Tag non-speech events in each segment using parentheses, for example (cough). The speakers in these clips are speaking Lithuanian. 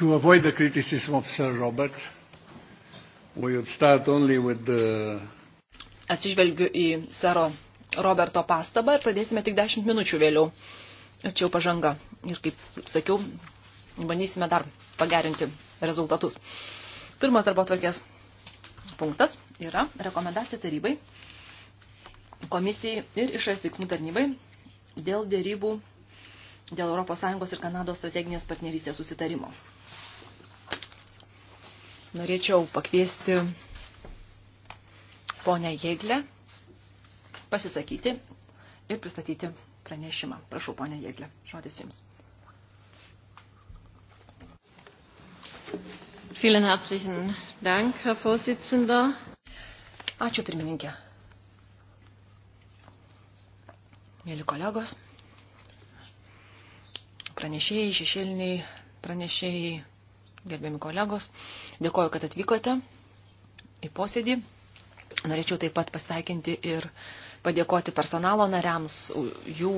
to avoid the criticism of Sir Robert, we would start only with the... Atsižvelgiu į Sero Roberto pastabą ir pradėsime tik 10 minučių vėliau. Čia jau pažanga. Ir kaip sakiau, bandysime dar pagerinti rezultatus. Pirmas darbo tvarkės punktas yra rekomendacija tarybai, komisijai ir išorės veiksmų tarnybai dėl dėrybų dėl ES ir Kanados strateginės partnerystės susitarimo. Norėčiau pakviesti ponę Jėglę pasisakyti ir pristatyti pranešimą. Prašau, ponė Jėglė, žodis Jums. Vielen herzlichen Dank, Herr Vorsitzender. Ačiū, pirmininkė. Mėly kolegos, pranešėjai, šešėliniai pranešėjai, gerbiami kolegos. Dėkoju, kad atvykote į posėdį. Norėčiau taip pat pasveikinti ir padėkoti personalo nariams jų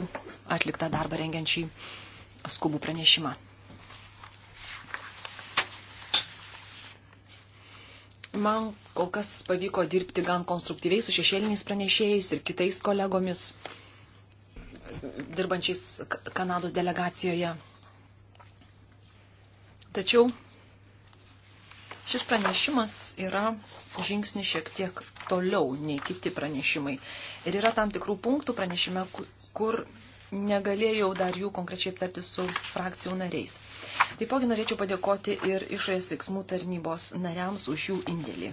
atliktą darbą rengiančiai skubų pranešimą. Man kol kas pavyko dirbti gan konstruktyviai su šešėliniais pranešėjais ir kitais kolegomis dirbančiais Kanados delegacijoje. Tačiau Šis pranešimas yra žingsnis šiek tiek toliau nei kiti pranešimai. Ir yra tam tikrų punktų pranešime, kur negalėjau dar jų konkrečiai aptarti su frakcijų nariais. Taipogi norėčiau padėkoti ir išorės veiksmų tarnybos nariams už jų indėlį.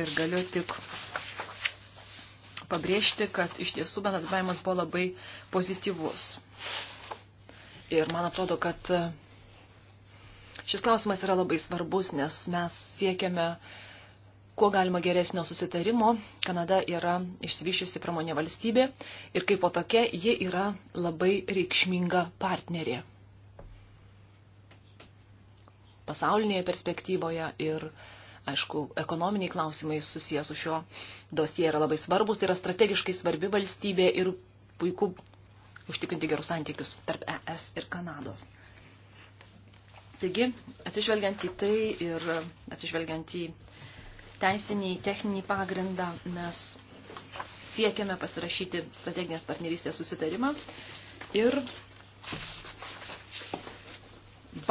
Ir galiu tik pabrėžti, kad iš tiesų bendradarbiavimas buvo labai pozityvus. Ir man atrodo, kad Šis klausimas yra labai svarbus, nes mes siekiame kuo galima geresnio susitarimo. Kanada yra išsivyšiusi pramonė valstybė ir kaip po tokia ji yra labai reikšminga partnerė pasaulinėje perspektyvoje ir, aišku, ekonominiai klausimai susijęs su šio dosie yra labai svarbus. Tai yra strategiškai svarbi valstybė ir puiku užtikrinti gerus santykius tarp ES ir Kanados. Taigi, atsižvelgiant į tai ir atsižvelgiant į teisinį, techninį pagrindą, mes siekiame pasirašyti strateginės partnerystės susitarimą ir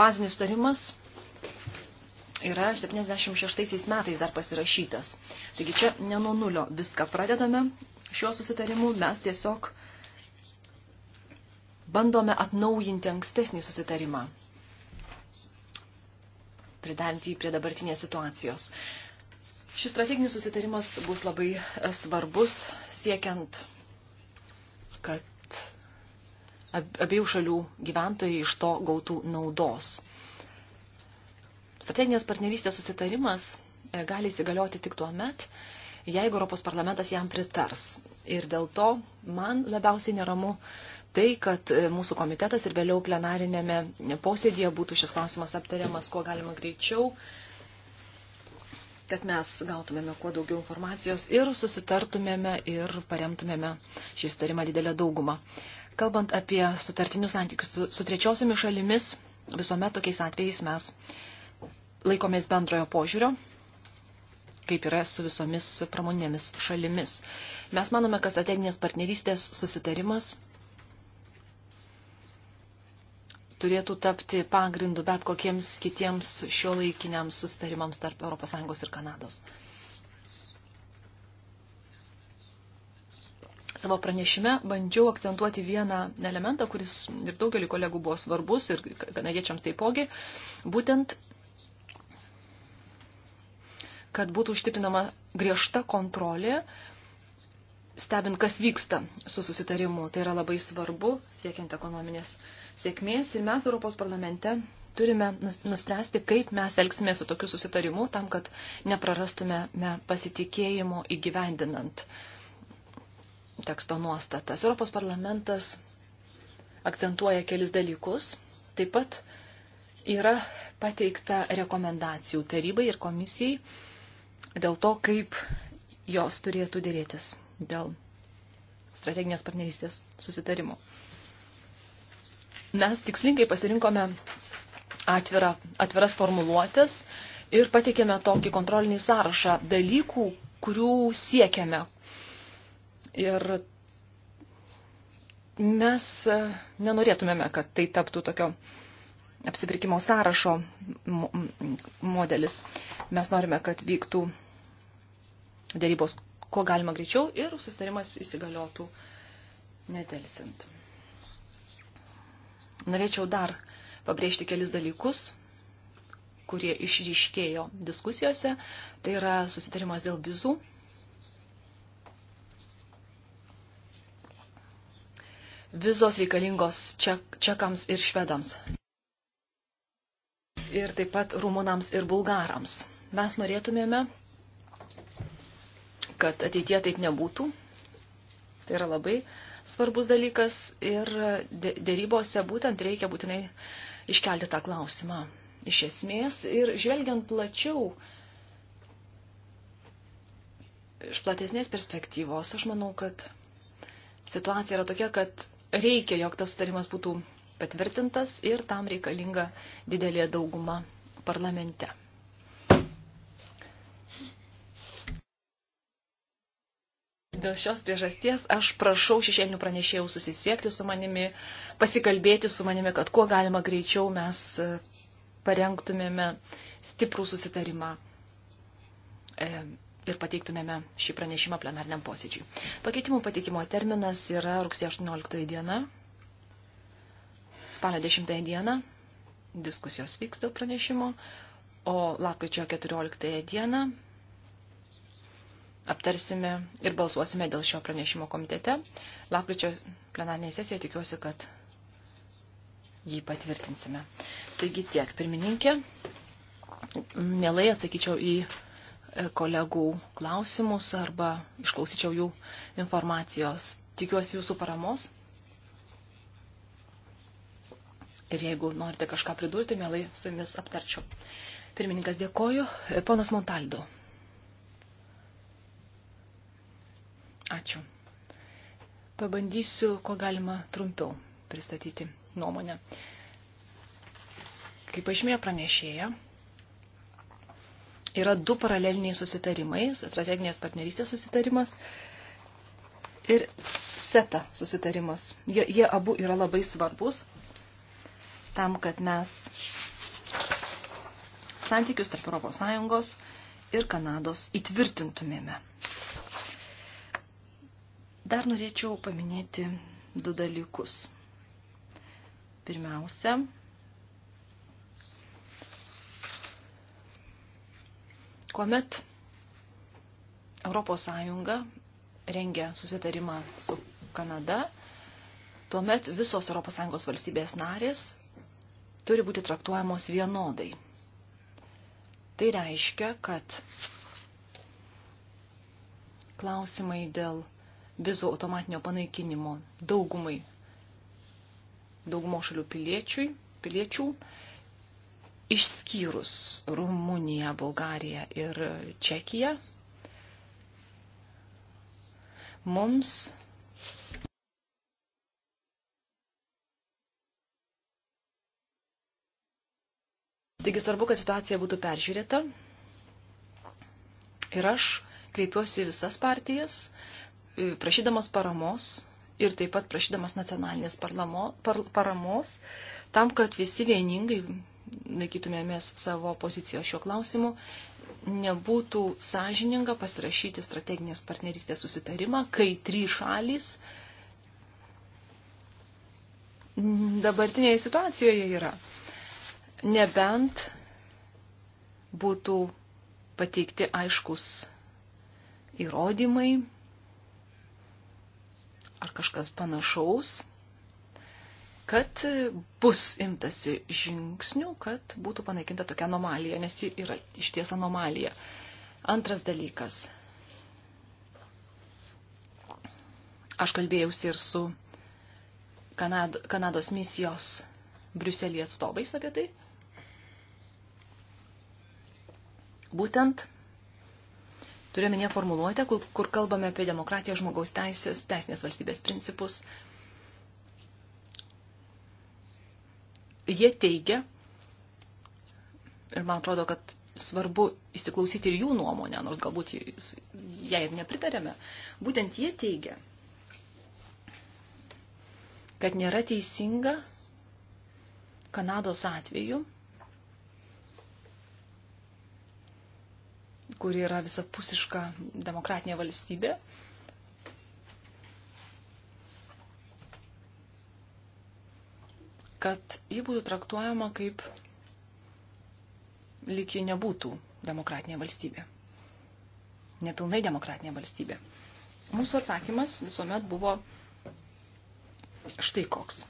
bazinis sutarimas yra 76 metais dar pasirašytas. Taigi čia ne nuo nulio viską pradedame šiuo susitarimu, mes tiesiog bandome atnaujinti ankstesnį susitarimą pridalti jį prie dabartinės situacijos. Šis strateginis susitarimas bus labai e, svarbus siekiant, kad abiejų šalių gyventojai iš to gautų naudos. Strateginės partnerystės susitarimas e, gali įsigalioti tik tuo met, jeigu Europos parlamentas jam pritars. Ir dėl to man labiausiai neramu tai, kad e, mūsų komitetas ir vėliau plenarinėme posėdėje būtų šis klausimas aptariamas kuo galima greičiau, kad mes gautumėme kuo daugiau informacijos ir susitartumėme ir paremtumėme šį sutarimą didelę daugumą. Kalbant apie sutartinius santykius su, su trečiosiomis šalimis, visuomet tokiais atvejais mes laikomės bendrojo požiūrio, kaip yra su visomis pramoninėmis šalimis. Mes manome, kad strateginės partnerystės susitarimas turėtų tapti pagrindu bet kokiems kitiems šio laikiniams sustarimams tarp ES ir Kanados. Savo pranešime bandžiau akcentuoti vieną elementą, kuris ir daugelį kolegų buvo svarbus ir kanadiečiams taipogi, būtent, kad būtų užtikrinama griežta kontrolė uh, stebint, kas vyksta su susitarimu. Tai yra labai svarbu, siekiant ekonominės sėkmės. Ir mes Europos parlamente turime nuspręsti, kaip mes elgsime su tokiu susitarimu, tam, kad neprarastume pasitikėjimo įgyvendinant teksto nuostatas. Europos parlamentas akcentuoja kelis dalykus. Taip pat yra pateikta rekomendacijų tarybai ir komisijai dėl to, kaip jos turėtų dėrėtis dėl strateginės partnerystės susitarimo. Mes tikslingai pasirinkome atvira, atviras formuluotės ir pateikėme tokį kontrolinį sąrašą dalykų, kurių siekiame. Ir mes nenorėtumėme, kad tai taptų tokio apsipirkimo sąrašo modelis. Mes norime, kad vyktų dėrybos kuo galima greičiau ir susitarimas įsigaliotų nedelsint. Norėčiau dar pabrėžti kelis dalykus, kurie išryškėjo diskusijose. Tai yra susitarimas dėl vizų. Vizos reikalingos ček, čekams ir švedams. Ir taip pat rumunams ir bulgarams. Mes norėtumėme kad ateitie taip nebūtų. Tai yra labai svarbus dalykas ir dėrybose būtent reikia būtinai iškelti tą klausimą iš esmės ir žvelgiant plačiau, iš platesnės perspektyvos, aš manau, kad situacija yra tokia, kad reikia, jog tas sutarimas būtų patvirtintas ir tam reikalinga didelė dauguma parlamente. Dėl šios priežasties aš prašau šešėlinių pranešėjų susisiekti su manimi, pasikalbėti su manimi, kad kuo galima greičiau mes e, parengtumėme stiprų susitarimą e, ir pateiktumėme šį pranešimą plenariniam posėdžiui. Pakeitimų pateikimo terminas yra rugsėjo 18 diena, spalio 10 diena, diskusijos vyks dėl pranešimo, o lapkričio 14 dieną aptarsime ir balsuosime dėl šio pranešimo komitete. Lapkričio plenarinėje sesijoje tikiuosi, kad jį patvirtinsime. Taigi tiek, pirmininkė. Mielai atsakyčiau į e, kolegų klausimus arba išklausyčiau jų informacijos. Tikiuosi jūsų paramos. Ir jeigu norite kažką pridurti, mielai su jumis aptarčiau. Pirmininkas dėkoju. E, ponas Montaldo. Ačiū. Pabandysiu, ko galima trumpiau pristatyti nuomonę. Kaip pažymėjo pranešėja, yra du paraleliniai susitarimai, strateginės partnerystės susitarimas ir SETA susitarimas. Jie, jie abu yra labai svarbus tam, kad mes santykius tarp ES ir Kanados įtvirtintumėme. Dar norėčiau paminėti du dalykus. Pirmiausia, kuomet ES rengia susitarimą su Kanada, tuomet visos ES valstybės narės turi būti traktuojamos vienodai. Tai reiškia, kad klausimai dėl vizų automatinio panaikinimo daugumai, daugumo šalių piliečių, piliečių išskyrus Rumuniją, Bulgariją ir Čekiją. Mums Taigi svarbu, kad situacija būtų peržiūrėta. Ir aš kreipiuosi visas partijas, prašydamas paramos ir taip pat prašydamas nacionalinės parlamo, par, paramos, tam, kad visi vieningai laikytumėmės savo pozicijos šiuo klausimu, nebūtų sąžininga pasirašyti strateginės partnerystės susitarimą, kai trys šalys dabartinėje situacijoje yra. Nebent būtų pateikti aiškus įrodymai, ar kažkas panašaus, kad bus imtasi žingsnių, kad būtų panaikinta tokia anomalija, nes ji yra išties anomalija. Antras dalykas. Aš kalbėjausi ir su Kanad Kanados misijos Briuselį atstovais apie tai. Būtent Turime neformuluotę, kur, kur kalbame apie demokratiją, žmogaus teisės, teisinės valstybės principus. Jie teigia, ir man atrodo, kad svarbu įsiklausyti ir jų nuomonę, nors galbūt jai ir nepritarėme, būtent jie teigia, kad nėra teisinga Kanados atveju – kuri yra visapusiška demokratinė valstybė. kad ji būtų traktuojama kaip lyg ji nebūtų demokratinė valstybė. Nepilnai demokratinė valstybė. Mūsų atsakymas visuomet buvo štai koks.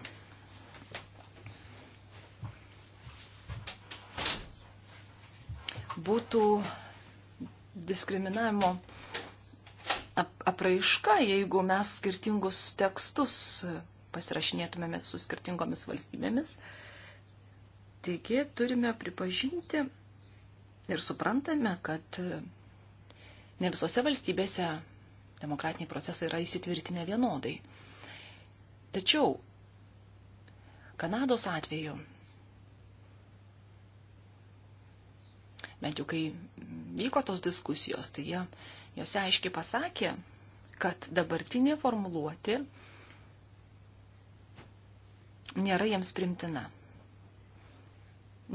Būtų diskriminavimo apraiška, jeigu mes skirtingus tekstus pasirašinėtumėme su skirtingomis valstybėmis. Taigi turime pripažinti ir suprantame, kad ne visose valstybėse demokratiniai procesai yra įsitvirtinę vienodai. Tačiau Kanados atveju, bent jau kai vyko tos diskusijos, tai jie, jose aiškiai pasakė, kad dabartinė formuluoti nėra jiems primtina.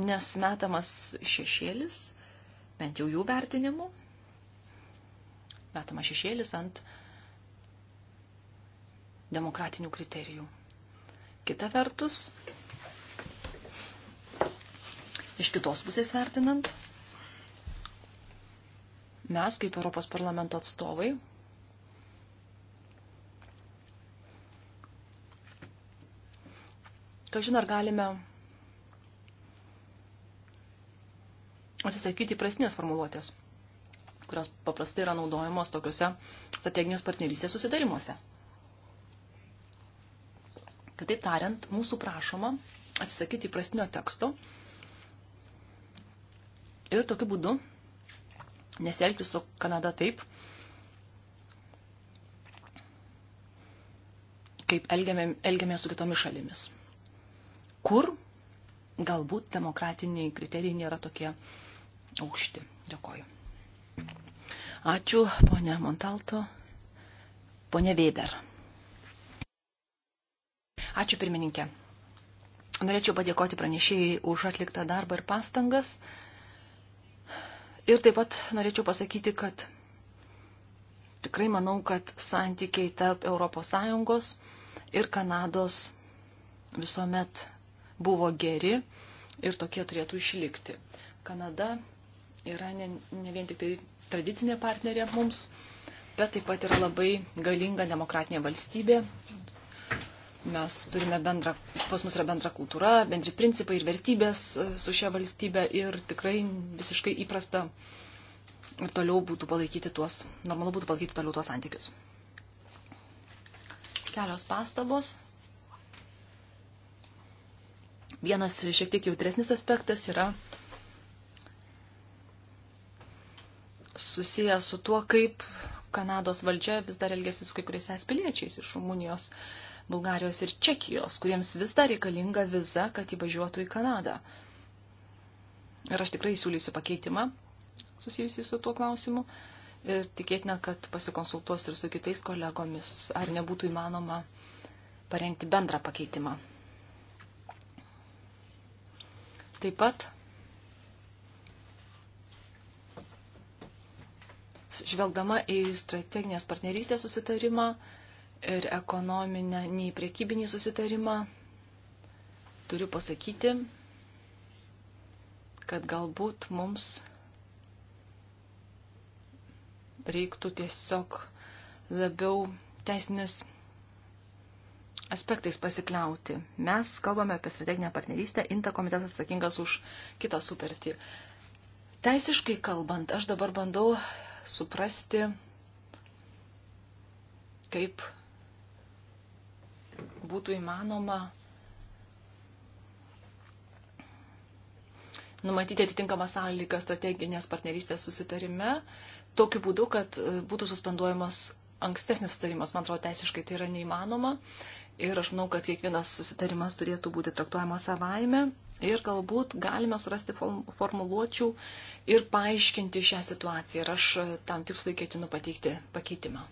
Nes metamas šešėlis, bent jau jų vertinimu, metamas šešėlis ant demokratinių kriterijų. Kita vertus, iš kitos pusės vertinant, mes, kaip Europos parlamento atstovai, kažin ar galime atsisakyti prastinės formuluotės, kurios paprastai yra naudojamos tokiuose strateginės partnerystės susidarimuose. Kitaip tariant, mūsų prašoma atsisakyti prastinio teksto ir tokiu būdu nesielgti su Kanada taip, kaip elgiame, elgiame su kitomis šalimis. Kur galbūt demokratiniai kriterijai nėra tokie aukšti. Dėkoju. Ačiū, ponė Montalto, ponė Weber. Ačiū, pirmininkė. Norėčiau padėkoti pranešėjai už atliktą darbą ir pastangas. Ir taip pat norėčiau pasakyti, kad tikrai manau, kad santykiai tarp ES ir Kanados visuomet buvo geri ir tokie turėtų išlikti. Kanada yra ne, ne vien tik tai tradicinė partnerė mums, bet taip pat yra labai galinga demokratinė valstybė Mes turime bendrą, pas mus yra bendra kultūra, bendri principai ir vertybės e, su šia valstybė ir tikrai visiškai įprasta ir toliau būtų palaikyti tuos, normalu būtų palaikyti toliau tuos santykius. Kelios pastabos. Vienas šiek tiek jautresnis aspektas yra susijęs su tuo, kaip Kanados valdžia vis dar elgėsi su kai kuriais es piliečiais iš Rumunijos. Uh, Bulgarijos ir Čekijos, kuriems vis dar reikalinga viza, kad įvažiuotų į Kanadą. Ir aš tikrai siūlysiu pakeitimą susijusi su tuo klausimu ir tikėtina, kad pasikonsultuos ir su kitais kolegomis, ar nebūtų įmanoma parengti bendrą pakeitimą. Taip pat žvelgdama į strateginės partnerystės susitarimą, ir ekonominę, nei priekybinį susitarimą, turiu pasakyti, kad galbūt mums reiktų tiesiog labiau teisinis aspektais pasikliauti. Mes kalbame apie strateginę partnerystę, INTA komitetas atsakingas už kitą sutartį. Teisiškai kalbant, aš dabar bandau suprasti, kaip būtų įmanoma numatyti atitinkamą sąlygą strateginės partnerystės susitarime, tokiu būdu, kad e, būtų suspenduojamas ankstesnis sutarimas. Man atrodo, teisiškai tai yra neįmanoma ir aš manau, kad kiekvienas susitarimas turėtų būti traktuojamas savaime ir galbūt galime surasti formuluočių ir paaiškinti šią situaciją ir aš e, tam tikslui ketinu pateikti pakeitimą.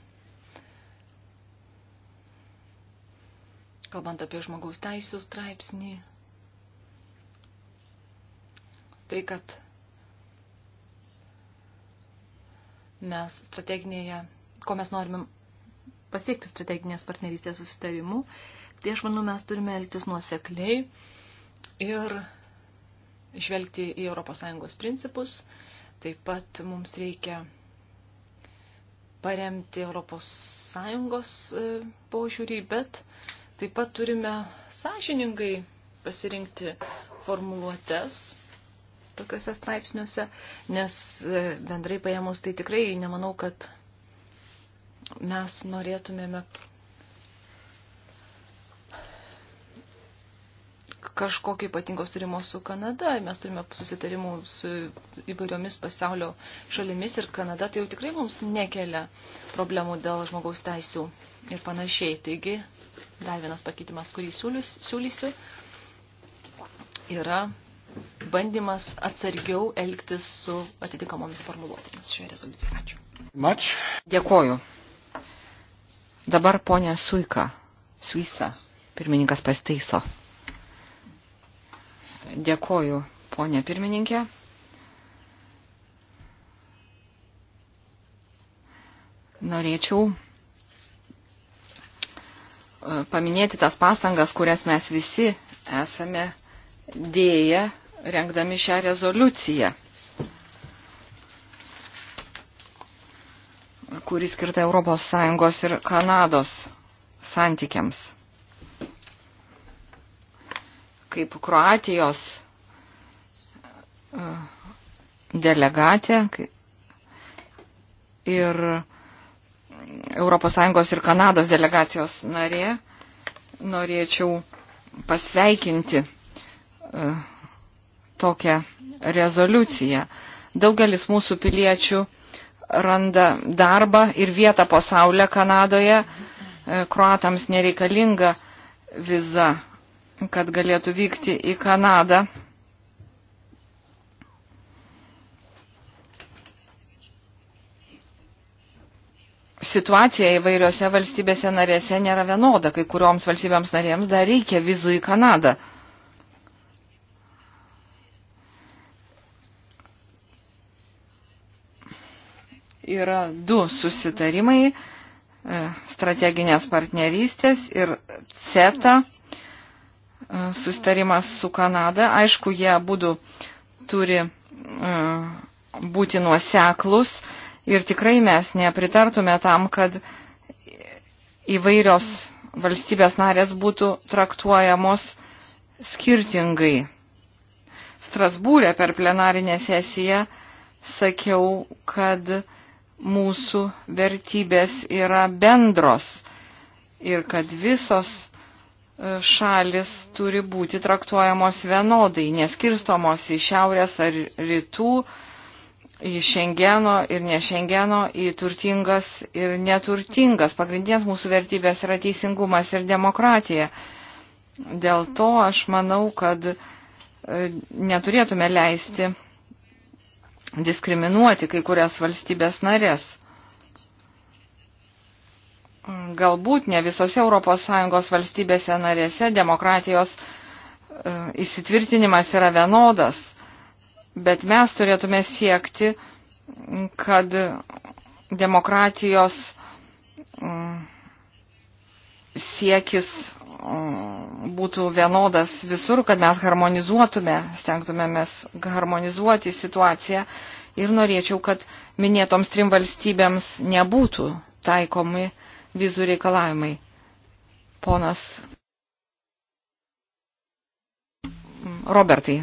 kalbant apie žmogaus teisų straipsnį, tai, kad mes strateginėje, ko mes norime pasiekti strateginės partnerystės susitarimu, tai aš manau, mes turime elgtis nuosekliai ir žvelgti į ES principus. Taip pat mums reikia paremti ES e, požiūrį, bet Taip pat turime sąžiningai pasirinkti formuluotės tokiuose straipsniuose, nes e, bendrai paėmus tai tikrai nemanau, kad mes norėtumėme kažkokio ypatingos turimo su Kanada. Mes turime susitarimų su įvairiomis pasaulio šalimis ir Kanada tai jau tikrai mums nekelia problemų dėl žmogaus teisų ir panašiai. Taigi Dar vienas pakeitimas, kurį siūlys, siūlysiu, yra bandymas atsargiau elgtis su atitikamomis formuluotėmis šioje rezoliucijoje. Ačiū. Much. Dėkoju. Dabar ponia Suika, Suisa, pirmininkas pasteiso. Dėkoju, ponia pirmininkė. Norėčiau paminėti tas pastangas, kurias mes visi esame dėję rengdami šią rezoliuciją, kuri skirta ES ir Kanados santykiams. Kaip Kroatijos e, delegatė ir ES ir Kanados delegacijos narė. Norėčiau pasveikinti e, tokią rezoliuciją. Daugelis mūsų piliečių randa darbą ir vietą po saulę Kanadoje. E, kroatams nereikalinga viza, kad galėtų vykti į Kanadą. situacija įvairiose valstybėse narėse nėra vienoda. Kai kurioms valstybėms narėms dar reikia vizų į Kanadą. Yra du susitarimai e, strateginės partnerystės ir CETA e, sustarimas su Kanada. Aišku, jie būtų turi e, būti nuoseklus, Ir tikrai mes nepritartume tam, kad įvairios valstybės narės būtų traktuojamos skirtingai. Strasbūrė per plenarinę sesiją sakiau, kad mūsų vertybės yra bendros ir kad visos e, šalis turi būti traktuojamos vienodai, neskirstomos į šiaurės ar rytų į šengeno ir ne šengeno, į turtingas ir neturtingas. Pagrindinės mūsų vertybės yra teisingumas ir demokratija. Dėl to aš manau, kad e, neturėtume leisti diskriminuoti kai kurias valstybės narės. Galbūt ne visose ES valstybėse narėse demokratijos e, įsitvirtinimas yra vienodas Bet mes turėtume siekti, kad demokratijos mm, siekis mm, būtų vienodas visur, kad mes harmonizuotume, stengtumėmės harmonizuoti situaciją ir norėčiau, kad minėtoms trim valstybėms nebūtų taikomi vizų reikalavimai. Ponas mm, Robertai,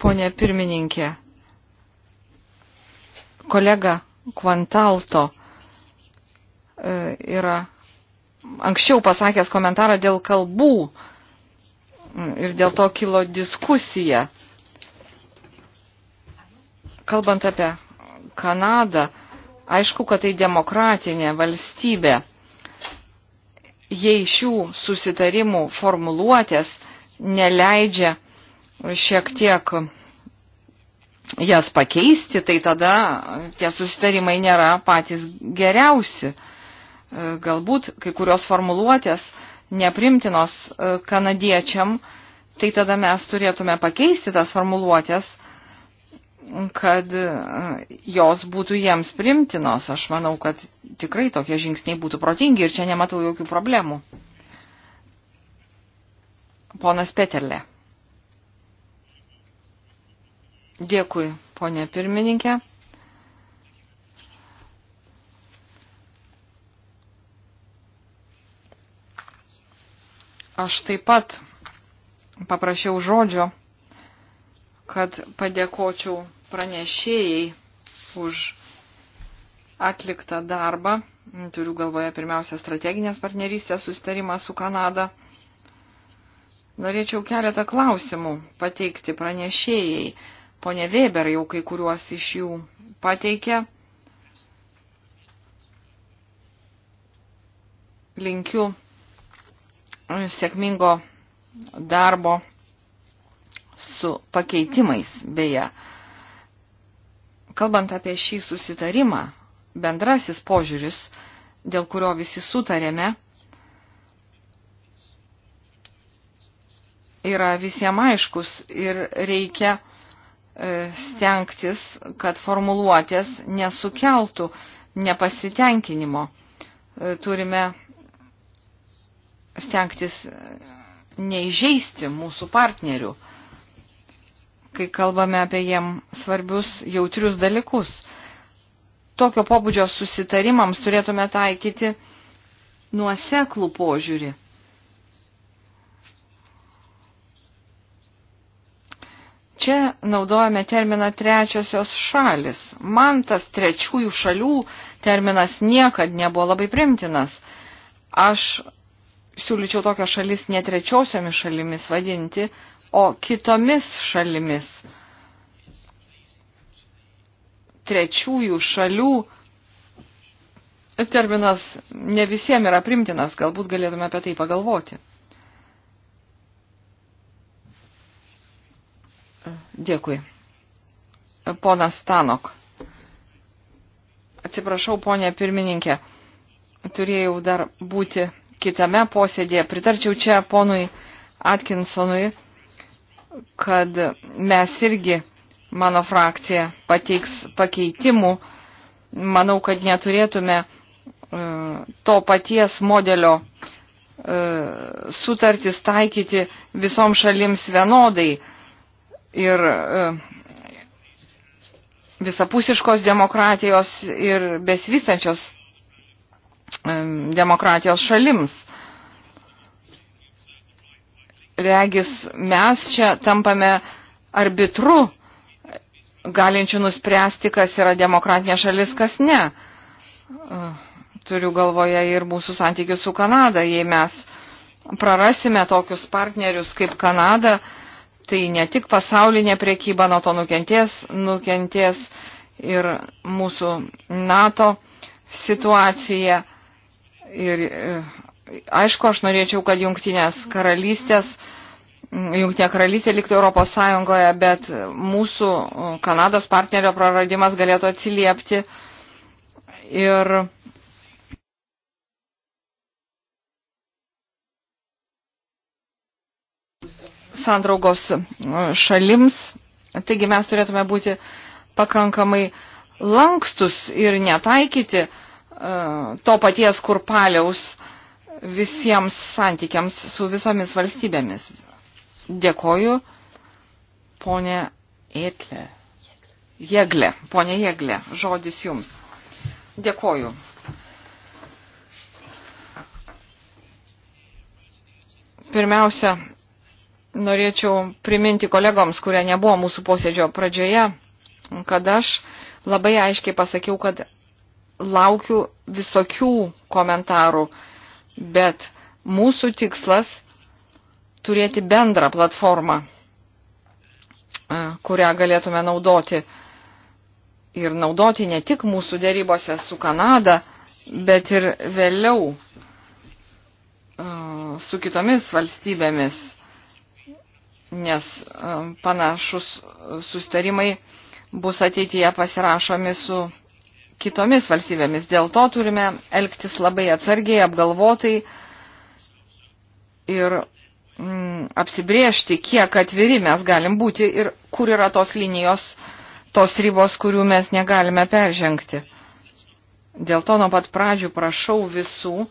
ponė pirmininkė. Kolega Kvantalto e, yra anksčiau pasakęs komentarą dėl kalbų ir dėl to kilo diskusija. Kalbant apie Kanadą, aišku, kad tai demokratinė valstybė. Jei šių susitarimų formuluotės neleidžia šiek tiek jas pakeisti, tai tada tie susitarimai nėra patys geriausi. Galbūt kai kurios formuluotės neprimtinos e, kanadiečiam, tai tada mes turėtume pakeisti tas formuluotės, kad e, jos būtų jiems primtinos. Aš manau, kad tikrai tokie žingsniai būtų protingi ir čia nematau jokių problemų. Ponas Peterle. Dėkui, ponė pirmininkė. Aš taip pat paprašiau žodžio, kad padėkočiau pranešėjai už atliktą darbą. Turiu galvoje pirmiausia strateginės partnerystės sustarimą su Kanada. Norėčiau keletą klausimų pateikti pranešėjai. Pone Weber jau kai kuriuos iš jų pateikė. Linkiu sėkmingo darbo su pakeitimais, beje. Kalbant apie šį susitarimą, bendrasis požiūris, dėl kurio visi sutarėme, yra visiems aiškus ir reikia E, stengtis, kad formuluotės nesukeltų nepasitenkinimo. E, turime stengtis neižeisti mūsų partnerių, kai kalbame apie jiem svarbius jautrius dalykus. Tokio pobūdžio susitarimams turėtume taikyti nuoseklų požiūrį. Čia naudojame terminą trečiosios šalis. Man tas trečiųjų šalių terminas niekad nebuvo labai primtinas. Aš siūlyčiau tokią šalis ne trečiosiomis šalimis vadinti, o kitomis šalimis. Trečiųjų šalių terminas ne visiems yra primtinas, galbūt galėtume apie tai pagalvoti. Dėkui. Ponas Stanok. Atsiprašau, ponė pirmininkė, turėjau dar būti kitame posėdėje. Pritarčiau čia ponui Atkinsonui, kad mes irgi, mano frakcija, pateiks pakeitimų. Manau, kad neturėtume e, to paties modelio e, sutartis taikyti visom šalims vienodai ir e, visapusiškos demokratijos ir besvystančios e, demokratijos šalims. Regis mes čia tampame arbitru, galinčių nuspręsti, kas yra demokratinė šalis, kas ne. E, turiu galvoje ir mūsų santykius su Kanada. Jei mes prarasime tokius partnerius kaip Kanada, Tai ne tik pasaulinė priekyba nuo to nukentės, nukentės ir mūsų NATO situacija. Ir e, aišku, aš norėčiau, kad jungtinės karalystės, jungtinė karalystė liktų Europos Sąjungoje, bet mūsų e, Kanados partnerio praradimas galėtų atsiliepti ir sandraugos e, šalims. Taigi mes turėtume būti pakankamai lankstus ir netaikyti e, to paties kurpaliaus visiems santykiams su visomis valstybėmis. Dėkoju, ponė Etlė. Jėglė, ponė Jėglė, žodis jums. Dėkoju. Pirmiausia, norėčiau priminti kolegoms, kurie nebuvo mūsų posėdžio pradžioje, kad aš labai aiškiai pasakiau, kad laukiu visokių komentarų, bet mūsų tikslas turėti bendrą platformą, e, kurią galėtume naudoti ir naudoti ne tik mūsų dėrybose su Kanada, bet ir vėliau e, su kitomis valstybėmis nes e, panašus sustarimai bus ateityje pasirašomi su kitomis valstybėmis. Dėl to turime elgtis labai atsargiai, apgalvotai ir mm, apsibriežti, kiek atviri mes galim būti ir kur yra tos linijos, tos ribos, kurių mes negalime peržengti. Dėl to nuo pat pradžių prašau visų,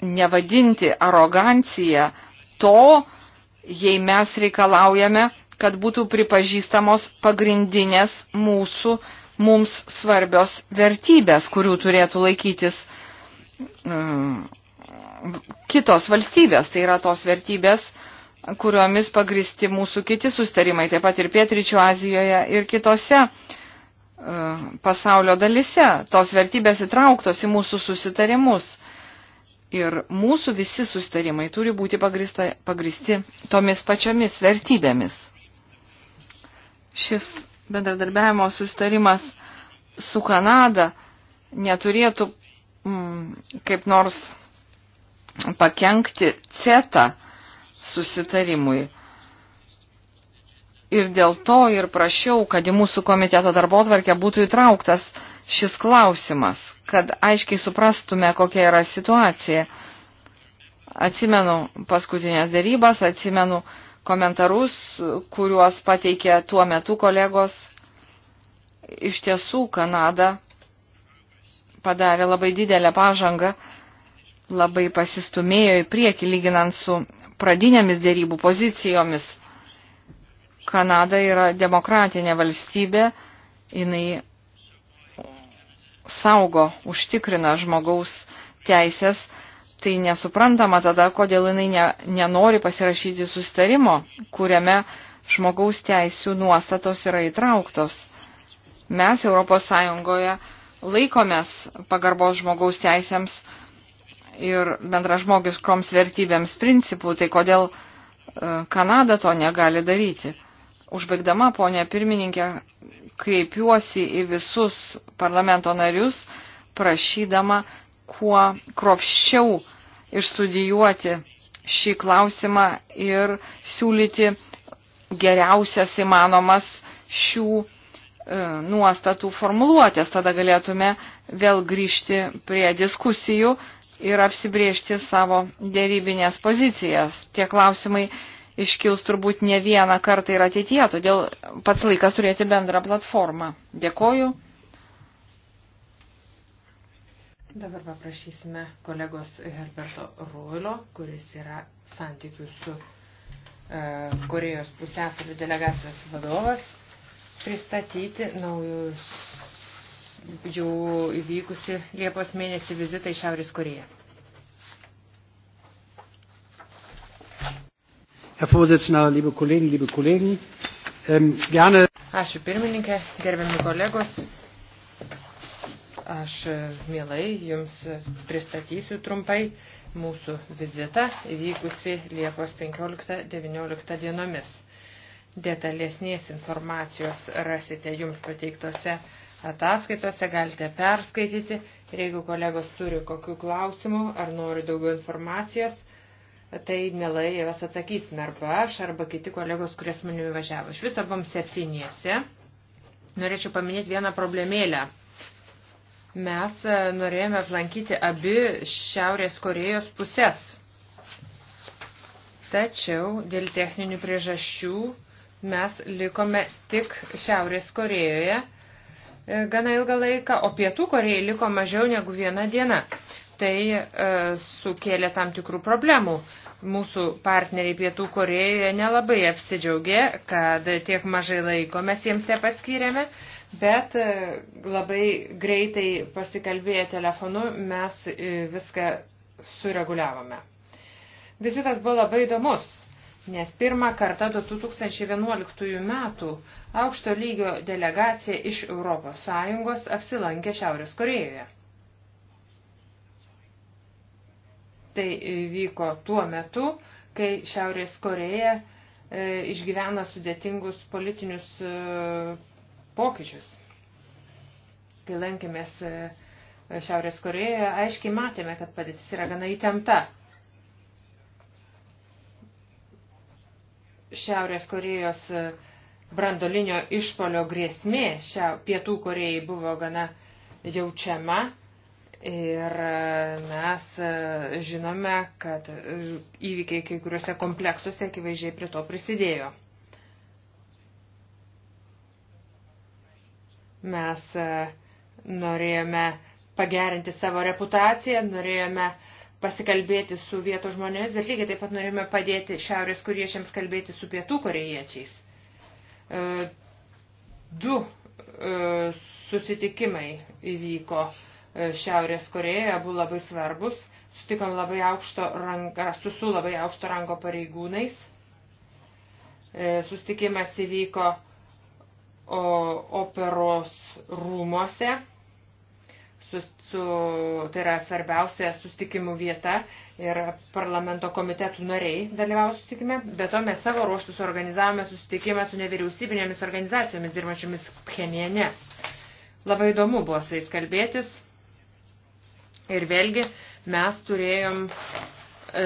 nevadinti arogancija to, jei mes reikalaujame, kad būtų pripažįstamos pagrindinės mūsų, mums svarbios vertybės, kurių turėtų laikytis um, kitos valstybės. Tai yra tos vertybės, kuriomis pagristi mūsų kiti sustarimai, taip pat ir Pietryčių Azijoje ir kitose um, pasaulio dalise. Tos vertybės įtrauktos į mūsų susitarimus. Ir mūsų visi sustarimai turi būti pagrista, pagristi tomis pačiomis vertybėmis. Šis bendradarbiavimo sustarimas su Kanada neturėtų mm, kaip nors pakengti CETA susitarimui. Ir dėl to ir prašiau, kad į mūsų komiteto darbotvarkę būtų įtrauktas šis klausimas, kad aiškiai suprastume, kokia yra situacija. Atsimenu paskutinės dėrybas, atsimenu komentarus, kuriuos pateikė tuo metu kolegos. Iš tiesų, Kanada padarė labai didelę pažangą, labai pasistumėjo į priekį lyginant su pradinėmis dėrybų pozicijomis. Kanada yra demokratinė valstybė, jinai saugo, užtikrina žmogaus teisės, tai nesuprantama tada, kodėl jinai ne, nenori pasirašyti sustarimo, kuriame žmogaus teisų nuostatos yra įtrauktos. Mes ES laikomės pagarbos žmogaus teisėms ir bendražmogiškoms vertybėms principų, tai kodėl e, Kanada to negali daryti. Užbaigdama, ponė pirmininkė, kreipiuosi į visus parlamento narius, prašydama kuo kropščiau išstudijuoti šį klausimą ir siūlyti geriausias įmanomas šių e, nuostatų formuluotės. Tada galėtume vėl grįžti prie diskusijų ir apsibriežti savo dėrybinės pozicijas. Tie klausimai iškils turbūt ne vieną kartą ir ateityje, todėl pats laikas turėti bendrą platformą. Dėkoju. Dabar paprašysime kolegos Herberto Ruilo, kuris yra santykių su e, Korejos pusėsalių delegacijos vadovas, pristatyti naujus jau įvykusi Liepos mėnesį vizitą į Šiaurės Koreją. Herr Vorsitzender, liebe Kollegen, liebe Kollegen, ähm, gerne. Ačiū pirmininkė, gerbiami kolegos. Aš e, mielai jums pristatysiu trumpai mūsų vizitą įvykusi Liepos 15-19 dienomis. Detalesnės informacijos rasite jums pateiktose ataskaitose, galite perskaityti ir jeigu kolegos turi kokių klausimų ar nori daugiau informacijos, tai mielai juos atsakysime arba aš, arba kiti kolegos, kurie su manimi važiavo. Iš viso buvom septyniese. Norėčiau paminėti vieną problemėlę. Mes e, norėjome aplankyti abi Šiaurės Korejos pusės. Tačiau dėl techninių priežasčių mes likome tik Šiaurės Korejoje e, gana ilgą laiką, o Pietų Korejai liko mažiau negu viena diena tai e, sukėlė tam tikrų problemų. Mūsų partneriai Pietų Korejoje nelabai apsidžiaugė, kad tiek mažai laiko mes jiems nepaskyrėme, bet e, labai greitai pasikalbėję telefonu mes e, viską sureguliavome. Vizitas buvo labai įdomus, nes pirmą kartą 2011 metų aukšto lygio delegacija iš ES apsilankė Šiaurės Korejoje. Tai vyko tuo metu, kai Šiaurės Koreja e, išgyvena sudėtingus politinius e, pokyčius. Kai lankėmės e, Šiaurės Korejoje, aiškiai matėme, kad padėtis yra gana įtempta. Šiaurės Korejos brandolinio išpolio grėsmė šia, pietų Korejai buvo gana jaučiama Ir e, mes e, žinome, kad e, įvykiai kai kuriuose kompleksuose akivaizdžiai prie to prisidėjo. Mes norėjome pagerinti savo reputaciją, norėjome pasikalbėti su vietos žmonėmis, bet lygiai taip pat norėjome padėti šiaurės kuriečiams kalbėti su pietų korejiečiais. Du susitikimai įvyko Šiaurės Korejoje buvo labai svarbus. Sutikom labai aukšto rango, su labai aukšto rango pareigūnais. E, Sustikimas įvyko operos rūmose. Su, su, tai yra svarbiausia sustikimų vieta ir parlamento komitetų nariai dalyvavo sustikime. Be to mes savo ruoštus organizavome sustikimą su nevyriausybinėmis organizacijomis dirbančiomis Pcheniene. Labai įdomu buvo su jais kalbėtis Ir vėlgi mes turėjom e,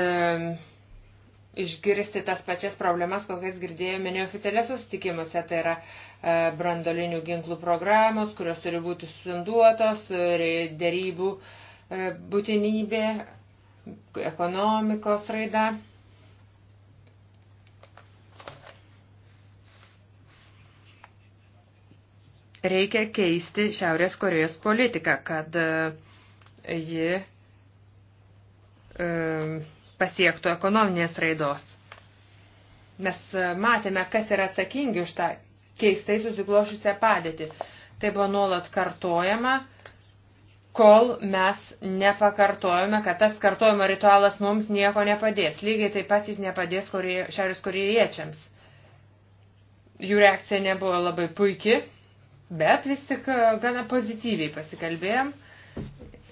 išgirsti tas pačias problemas, kokias girdėjome neoficialiuose susitikimuose. Tai yra e, brandolinių ginklų programos, kurios turi būti sunduotos, e, dėrybų e, būtinybė, ekonomikos raida. Reikia keisti Šiaurės Korejos politiką, kad e, ji e, pasiektų ekonominės raidos. Mes e, matėme, kas yra atsakingi už tą keistai susiklošusią padėtį. Tai buvo nuolat kartojama, kol mes nepakartojame, kad tas kartojimo ritualas mums nieko nepadės. Lygiai taip pat jis nepadės kurie, šiaurės korėjiečiams. Jų reakcija nebuvo labai puiki, bet vis tik e, gana pozityviai pasikalbėjom. Uh,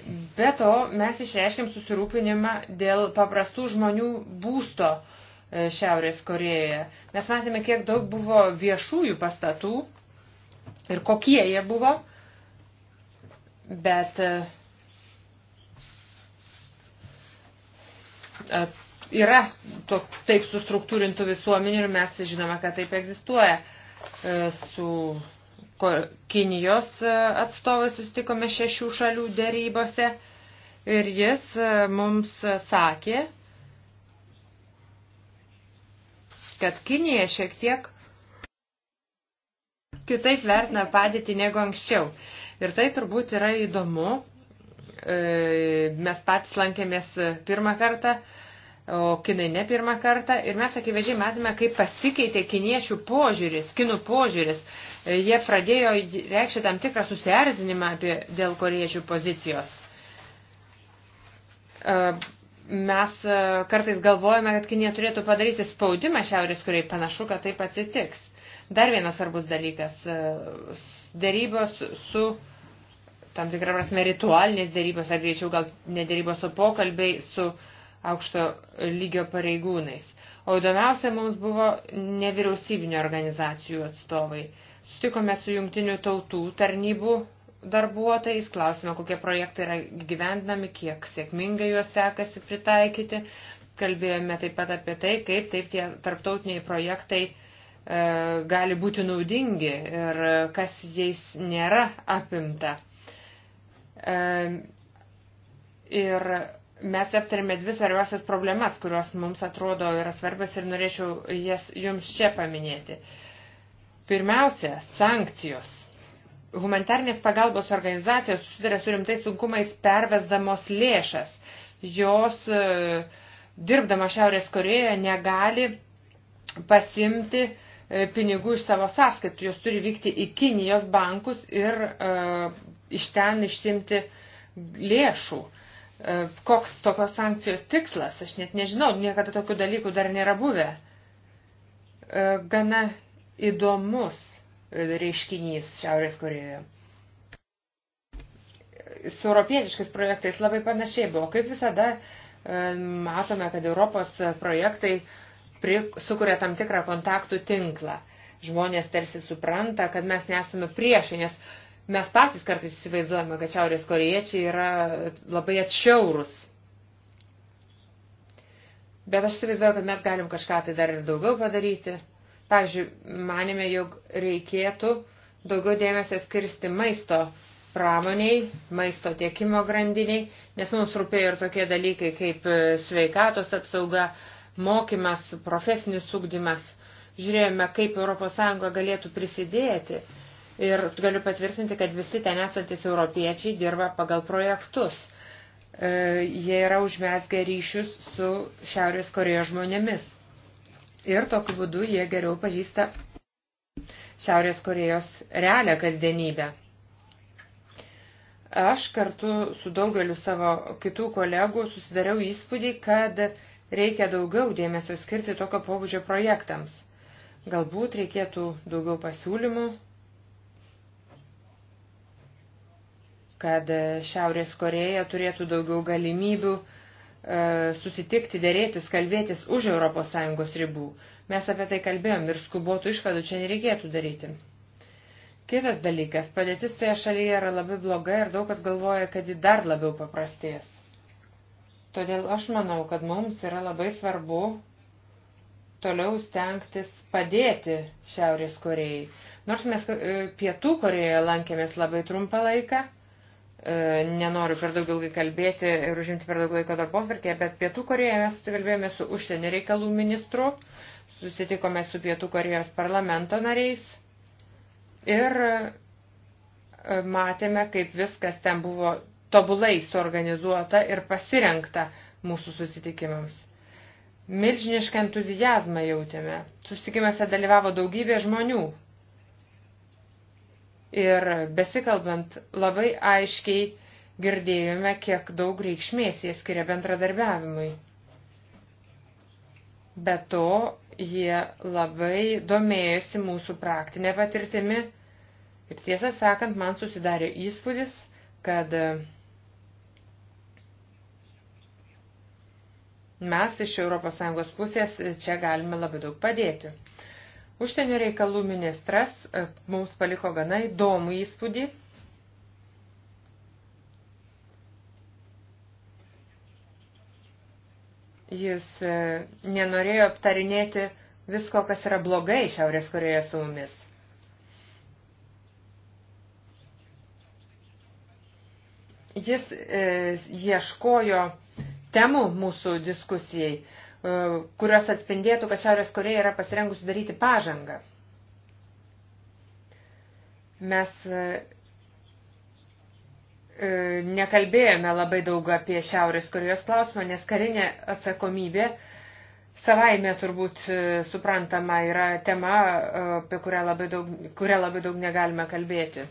Be to, mes išreiškėm susirūpinimą dėl paprastų žmonių būsto e, Šiaurės Korejoje. Mes matėme, kiek daug buvo viešųjų pastatų ir kokie jie buvo, bet e, yra to, taip sustruktūrintų visuomenių ir mes žinome, kad taip egzistuoja e, su Kinijos e, atstovai sustikome šešių šalių dėrybose ir jis e, mums sakė, kad Kinija šiek tiek kitaip vertina padėtį negu anksčiau. Ir tai turbūt yra įdomu. E, mes patys lankėmės pirmą kartą o kinai ne pirmą kartą. Ir mes akivaizdžiai matome, kaip pasikeitė kiniečių požiūris, kinų požiūris. E, jie pradėjo reikšti tam tikrą susierzinimą apie, dėl koriečių pozicijos. E, mes e, kartais galvojame, kad Kinė turėtų padaryti spaudimą Šiaurės Korejai. Panašu, kad taip atsitiks. Dar vienas svarbus dalykas – dėrybos su tam tikrą prasme ritualinės dėrybos, ar greičiau gal ne dėrybos, o pokalbiai su uh, aukšto lygio pareigūnais. O įdomiausia mums buvo nevyriausybinio organizacijų atstovai. Sustikome su jungtinių tautų tarnybų darbuotojais, klausime, kokie projektai yra gyvendinami, kiek sėkmingai juos sekasi pritaikyti. Kalbėjome taip pat apie tai, kaip taip tie tarptautiniai projektai e, gali būti naudingi ir kas jais nėra apimta. E, ir mes aptarėme dvi svarbiausias problemas, kurios mums atrodo yra svarbios ir norėčiau jas jums čia paminėti. Pirmiausia, sankcijos. Humanitarnės pagalbos organizacijos susiduria su rimtais sunkumais pervesdamos lėšas. Jos, e, dirbdama Šiaurės Korejoje, negali pasimti e, pinigų iš savo sąskaitų. Jos turi vykti į Kinijos bankus ir uh, iš ten išsimti lėšų. Uh, E, koks tokios sankcijos tikslas, aš net nežinau, niekada tokių dalykų dar nėra buvę. E, gana įdomus e, reiškinys Šiaurės Korejoje. Su europietiškais projektais labai panašiai buvo. Kaip visada matome, kad Europos projektai sukuria tam tikrą kontaktų tinklą. Žmonės tarsi supranta, kad mes nesame priešai, nes Mes patys kartais įsivaizduojame, kad šiaurės koriečiai yra labai atšiaurus. Bet aš įsivaizduoju, kad mes galim kažką tai dar ir daugiau padaryti. Pavyzdžiui, manime, jog reikėtų daugiau dėmesio skirsti maisto pramoniai, maisto tiekimo grandiniai, nes mums rūpėjo ir tokie dalykai kaip e, sveikatos apsauga, mokymas, profesinis sugdymas. Žiūrėjome, kaip ES galėtų prisidėti ir galiu patvirtinti, kad visi ten esantis europiečiai dirba pagal projektus. E, jie yra užmesgę ryšius su Šiaurės Korejos žmonėmis. Ir tokiu būdu jie geriau pažįsta Šiaurės Korejos realią kasdienybę. Aš kartu su daugeliu savo kitų kolegų susidariau įspūdį, kad reikia daugiau dėmesio skirti tokio pobūdžio projektams. Galbūt reikėtų daugiau pasiūlymų kad e, Šiaurės Koreja turėtų daugiau galimybių e, susitikti, dėrėtis, kalbėtis už ES ribų. Mes apie tai kalbėjom ir skubotų išvadų čia nereikėtų daryti. Kitas dalykas, padėtis toje šalyje yra labai bloga ir daug kas galvoja, kad ji dar labiau paprastės. Todėl aš manau, kad mums yra labai svarbu toliau stengtis padėti Šiaurės Korejai. Nors mes e, Pietų Korejoje lankėmės labai trumpą laiką, E, nenoriu per daug ilgai kalbėti ir užimti per daug laiko darbo verkėje, bet Pietų Korejoje mes kalbėjome su užsienio reikalų ministru, susitikome su Pietų Korejos parlamento nariais ir e, matėme, kaip viskas ten buvo tobulai suorganizuota ir pasirenkta mūsų susitikimams. Milžinišką entuzijazmą jautėme. Susitikimuose dalyvavo daugybė žmonių, Ir besikalbant labai aiškiai girdėjome, kiek daug reikšmės jie skiria bendradarbiavimui. Be to, jie labai domėjosi mūsų praktinė patirtimi ir tiesą sakant, man susidarė įspūdis, kad mes iš ES pusės čia galime labai daug padėti. Užsienio reikalų ministras e, mums paliko gana įdomų įspūdį. Jis e, nenorėjo aptarinėti visko, kas yra blogai Šiaurės Korėje su mumis. Jis e, ieškojo temų mūsų diskusijai. E, E, kurios atspindėtų, kad Šiaurės Koreja yra pasirengusi daryti pažangą. Mes e, e, nekalbėjome labai daug apie Šiaurės Korejos klausimą, nes karinė atsakomybė savaime turbūt suprantama yra tema, apie kurią labai daug, kurią labai daug negalime kalbėti.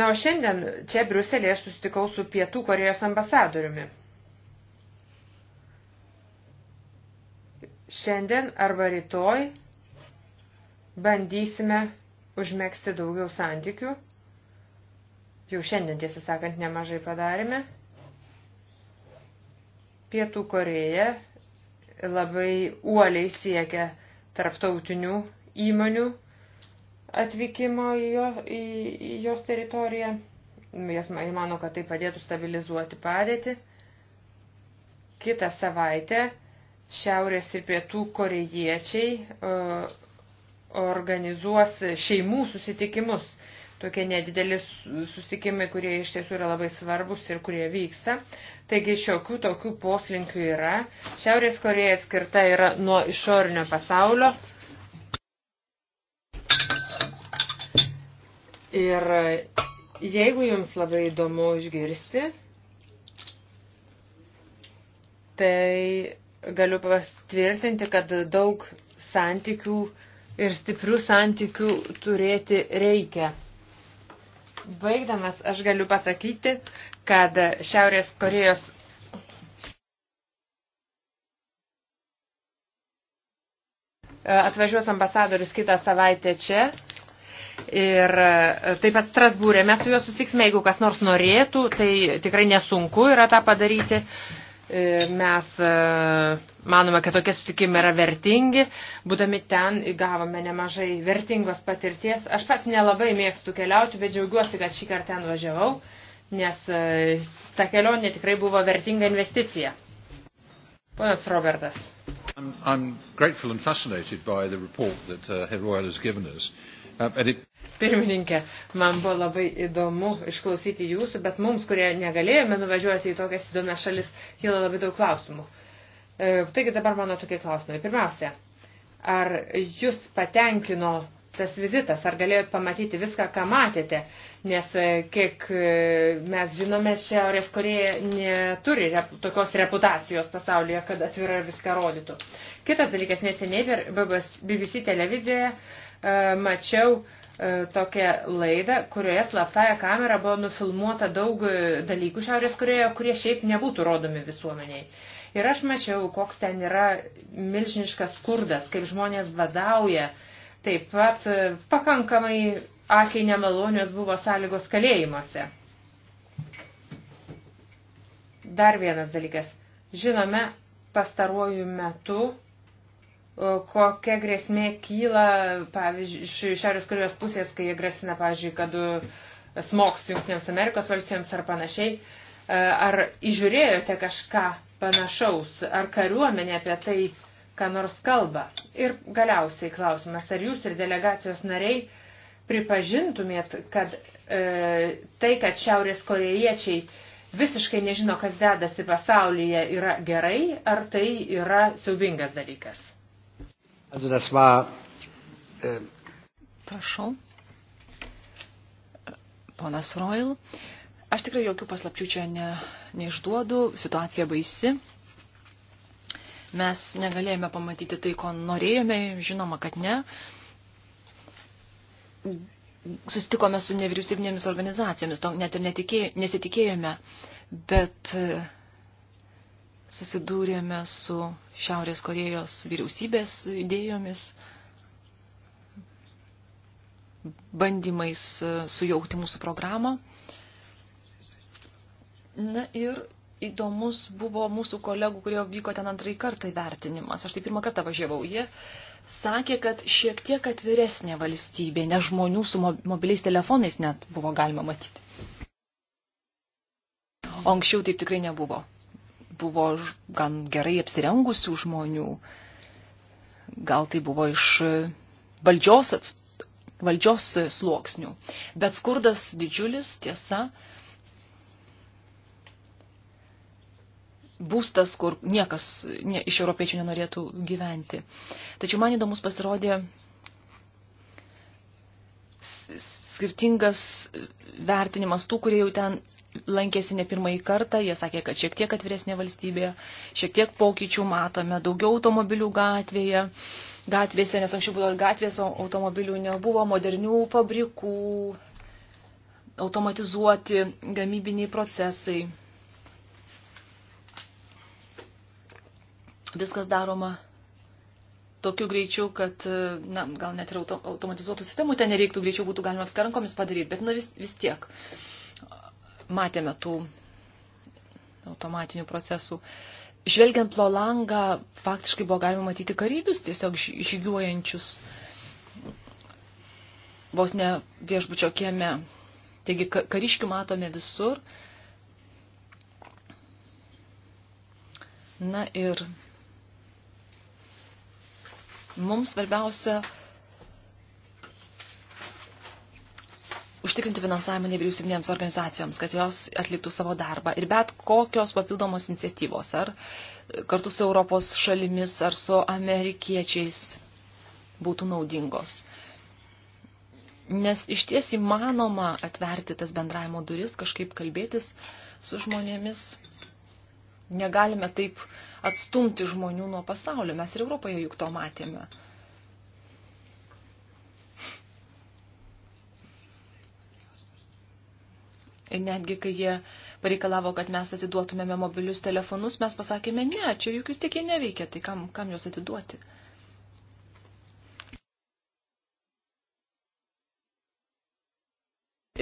Na, o šiandien čia Briuselėje susitikau su Pietų Korejos ambasadoriumi. Šiandien arba rytoj bandysime užmėgsti daugiau santykių. Jau šiandien, tiesą sakant, nemažai padarėme. Pietų Koreja labai uoliai siekia tarptautinių įmonių atvykimo į, jo, į, į jos teritoriją. Jas mano, kad tai padėtų stabilizuoti padėtį. Kitą savaitę Šiaurės ir pietų korejiečiai e, organizuos šeimų susitikimus. Tokie nedideli susitikimai, kurie iš tiesų yra labai svarbus ir kurie vyksta. Taigi šiokių tokių poslinkių yra. Šiaurės Koreja skirta yra nuo išorinio pasaulio. Ir jeigu jums labai įdomu išgirsti, tai galiu patvirtinti, kad daug santykių ir stiprių santykių turėti reikia. Baigdamas aš galiu pasakyti, kad Šiaurės Korejos atvažiuos ambasadorius kitą savaitę čia. Ir taip pat Strasbūrė. Mes su juo susiksime, jeigu kas nors norėtų, tai tikrai nesunku yra tą padaryti. E, mes e, manome, kad tokie sutikimai yra vertingi, būdami ten gavome nemažai vertingos patirties. Aš pats nelabai mėgstu keliauti, bet džiaugiuosi, kad šį kartą ten važiavau, nes e, ta kelionė tikrai buvo vertinga investicija. Ponas Robertas. I'm, I'm grateful and fascinated by the report that uh, Heroil has given us. Uh, and it pirmininkė. Man buvo labai įdomu išklausyti jūsų, bet mums, kurie negalėjome nuvažiuoti į tokias įdomias šalis, kyla labai daug klausimų. E, taigi dabar mano tokie klausimai. Pirmiausia, ar jūs patenkino tas vizitas, ar galėjot pamatyti viską, ką matėte, nes e, kiek e, mes žinome, Šiaurės Koreja neturi rep tokios reputacijos pasaulyje, kad atvirai viską rodytų. Kitas dalykas, neseniai per BBC televizijoje uh, mačiau uh, E, tokią laidą, kurioje slaptąją kamerą buvo nufilmuota daug e, dalykų Šiaurės Korėjoje, kurie šiaip nebūtų rodomi visuomeniai. Ir aš mačiau, koks ten yra milžiniškas skurdas, kaip žmonės vadauja. Taip pat e, pakankamai akiai nemalonios buvo sąlygos kalėjimuose. Dar vienas dalykas. Žinome, pastaruoju metu kokia grėsmė kyla, pavyzdžiui, iš Šiaurės Korejos pusės, kai jie grasina, pavyzdžiui, kad e, smoks Junktinėms Amerikos valstijoms ar panašiai. E, ar įžiūrėjote kažką panašaus, ar kariuomenė apie tai, ką nors kalba? Ir galiausiai klausimas, ar jūs ir delegacijos nariai pripažintumėt, kad e, tai, kad Šiaurės Korejiečiai visiškai nežino, kas dedasi pasaulyje, yra gerai, ar tai yra siaubingas dalykas? Also das war, äh... Prašau. Ponas Royal. Aš tikrai jokių paslapčių čia ne, neišduodu. Situacija baisi. Mes negalėjome pamatyti tai, ko norėjome. Žinoma, kad ne. Sustikome su nevyriausybinėmis organizacijomis. To net ir netikė, nesitikėjome. Bet e, susidūrėme su Šiaurės Korejos vyriausybės idėjomis, bandymais e, sujaukti mūsų programą. Na ir įdomus buvo mūsų kolegų, kurie vyko ten antrai kartą įvertinimas. Aš tai pirmą kartą važiavau. Jie sakė, kad šiek tiek atviresnė valstybė, nes žmonių su mobiliais telefonais net buvo galima matyti. O anksčiau taip tikrai nebuvo buvo gan gerai apsirengusių žmonių. Gal tai buvo iš e, valdžios, atst... valdžios e, sluoksnių. Bet skurdas didžiulis, tiesa. Būstas, kur niekas nie, iš europiečių nenorėtų gyventi. Tačiau man įdomus pasirodė skirtingas vertinimas tų, kurie jau ten lankėsi ne pirmąjį kartą, jie sakė, kad šiek tiek atviresnė valstybė, šiek tiek pokyčių matome, daugiau automobilių gatvėje, gatvėse, nes anksčiau buvo gatvės, automobilių nebuvo, modernių fabrikų, automatizuoti gamybiniai procesai. Viskas daroma tokiu greičiu, kad, na, gal net ir auto, automatizuotų sistemų ten nereiktų greičiau būtų galima apskarankomis padaryti, bet na, vis, vis tiek. Uh, matėme tų automatinių procesų. Žvelgiant pro langą, faktiškai buvo galima matyti karybius tiesiog žygiuojančius vos ne viešbučio kieme. Taigi kariškių matome visur. Na ir mums svarbiausia užtikrinti finansavimą nevyriausybinėms organizacijoms, kad jos atliktų savo darbą. Ir bet kokios papildomos iniciatyvos, ar kartu su Europos šalimis, ar su amerikiečiais būtų naudingos. Nes iš ties įmanoma atverti tas bendravimo duris, kažkaip kalbėtis su žmonėmis. Negalime taip atstumti žmonių nuo pasaulio. Mes ir Europoje juk to matėme. Uh, netgi kai jie pareikalavo, kad mes atiduotumėme mobilius telefonus, mes pasakėme, ne, čia juk vis tiek jie neveikia, tai kam, kam juos atiduoti?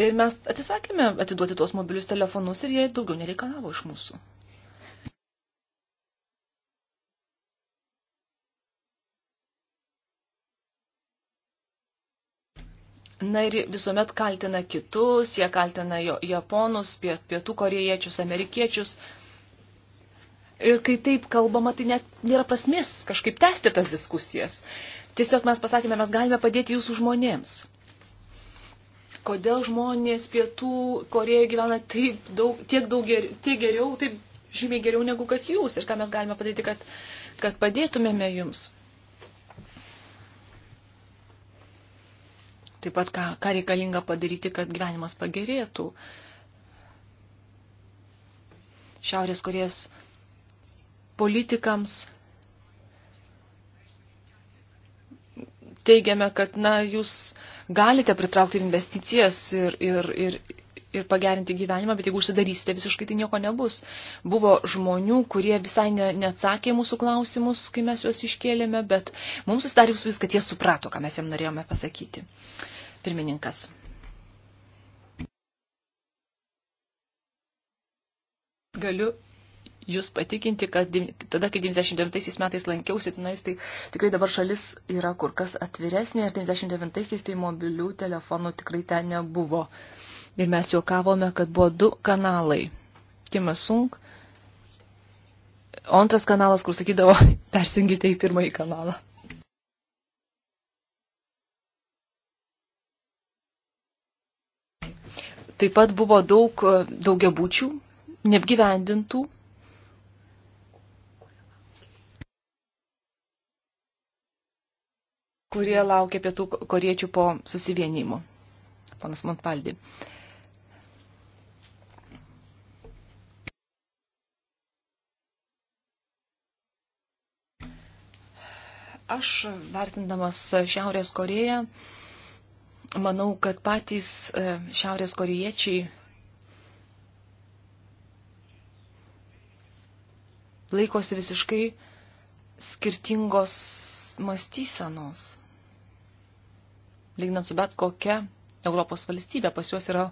Ir mes atsisakėme atiduoti tuos mobilius telefonus ir jie daugiau nereikalavo iš mūsų. Na ir visuomet kaltina kitus, jie kaltina japonus, pietų koriečius, amerikiečius. Ir kai taip kalbama, tai net nėra prasmės kažkaip tęsti tas diskusijas. Tiesiog mes pasakėme, mes galime padėti jūsų žmonėms. Kodėl žmonės pietų Korejoje gyvena taip daug, tiek, daug ger, tiek geriau, taip žymiai geriau negu kad jūs ir ką mes galime padaryti, kad, kad padėtumėme jums. Taip pat, ką, ką reikalinga padaryti, kad gyvenimas pagerėtų. Šiaurės Korejos politikams teigiame, kad na, jūs galite pritraukti investicijas ir, ir, ir ir pagerinti gyvenimą, bet jeigu užsidarysite visiškai, tai nieko nebus. Buvo žmonių, kurie visai ne, neatsakė mūsų klausimus, kai mes juos iškėlėme, bet mums susidarius viską, jie suprato, ką mes jam norėjome pasakyti. Pirmininkas. Galiu jūs patikinti, kad tada, kai 99 metais lankiausi tenais, tai tikrai dabar šalis yra kur kas atviresnė ir 99 tai mobilių telefonų tikrai ten nebuvo. Uh, ir mes juokavome, kad buvo du kanalai. Kimas Sung, o antras kanalas, kur sakydavo, (laughs) persijungite į pirmąjį kanalą. Taip pat buvo daug daugiabučių, neapgyvendintų. kurie laukia pietų koriečių po susivienimo. Panas Montpaldi. Uh, Aš, vertindamas Šiaurės Koreją, manau, kad patys e, Šiaurės koriečiai laikosi visiškai skirtingos mąstysenos. Lygnant su bet kokia Europos valstybė, pas juos yra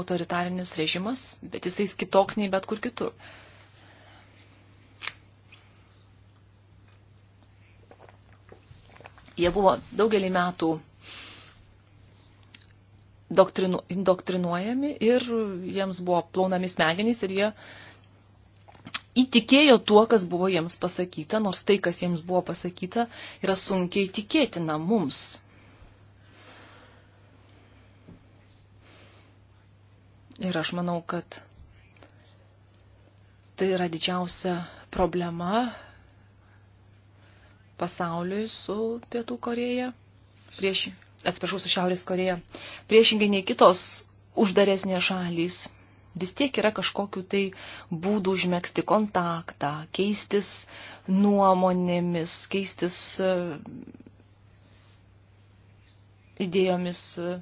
autoritarinis režimas, bet jisai kitoks nei bet kur kitur. Jie buvo daugelį metų doktrinu, indoktrinuojami ir jiems buvo plaunami smegenys ir jie įtikėjo tuo, kas buvo jiems pasakyta, nors tai, kas jiems buvo pasakyta, yra sunkiai tikėtina mums. Ir aš manau, kad tai yra didžiausia problema pasauliui su Pietų Koreja, prieš, atsiprašau, su Šiaurės Koreja, priešingai nei kitos uždaresnės šalys. Vis tiek yra kažkokiu tai būdų užmėgsti kontaktą, keistis nuomonėmis, keistis e, idėjomis e,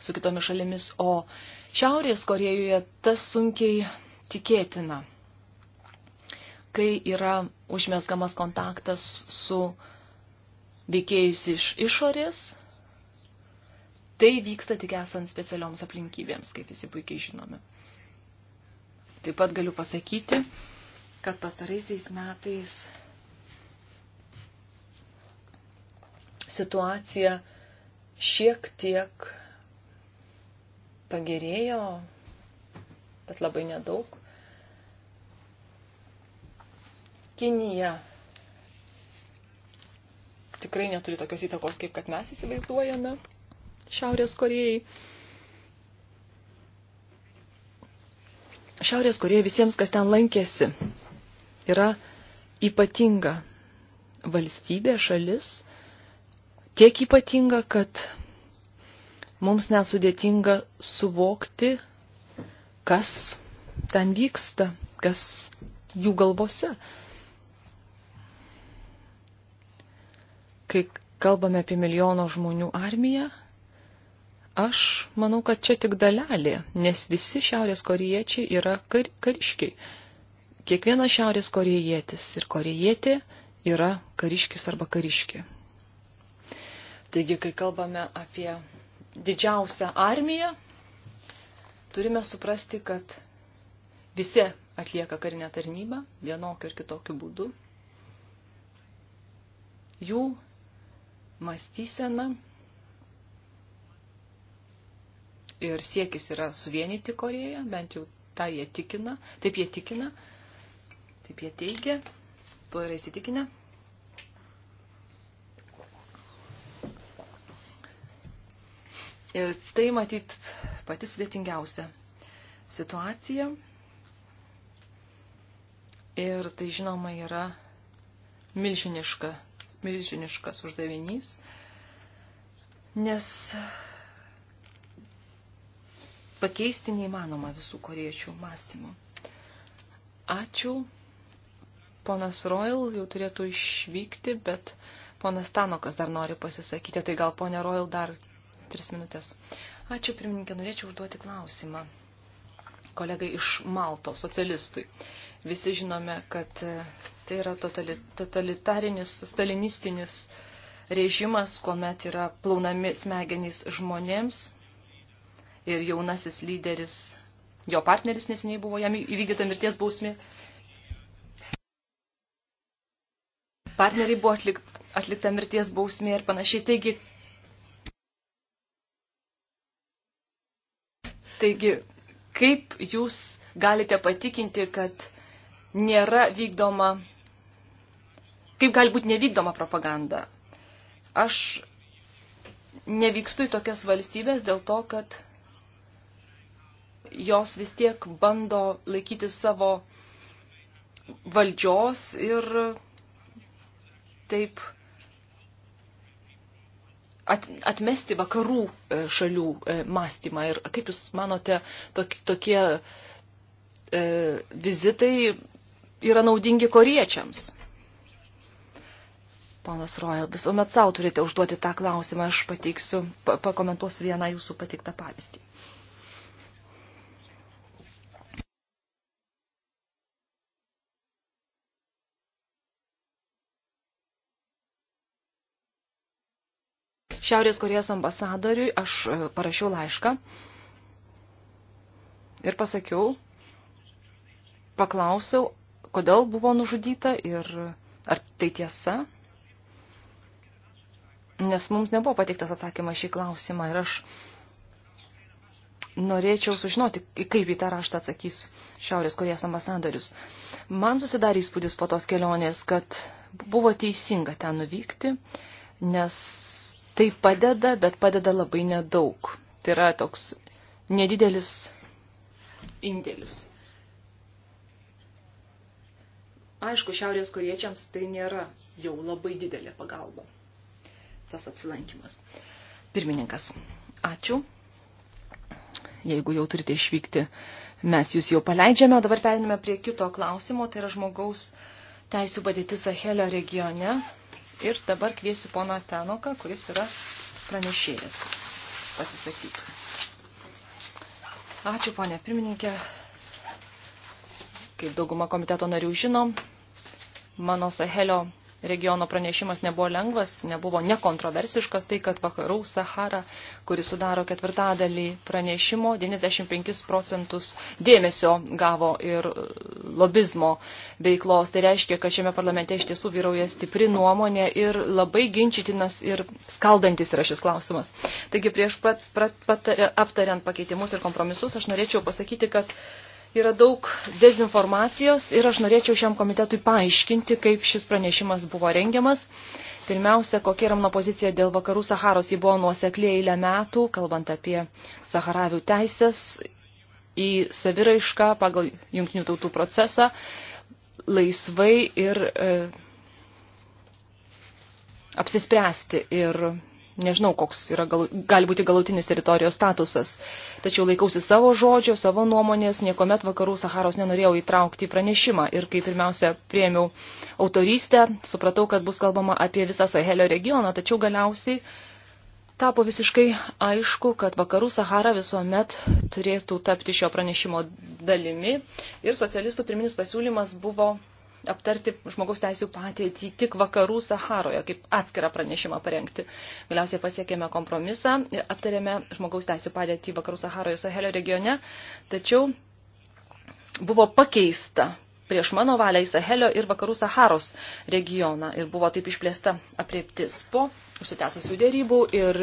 su kitomis šalimis, o Šiaurės Korejoje tas sunkiai tikėtina kai yra užmesgamas kontaktas su veikėjais iš išorės, tai vyksta tik esant specialioms aplinkybėms, kaip visi puikiai žinome. Taip pat galiu pasakyti, kad pastaraisiais metais situacija šiek tiek pagerėjo, bet labai nedaug. Kinija tikrai neturi tokios įtakos, kaip kad mes įsivaizduojame Šiaurės Korejai. Šiaurės Koreja visiems, kas ten lankėsi, yra ypatinga valstybė, šalis, tiek ypatinga, kad mums nesudėtinga suvokti, kas ten vyksta, kas jų galvose. kai kalbame apie milijono žmonių armiją, aš manau, kad čia tik dalelė, nes visi šiaurės koriečiai yra kar kariškiai. Kiekvienas šiaurės korejietis ir korejietė yra kariškis arba kariškė. Taigi, kai kalbame apie didžiausią armiją, turime suprasti, kad visi atlieka karinę tarnybą vienokiu ir kitokiu būdu. Jų mąstysena ir siekis yra suvienyti Koreją, bent jau tą jie tikina, taip jie tikina, taip jie teigia, tuo yra įsitikinę. Ir tai matyt pati sudėtingiausia situacija. Ir tai žinoma yra milžiniška milžiniškas uždavinys, nes pakeisti neįmanoma visų koriečių mąstymų. Ačiū. Ponas Royal jau turėtų išvykti, bet ponas Tanokas dar nori pasisakyti, tai gal ponė Royal dar tris minutės. Ačiū, pirmininkė, norėčiau užduoti klausimą kolegai iš Malto, socialistui. Visi žinome, kad e, tai yra totalitarinis, stalinistinis režimas, kuomet yra plaunami smegenys žmonėms ir jaunasis lyderis, jo partneris neseniai buvo jam įvykdyta mirties bausmė. Partneriai buvo atlik, atlikta mirties bausmė ir panašiai. Taigi, taigi, kaip jūs galite patikinti, kad nėra vykdoma, kaip gali būti nevykdoma propaganda. Aš nevykstu į tokias valstybės dėl to, kad jos vis tiek bando laikyti savo valdžios ir taip atmesti vakarų e, šalių e, mąstymą. Ir kaip Jūs manote, tokie e, vizitai yra naudingi koriečiams? Ponas Royal, visuomet savo turite užduoti tą klausimą, aš pateiksiu, pakomentuosiu vieną jūsų patiktą pavyzdį. Šiaurės Korejos ambasadoriui aš e, parašiau laišką ir pasakiau, paklausiau, kodėl buvo nužudyta ir ar tai tiesa. Nes mums nebuvo pateiktas atsakymas šį klausimą ir aš norėčiau sužinoti, kaip į tą raštą atsakys Šiaurės Korejos ambasadorius. Man susidarė įspūdis po tos kelionės, kad buvo teisinga ten nuvykti, nes tai padeda, bet padeda labai nedaug. Tai yra toks nedidelis indėlis. Aišku, šiaurės koriečiams tai nėra jau labai didelė pagalba, tas apsilankimas. Pirmininkas, ačiū. Jeigu jau turite išvykti, mes jūs jau paleidžiame, o dabar perėmėme prie kito klausimo, tai yra žmogaus teisų padėtis Sahelio regione. Ir dabar kviesiu poną Tenoką, kuris yra pranešėjas. Pasisakytų. Ačiū, ponė pirmininkė. Kaip dauguma komiteto narių žinom, mano Sahelio regiono pranešimas nebuvo lengvas, nebuvo nekontroversiškas, tai kad vakarų Sahara, kuri sudaro ketvirtadalį pranešimo, 95 procentus dėmesio gavo ir e, lobizmo veiklos. Tai reiškia, kad šiame parlamente iš tiesų vyrauja stipri nuomonė ir labai ginčytinas ir skaldantis yra šis klausimas. Taigi prieš pat, pat, pat, aptariant pakeitimus ir kompromisus, aš norėčiau pasakyti, kad yra daug dezinformacijos ir aš norėčiau šiam komitetui paaiškinti, kaip šis pranešimas buvo rengiamas. Pirmiausia, kokia yra mano pozicija dėl vakarų Saharos. Ji buvo nuoseklė eilę metų, kalbant apie Saharavių teisės į saviraišką pagal jungtinių tautų procesą, laisvai ir e, apsispręsti. Ir Nežinau, koks yra, gal, gali būti galutinis teritorijos statusas, tačiau laikausi savo žodžio, savo nuomonės, niekuomet vakarų Saharos nenorėjau įtraukti į pranešimą ir kai pirmiausia priemiau autorystę, supratau, kad bus kalbama apie visą Sahelio regioną, tačiau galiausiai tapo visiškai aišku, kad vakarų Sahara visuomet turėtų tapti šio pranešimo dalimi ir socialistų pirminis pasiūlymas buvo aptarti žmogaus teisų patirtį tik vakarų Saharoje, kaip atskirą pranešimą parengti. Galiausiai pasiekėme kompromisą, aptarėme žmogaus teisų padėtį vakarų Saharoje Sahelio regione, tačiau buvo pakeista prieš mano valią į Sahelio ir vakarų Saharos regioną ir buvo taip išplėsta apriptis. Po užsitęsusių dėrybų ir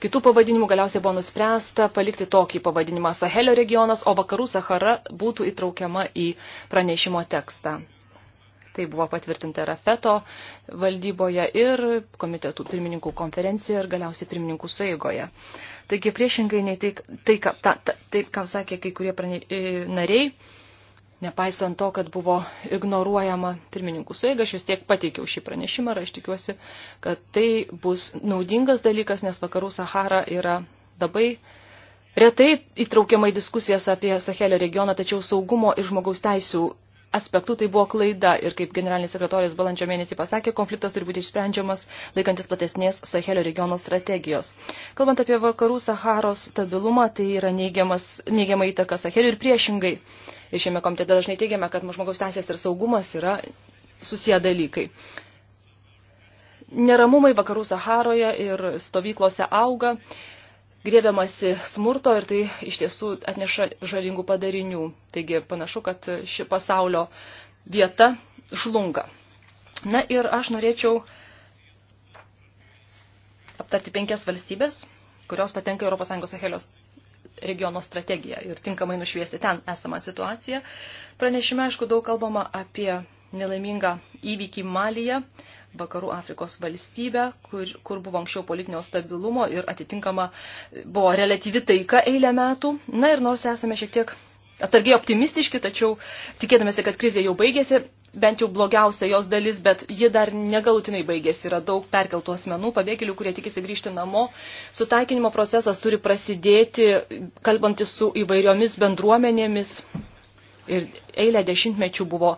kitų pavadinimų galiausiai buvo nuspręsta palikti tokį pavadinimą Sahelio regionas, o vakarų Sahara būtų įtraukiama į pranešimo tekstą. Tai buvo patvirtinta Rafeto valdyboje ir komitetų pirmininkų konferencijoje ir galiausiai pirmininkų sueigoje. Taigi priešingai nei tai, tai, ką, ta, ta, tai ką sakė kai kurie prane, e, nariai, nepaisant to, kad buvo ignoruojama pirmininkų sueiga, aš vis tiek pateikiau šį pranešimą ir aš tikiuosi, kad tai bus naudingas dalykas, nes vakarų Sahara yra labai retai įtraukiama į diskusijas apie Sahelio regioną, tačiau saugumo ir žmogaus teisų aspektu tai buvo klaida ir kaip generalinis sekretorius balandžio mėnesį pasakė, konfliktas turi būti išsprendžiamas laikantis platesnės Sahelio regiono strategijos. Kalbant apie vakarų Saharos stabilumą, tai yra neigiama įtaka Saheliu ir priešingai. Ir šiame komitete dažnai teigiame, kad žmogaus teisės ir saugumas yra susiję dalykai. Neramumai vakarų Saharoje ir stovyklose auga grėbiamasi smurto ir tai iš tiesų atneša žalingų padarinių. Taigi panašu, kad ši pasaulio vieta žlunga. Na ir aš norėčiau aptarti penkias valstybės, kurios patenka ES Sahelio regiono strategiją ir tinkamai nušviesti ten esamą situaciją. Pranešime, aišku, daug kalbama apie nelaimingą įvykį Malyje, vakarų Afrikos valstybę, kur, kur buvo anksčiau politinio stabilumo ir atitinkama buvo relatyvi taika eilę metų. Na ir nors esame šiek tiek atsargiai optimistiški, tačiau tikėdamėsi, kad krizė jau baigėsi, bent jau blogiausia jos dalis, bet ji dar negalutinai baigėsi. Yra daug perkeltų asmenų, pabėgėlių, kurie tikisi grįžti namo. Sutaikinimo procesas turi prasidėti, kalbantis su įvairiomis bendruomenėmis, ir eilę dešimtmečių buvo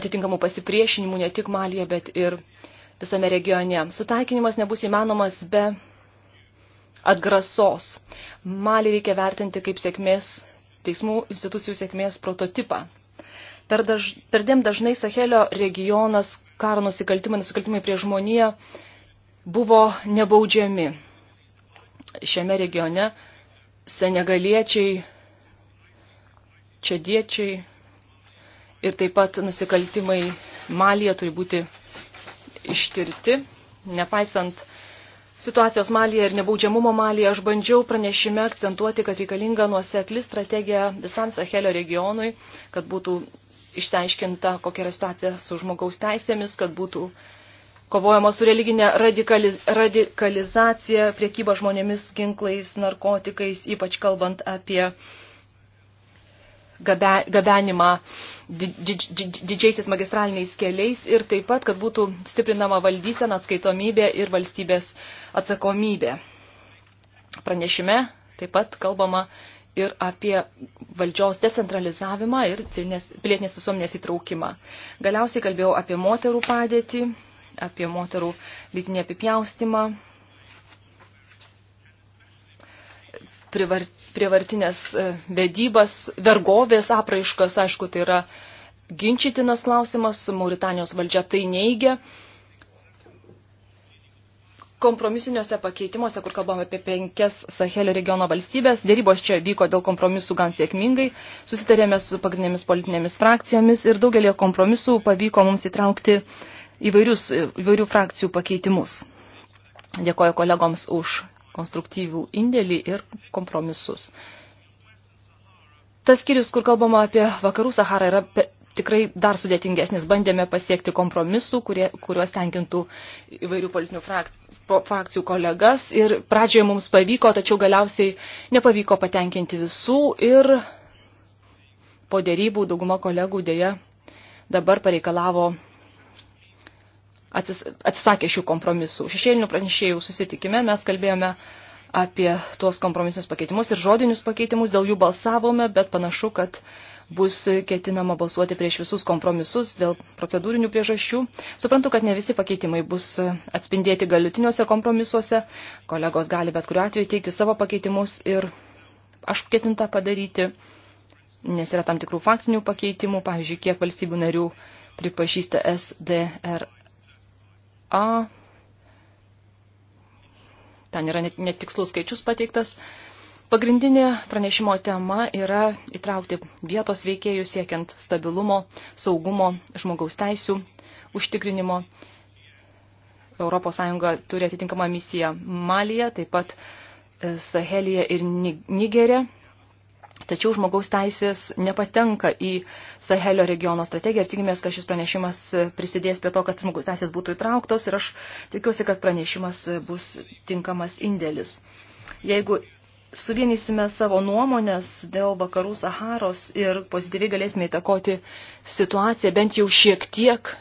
atitinkamų pasipriešinimų ne tik Malija, bet ir visame regione. Sutaikinimas nebus įmanomas be atgrasos. Malį reikia vertinti kaip sėkmės, teismų institucijų sėkmės prototipą. Per daž, perdėm dažnai Sahelio regionas karo nusikaltimai, nusikaltimai prie žmoniją buvo nebaudžiami. Šiame regione senegaliečiai, čediečiai, ir taip pat nusikaltimai Malija turi būti ištirti, nepaisant Situacijos Malija ir nebaudžiamumo Malija aš bandžiau pranešime akcentuoti, kad reikalinga nuosekli strategija visam Sahelio regionui, kad būtų išteiškinta, kokia yra situacija su žmogaus teisėmis, kad būtų kovojama su religinė radikaliz radikalizacija, priekyba žmonėmis, ginklais, narkotikais, ypač kalbant apie gabenimą didžiaisiais magistraliniais keliais ir taip pat, kad būtų stiprinama valdysena, atskaitomybė ir valstybės atsakomybė. Pranešime taip pat kalbama ir apie valdžios decentralizavimą ir pilietinės visuomenės įtraukimą. Galiausiai kalbėjau apie moterų padėtį, apie moterų lytinį apipjaustimą, privar, prievartinės e, vedybas, vergovės apraiškas, aišku, tai yra ginčytinas klausimas, Mauritanijos valdžia tai neigia. Kompromisiniuose pakeitimuose, kur kalbame apie penkias Sahelio regiono valstybės, dėrybos čia vyko dėl kompromisų gan sėkmingai, susitarėme su pagrindinėmis politinėmis frakcijomis ir daugelį kompromisų pavyko mums įtraukti įvairius, įvairių frakcijų pakeitimus. Dėkoju kolegoms už konstruktyvų indėlį ir kompromisus. Tas skyrius, kur kalbama apie vakarų Saharą, yra pe, tikrai dar sudėtingesnis. Bandėme pasiekti kompromisų, kurie, kuriuos tenkintų įvairių politinių frakt, frakcijų kolegas. Ir pradžioje mums pavyko, tačiau galiausiai nepavyko patenkinti visų. Ir po dėrybų dauguma kolegų dėja dabar pareikalavo atsis, atsisakė šių kompromisų. Šešėlinių pranešėjų susitikime mes kalbėjome apie tuos kompromisinius pakeitimus ir žodinius pakeitimus, dėl jų balsavome, bet panašu, kad bus ketinama balsuoti prieš visus kompromisus dėl procedūrinių priežasčių. Suprantu, kad ne visi pakeitimai bus atspindėti galutiniuose kompromisuose. Kolegos gali bet kuriuo atveju teikti savo pakeitimus ir aš ketintą padaryti, nes yra tam tikrų faktinių pakeitimų, pavyzdžiui, kiek valstybių narių pripažįsta SDR A. Ten yra net, netikslus skaičius pateiktas. Pagrindinė pranešimo tema yra įtraukti vietos veikėjus siekiant stabilumo, saugumo, žmogaus teisių užtikrinimo. ES turi atitinkamą misiją Malyje, taip pat Sahelija ir Nigerė. Tačiau žmogaus teisės nepatenka į Sahelio regiono strategiją ir tikimės, kad šis pranešimas prisidės prie to, kad žmogaus teisės būtų įtrauktos ir aš tikiuosi, kad pranešimas bus tinkamas indėlis. Jeigu suvienysime savo nuomonės dėl vakarų Saharos ir pozityviai galėsime įtakoti situaciją bent jau šiek tiek,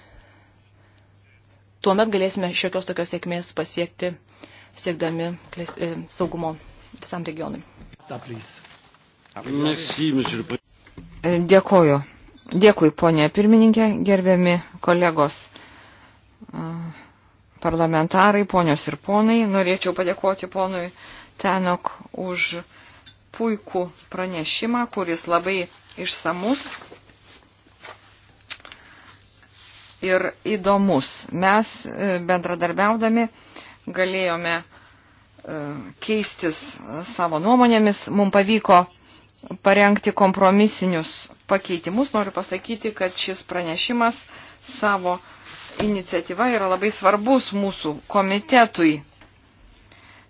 tuomet galėsime šiokios tokios sėkmės pasiekti siekdami e, saugumo visam regionui. Ta, please. E, dėkoju. Dėkui, ponė pirmininkė, gerbiami kolegos e, parlamentarai, ponios ir ponai. Norėčiau padėkoti ponui Tenok už puikų pranešimą, kuris labai išsamus ir įdomus. Mes e, bendradarbiaudami galėjome keistis savo nuomonėmis, mums pavyko parengti kompromisinius pakeitimus. Noriu pasakyti, kad šis pranešimas savo iniciatyva yra labai svarbus mūsų komitetui.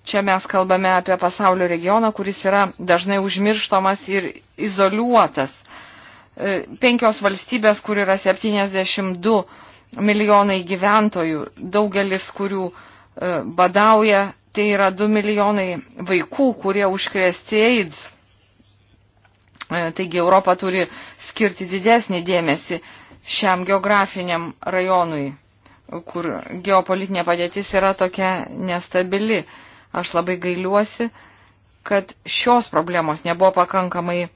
Čia mes kalbame apie pasaulio regioną, kuris yra dažnai užmirštomas ir izoliuotas. E, penkios valstybės, kur yra 72 milijonai gyventojų, daugelis kurių e, badauja, tai yra 2 milijonai vaikų, kurie užkrėsti AIDS E, taigi Europa turi skirti didesnį dėmesį šiam geografiniam rajonui, kur geopolitinė padėtis yra tokia nestabili. Aš labai gailiuosi, kad šios problemos nebuvo pakankamai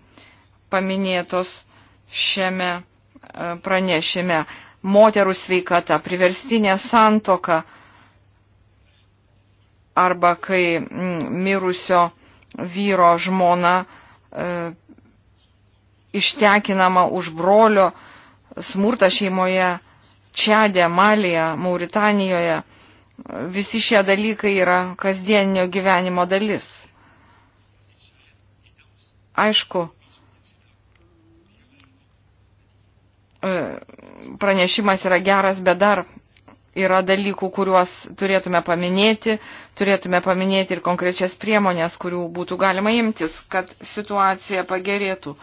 paminėtos šiame e, pranešime. Moterų sveikata, priverstinė santoka arba kai mirusio vyro žmona e, ištekinama už brolio smurtą šeimoje Čadė, Malija, Mauritanijoje. Visi šie dalykai yra kasdieninio gyvenimo dalis. Aišku, e, pranešimas yra geras, bet dar yra dalykų, kuriuos turėtume paminėti, turėtume paminėti ir konkrečias priemonės, kurių būtų galima imtis, kad situacija pagerėtų.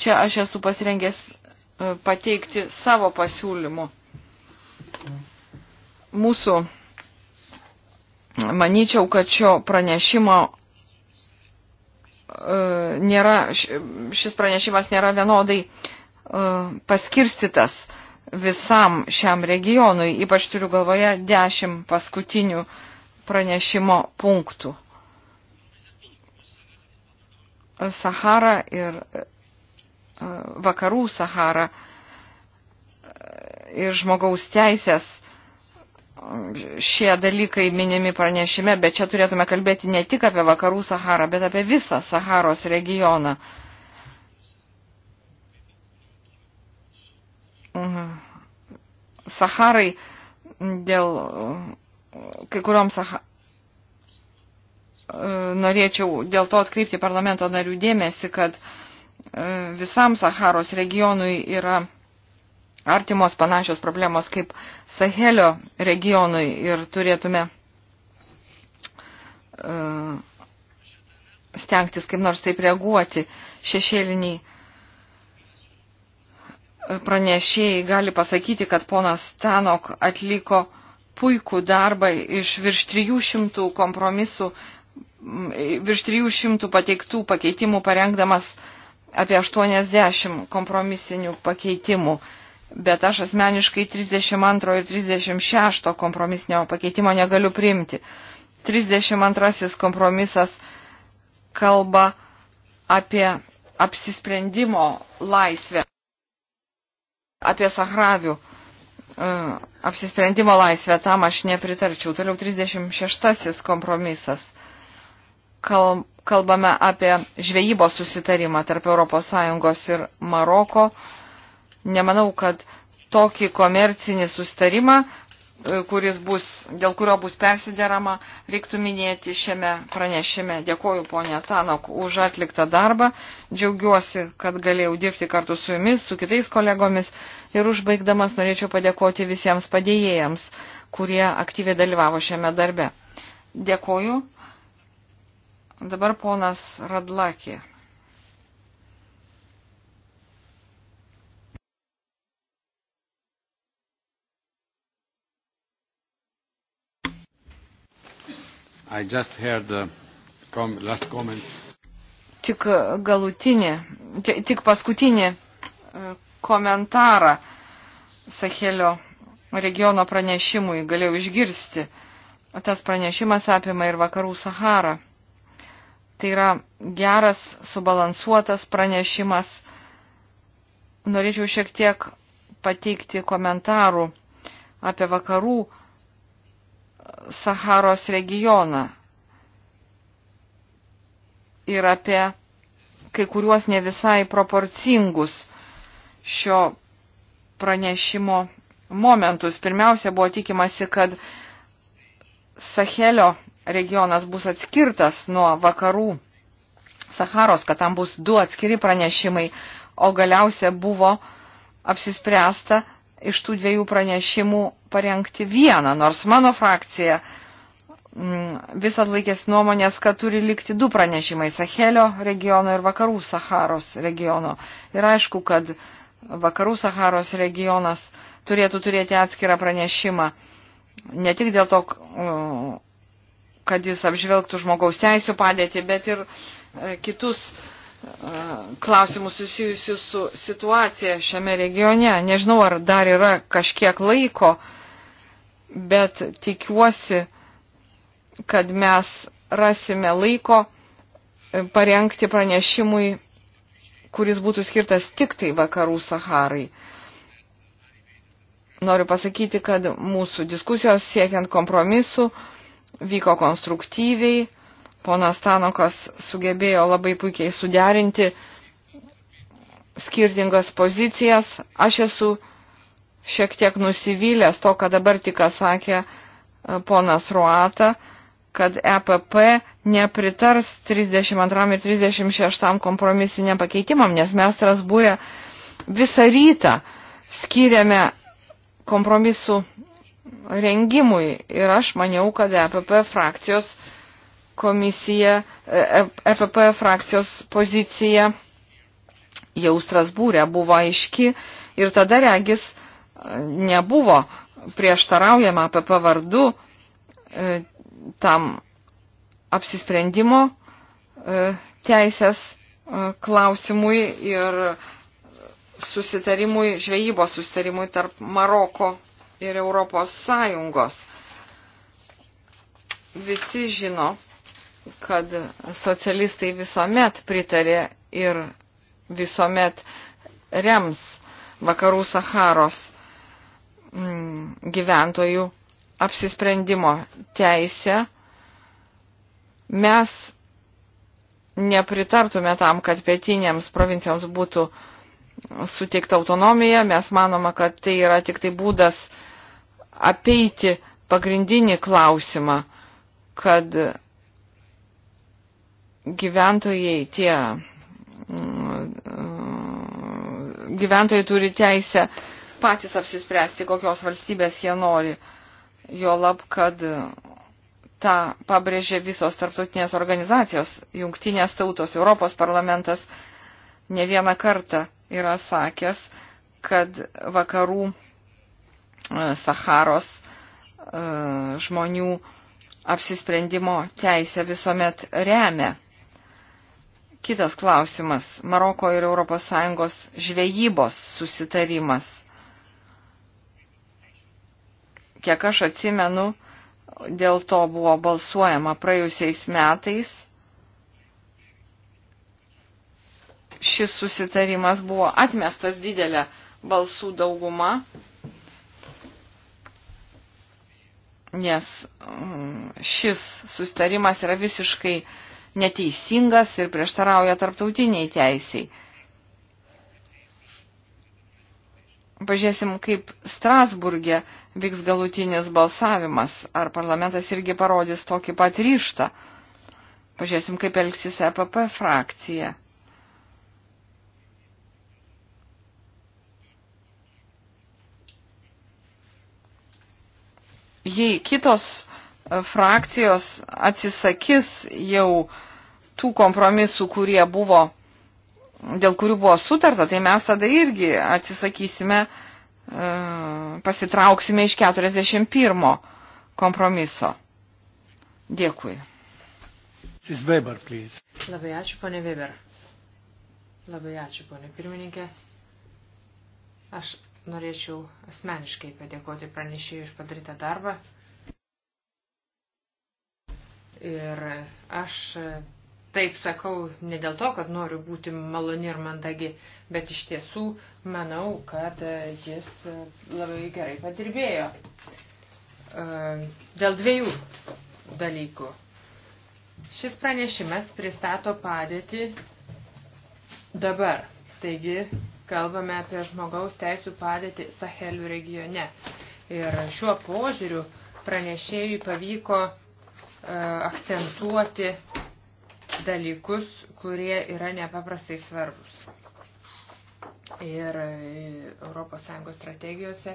Čia aš esu pasirengęs e, pateikti savo pasiūlymų. Mūsų, manyčiau, kad šio pranešimo e, nėra, šis pranešimas nėra vienodai e, paskirstytas visam šiam regionui, ypač turiu galvoje dešimt paskutinių pranešimo punktų. Sahara ir vakarų Sahara ir žmogaus teisės. Šie dalykai minimi pranešime, bet čia turėtume kalbėti ne tik apie vakarų Saharą, bet apie visą Saharos regioną. Mhm. Saharai dėl kai kuriom Saharai e, norėčiau dėl to atkreipti parlamento narių dėmesį, kad uh, E, visam Saharos regionui yra artimos panašios problemos kaip Sahelio regionui ir turėtume e, stengtis kaip nors taip reaguoti. Šešėliniai e, pranešėjai gali pasakyti, kad ponas Stanok atliko puikų darbą iš virš 300 kompromisų, virš 300 pateiktų pakeitimų parengdamas uh, apie 80 kompromisinių pakeitimų, bet aš asmeniškai 32 ir 36 kompromisinio pakeitimo negaliu priimti. 32 kompromisas kalba apie apsisprendimo laisvę, apie sahravių e, apsisprendimo laisvę, tam aš nepritarčiau. Toliau 36 kompromisas. Kal, kalbame apie žvejybos susitarimą tarp ES ir Maroko, nemanau, kad tokį komercinį susitarimą, e, kuris bus, dėl kurio bus persiderama, reiktų minėti šiame pranešime. Dėkoju, ponė Tanok, už atliktą darbą. Džiaugiuosi, kad galėjau dirbti kartu su jumis, su kitais kolegomis. Ir užbaigdamas norėčiau padėkoti visiems padėjėjams, kurie aktyviai dalyvavo šiame darbe. Dėkoju. Dabar ponas Radlakė. I just heard the com last comments. Tik galutinį, tik paskutinį e, komentarą Sahelio regiono pranešimui galėjau išgirsti. Tas pranešimas apima ir vakarų Saharą. Tai yra geras, subalansuotas pranešimas. Norėčiau šiek tiek pateikti komentarų apie vakarų e, Saharos regioną ir apie kai kuriuos ne visai proporcingus šio pranešimo momentus. Pirmiausia, buvo tikimasi, kad Sahelio regionas bus atskirtas nuo vakarų Saharos, kad tam bus du atskiri pranešimai, o galiausia buvo apsispręsta iš tų dviejų pranešimų parengti vieną, nors mano frakcija mm, visą laikės nuomonės, kad turi likti du pranešimai – Sahelio regiono ir Vakarų Saharos regiono. Ir aišku, kad Vakarų Saharos regionas turėtų turėti atskirą pranešimą. Ne tik dėl to, kad jis apžvelgtų žmogaus teisų padėtį, bet ir e, kitus e, klausimus susijusius su situacija šiame regione. Nežinau, ar dar yra kažkiek laiko, bet tikiuosi, kad mes rasime laiko e, parengti pranešimui, kuris būtų skirtas tik tai vakarų Saharai. Noriu pasakyti, kad mūsų diskusijos siekiant kompromisu vyko konstruktyviai. Ponas Tanokas sugebėjo labai puikiai suderinti skirtingas pozicijas. Aš esu šiek tiek nusivylęs to, ką dabar tik sakė e, ponas Ruata, kad EPP nepritars 32 ir 36 kompromisiniam pakeitimam, nes mes Strasbūrė visą rytą skiriame kompromisų rengimui. Ir aš maniau, kad EPP frakcijos komisija, EPP e frakcijos pozicija jau Strasbūrė buvo aiški ir tada regis e, nebuvo prieštaraujama EPP vardu e, tam apsisprendimo teisės klausimui ir susitarimui, žvejybos susitarimui tarp Maroko ir Europos Sąjungos. Visi žino, kad socialistai visuomet pritarė ir visuomet rems vakarų Saharos mm, gyventojų apsisprendimo teisę. Mes nepritartume tam, kad pietinėms provincijoms būtų suteikta autonomija. Mes manoma, kad tai yra tik tai būdas apeiti pagrindinį klausimą, kad gyventojai tie mm, gyventojai turi teisę patys apsispręsti, kokios valstybės jie nori. Jo lab, kad tą pabrėžė visos tarptautinės organizacijos, jungtinės tautos, Europos parlamentas ne vieną kartą yra sakęs, kad vakarų E, Saharos e, žmonių apsisprendimo teisę visuomet remia. Kitas klausimas - Maroko ir ES žvejybos susitarimas. Kiek aš atsimenu, dėl to buvo balsuojama praėjusiais metais. Šis susitarimas buvo atmestas didelę balsų daugumą. nes mm, šis sustarimas yra visiškai neteisingas ir prieštarauja tarptautiniai teisiai. Pažiūrėsim, kaip Strasburgė vyks galutinis balsavimas, ar parlamentas irgi parodys tokį pat ryštą. Pažiūrėsim, kaip elgsis EPP frakcija. jei kitos e, frakcijos atsisakys jau tų kompromisų, kurie buvo, dėl kurių buvo sutarta, tai mes tada irgi atsisakysime, e, pasitrauksime iš 41 kompromiso. Dėkui. Sis Weber, please. Labai ačiū, ponė Weber. Labai ačiū, ponė pirmininkė. Aš norėčiau asmeniškai padėkoti pranešėjui už padarytą darbą. Ir aš taip sakau ne dėl to, kad noriu būti maloni ir mandagi, bet iš tiesų manau, kad jis labai gerai padirbėjo. E, dėl dviejų dalykų. Šis pranešimas pristato padėtį dabar. Taigi Kalbame apie žmogaus teisų padėtį Sahelių regione. Ir šiuo požiūriu pranešėjui pavyko e, akcentuoti dalykus, kurie yra nepaprastai svarbus. Ir ES strategijose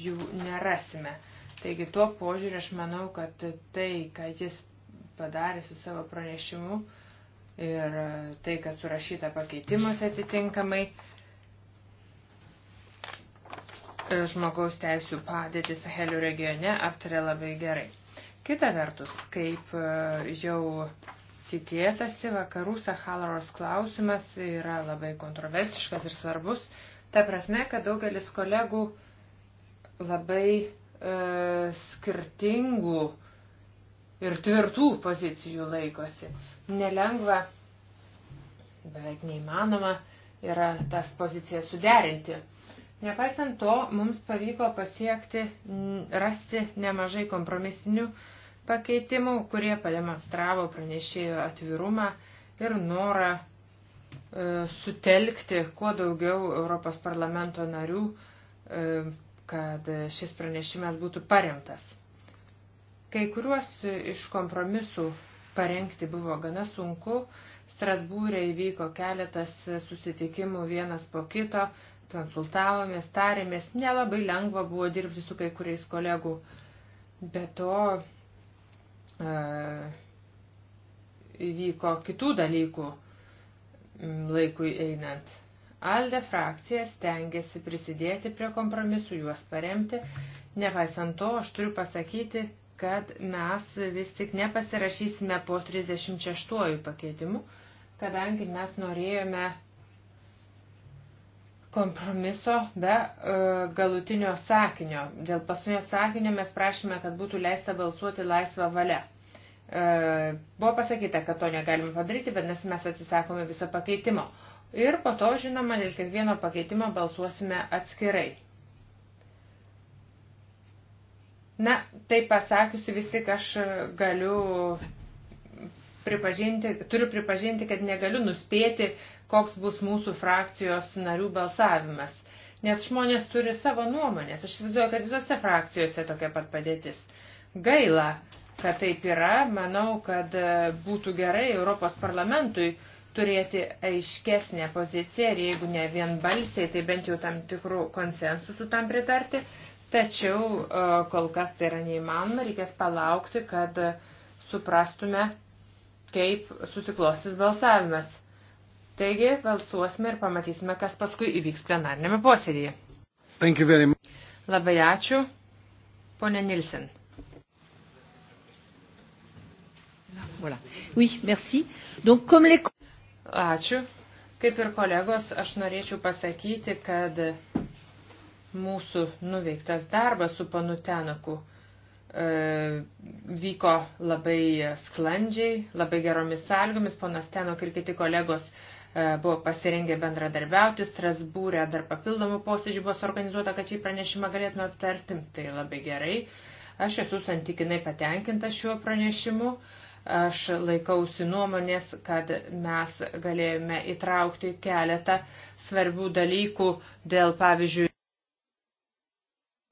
jų nerasime. Taigi tuo požiūriu aš manau, kad tai, ką jis padarė su savo pranešimu ir e, tai, kas surašyta pakeitimuose atitinkamai, E, žmogaus teisų padėtį Sahelio regione aptarė labai gerai. Kita vertus, kaip e, jau tikėtasi, vakarų Saharos klausimas yra labai kontroversiškas ir svarbus, ta prasme, kad daugelis kolegų labai e, skirtingų ir tvirtų pozicijų laikosi. Nelengva, beveik neįmanoma yra tas pozicijas suderinti. Nepaisant to, mums pavyko pasiekti, rasti nemažai kompromisinių pakeitimų, kurie pademonstravo pranešėjo atvirumą ir norą e, sutelkti kuo daugiau Europos parlamento narių, e, kad šis pranešimas būtų paremtas. Kai kuriuos iš kompromisų parengti buvo gana sunku, Strasbūrė įvyko keletas susitikimų vienas po kito, konsultavomės, tarėmės, nelabai lengva buvo dirbti su kai kuriais kolegų, bet to e, įvyko kitų dalykų laikui einant. Alde frakcija stengiasi prisidėti prie kompromisų, juos paremti. Nepaisant to, aš turiu pasakyti, kad mes vis tik nepasirašysime po 36 pakeitimų, kadangi mes norėjome kompromiso be e, galutinio sakinio. Dėl paskutinio sakinio mes prašome, kad būtų leista balsuoti laisvą valią. E, buvo pasakyta, kad to negalime padaryti, bet nes mes atsisakome viso pakeitimo. Ir po to, žinoma, dėl kiekvieno pakeitimo balsuosime atskirai. Na, tai pasakiusi vis tik aš galiu pripažinti, turiu pripažinti, kad negaliu nuspėti, koks bus mūsų frakcijos narių balsavimas. Nes žmonės turi savo nuomonės. Aš įsivaizduoju, kad visose frakcijose tokia pat padėtis. Gaila, kad taip yra. Manau, kad e, būtų gerai Europos parlamentui turėti aiškesnę poziciją ir jeigu ne vienbalsiai, tai bent jau tam tikrų konsensusų tam pritarti. Tačiau e, kol kas tai yra neįmanoma, reikės palaukti, kad e, suprastume kaip susiklostys balsavimas. Taigi balsuosime ir pamatysime, kas paskui įvyks plenarnėme posėdėje. Labai ačiū, ponė Nilsen. Voilà. Oui, merci. Donc, comme les... Ačiū. Kaip ir kolegos, aš norėčiau pasakyti, kad mūsų nuveiktas darbas su panu Tenaku E, vyko labai sklandžiai, labai geromis sąlygomis. Ponas Tenok ir kiti kolegos e, buvo pasirengę bendradarbiauti. Strasbūrė dar papildomų posėdžių buvo suorganizuota, kad šį pranešimą galėtume aptarti. Tai labai gerai. Aš esu santykinai patenkinta šiuo pranešimu. Aš laikausi nuomonės, kad mes galėjome įtraukti keletą svarbių dalykų dėl, pavyzdžiui,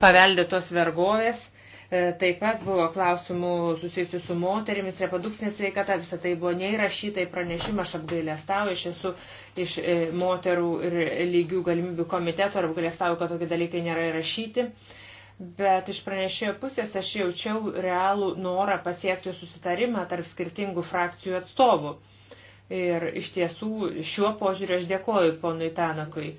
paveldėtos vergovės E, taip pat buvo klausimų susijusių su moterimis, reprodukcinė sveikata, visą tai buvo neįrašyta į pranešimą, aš apgailestauju, aš esu iš e, moterų ir lygių galimybių komiteto ir apgailestauju, kad tokie dalykai nėra įrašyti. Bet iš pranešėjo pusės aš jaučiau realų norą pasiekti susitarimą tarp skirtingų frakcijų atstovų. Ir iš tiesų šiuo požiūriu aš dėkoju ponui Tanakui.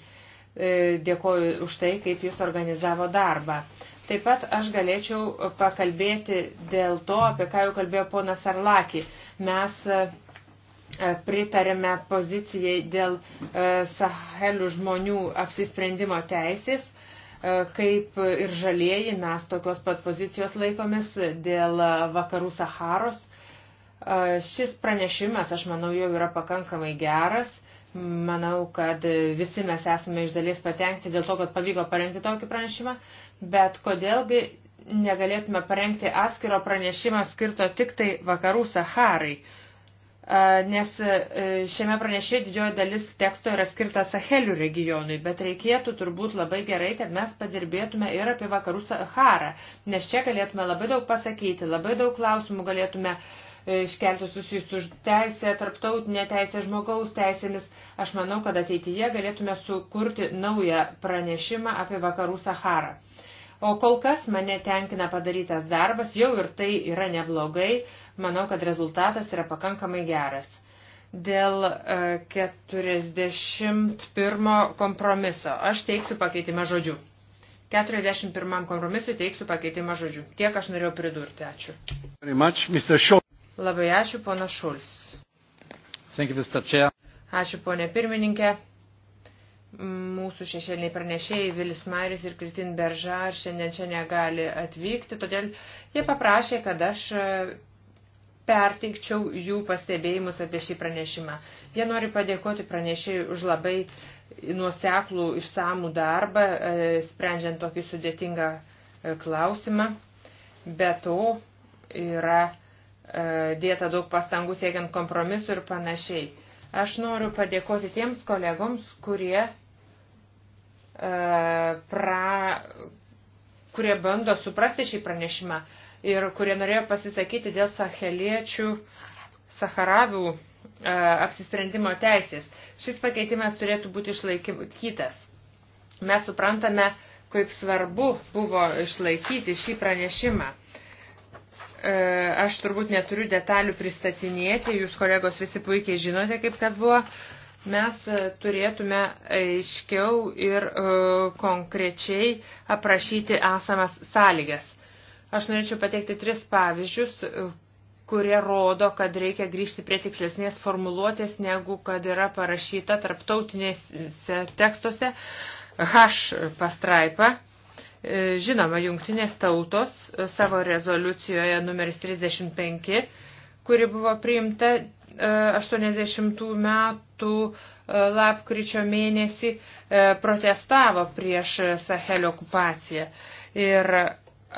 E, dėkoju už tai, kaip jis organizavo darbą. Taip pat aš galėčiau pakalbėti dėl to, apie ką jau kalbėjo ponas Arlaki. Mes e, e, pritarėme pozicijai dėl e, sahelių žmonių apsisprendimo teisės, kaip ir žalieji mes tokios pat pozicijos laikomis dėl vakarų Saharos. Šis pranešimas, aš manau, jau yra pakankamai geras Manau, kad visi mes esame iš dalies patenkti dėl to, kad pavyko parengti tokį pranešimą, bet kodėlgi negalėtume parengti atskiro pranešimą skirto tik tai vakarų Saharai, nes e, šiame pranešė didžioji dalis teksto yra skirta Sahelių regionui, bet reikėtų turbūt labai gerai, kad mes padirbėtume ir apie vakarų Saharą, nes čia galėtume labai daug pasakyti, labai daug klausimų galėtume uh, iškelti susijusių teisę, tarptautinę teisę, žmogaus teisėmis. Aš manau, kad ateityje galėtume sukurti naują pranešimą apie vakarų Saharą. O kol kas mane tenkina padarytas darbas, jau ir tai yra neblogai, manau, kad rezultatas yra pakankamai geras. Dėl 41 e, kompromiso aš teiksiu pakeitimą žodžiu. 41 kompromisui teiksiu pakeitimą žodžiu. Tiek aš norėjau pridurti. Ačiū. Much, Labai ačiū, pana Šulc. Ačiū, ponė pirmininkė. Mūsų šešėliniai pranešėjai Vilis Maris ir Kritin Beržar šiandien čia negali atvykti, todėl jie paprašė, kad aš e, perteikčiau jų pastebėjimus apie šį pranešimą. Jie nori padėkoti pranešėjui už labai nuoseklų išsamų darbą, e, sprendžiant tokį sudėtingą e, klausimą. Be to yra E, dėta daug pastangų siekiant kompromisų ir panašiai. Aš noriu padėkoti tiems kolegoms, kurie, e, pra, kurie bando suprasti šį pranešimą ir kurie norėjo pasisakyti dėl saheliečių, saharavių e, apsisprendimo teisės. Šis pakeitimas turėtų būti išlaikytas. Mes suprantame, kaip svarbu buvo išlaikyti šį pranešimą. E, aš turbūt neturiu detalių pristatinėti, jūs kolegos visi puikiai žinote, kaip kas buvo. Mes e, turėtume aiškiau ir e, konkrečiai aprašyti esamas sąlygas. Aš norėčiau pateikti tris pavyzdžius, kurie rodo, kad reikia grįžti prie tikslesnės formuluotės, negu kad yra parašyta tarptautinėse tekstuose H pastraipa E, žinoma, jungtinės tautos e, savo rezoliucijoje numeris 35, kuri buvo priimta 80 e, metų lapkričio mėnesį, protestavo prieš Sahelio okupaciją. Ir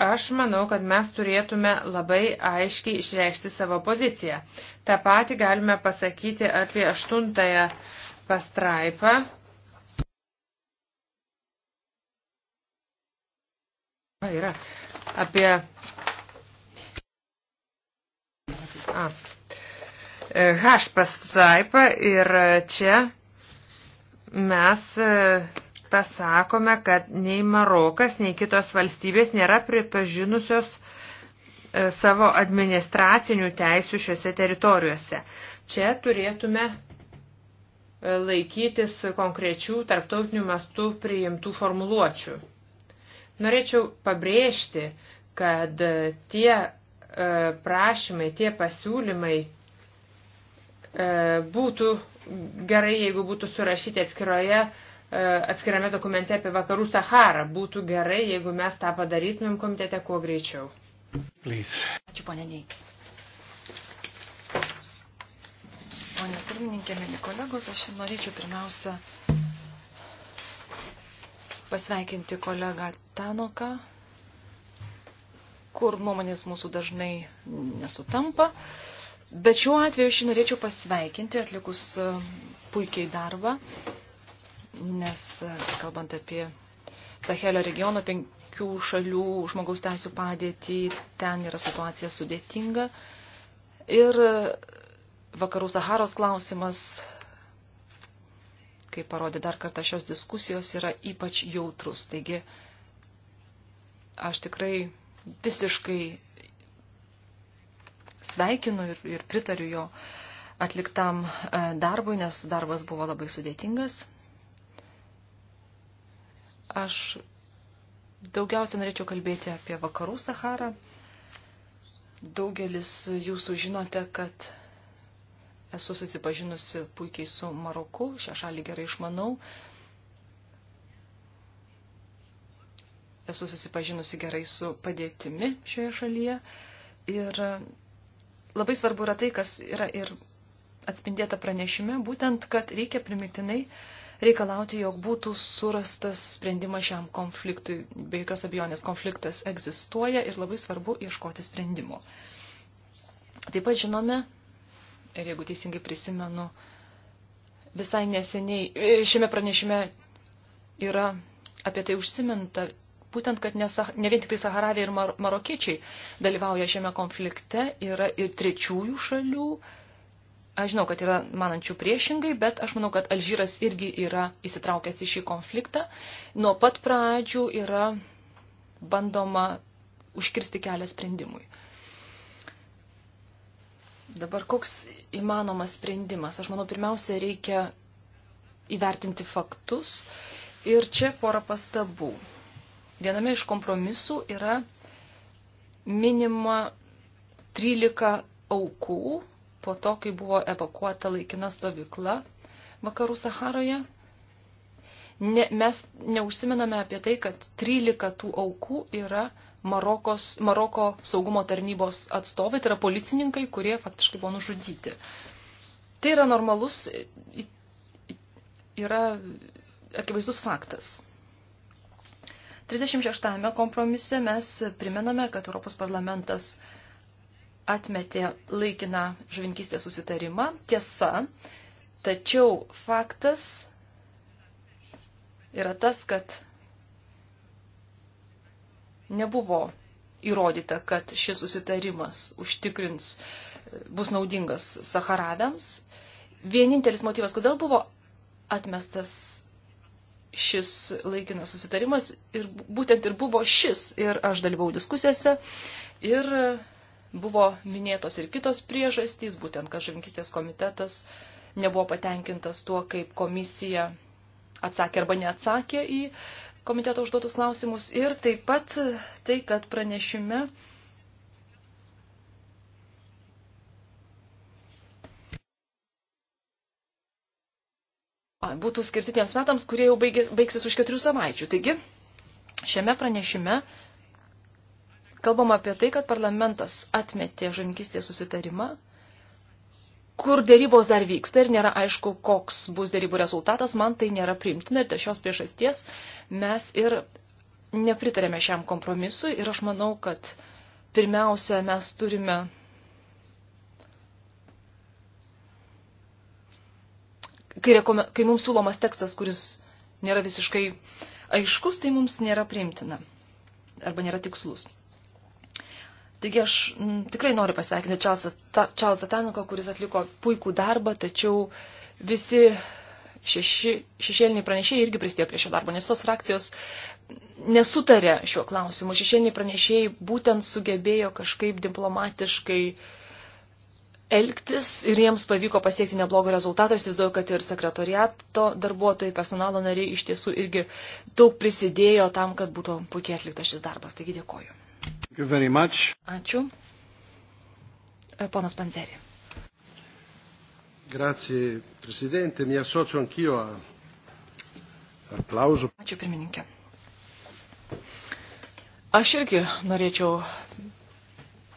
Aš manau, kad mes turėtume labai aiškiai išreikšti savo poziciją. Ta pati galime pasakyti apie aštuntąją pastraipą, yra apie. A. E, H pastraipą ir čia mes pasakome, e, kad nei Marokas, nei kitos valstybės nėra pripažinusios e, savo administracinių teisių šiuose teritorijuose. Čia turėtume laikytis konkrečių tarptautinių mastų priimtų formuluočių. Norėčiau pabrėžti, kad tie e, prašymai, tie pasiūlymai e, būtų gerai, jeigu būtų surašyti atskiroje, e, atskirame dokumente apie vakarų Saharą. Būtų gerai, jeigu mes tą padarytumėm komitete kuo greičiau. Please. Ačiū, ponė Neiks. Pone pirmininkė, mėly kolegos, aš norėčiau pirmiausia pasveikinti kolegą Tanoką, kur nuomonės mūsų dažnai nesutampa. Bet šiuo atveju aš norėčiau pasveikinti atlikus e, puikiai darbą, nes e, kalbant apie Sahelio regiono penkių šalių žmogaus teisų padėtį, ten yra situacija sudėtinga. Ir e, vakarų Saharos klausimas kaip parodė dar kartą šios diskusijos, yra ypač jautrus. Taigi aš tikrai visiškai sveikinu ir, ir pritariu jo atliktam e, darbui, nes darbas buvo labai sudėtingas. Aš daugiausia norėčiau kalbėti apie vakarų Saharą. Daugelis jūsų žinote, kad esu susipažinusi puikiai su Maroku, šią šalį gerai išmanau. Esu susipažinusi gerai su padėtimi šioje šalyje. Ir labai svarbu yra tai, kas yra ir atspindėta pranešime, būtent, kad reikia primiktinai reikalauti, jog būtų surastas sprendimas šiam konfliktui. Be jokios abejonės konfliktas egzistuoja ir labai svarbu ieškoti sprendimo. Taip pat žinome, ir jeigu teisingai prisimenu, visai neseniai e, šiame pranešime yra apie tai užsiminta, būtent, kad ne, ne vien tik tai Saharavė ir mar, marokiečiai dalyvauja šiame konflikte, yra ir trečiųjų šalių. Aš žinau, kad yra manančių priešingai, bet aš manau, kad Alžyras irgi yra įsitraukęs į šį konfliktą. Nuo pat pradžių yra bandoma užkirsti kelią sprendimui. Dabar koks įmanomas sprendimas? Aš manau, pirmiausia, reikia įvertinti faktus. Ir čia pora pastabų. Viename iš kompromisų yra minima 13 aukų po to, kai buvo evakuota laikina stovykla vakarų Saharoje. Ne, mes neužsiminame apie tai, kad 13 tų aukų yra Marokos, Maroko saugumo tarnybos atstovai, tai yra policininkai, kurie faktiškai buvo nužudyti. Tai yra normalus, yra akivaizdus faktas. 36 kompromise mes primename, kad Europos parlamentas atmetė laikiną žuvinkystės susitarimą. Tiesa, tačiau faktas yra tas, kad nebuvo įrodyta, kad šis susitarimas užtikrins, bus naudingas Saharadams. Vienintelis motyvas, kodėl buvo atmestas šis laikinas susitarimas ir būtent ir buvo šis. Ir aš dalyvau diskusijose ir buvo minėtos ir kitos priežastys, būtent, kad žuvinkistės komitetas nebuvo patenkintas tuo, kaip komisija atsakė arba neatsakė į uh, komiteto užduotus klausimus ir taip pat tai, kad pranešime būtų skirti tiems metams, kurie jau baigės, baigsis už keturių savaičių. Taigi, šiame pranešime kalbama apie tai, kad parlamentas atmetė žankistės susitarimą kur dėrybos dar vyksta ir nėra aišku, koks bus dėrybų rezultatas, man tai nėra priimtina ir dėl šios priežasties mes ir nepritarėme šiam kompromisui ir aš manau, kad pirmiausia mes turime kai, rekome, kai mums siūlomas tekstas, kuris nėra visiškai aiškus, tai mums nėra priimtina arba nėra tikslus. Taigi aš m, mm, tikrai noriu pasveikinti Čarlzą Tanuką, kuris atliko puikų darbą, tačiau visi šeši, šešėliniai pranešėjai irgi prisidėjo prie šio darbo, nes tos frakcijos nesutarė šiuo klausimu. Šešėliniai pranešėjai būtent sugebėjo kažkaip diplomatiškai elgtis ir jiems pavyko pasiekti neblogą rezultatą. Aš įsivaizduoju, kad ir sekretoriato darbuotojai, personalo nariai iš tiesų irgi daug prisidėjo tam, kad būtų puikiai atliktas šis darbas. Taigi dėkoju. Ačiū. E, ponas Panzerį. Grazie, Presidente. Mi associo anch'io a aplauso. Ačiū, pirmininkė. Aš irgi norėčiau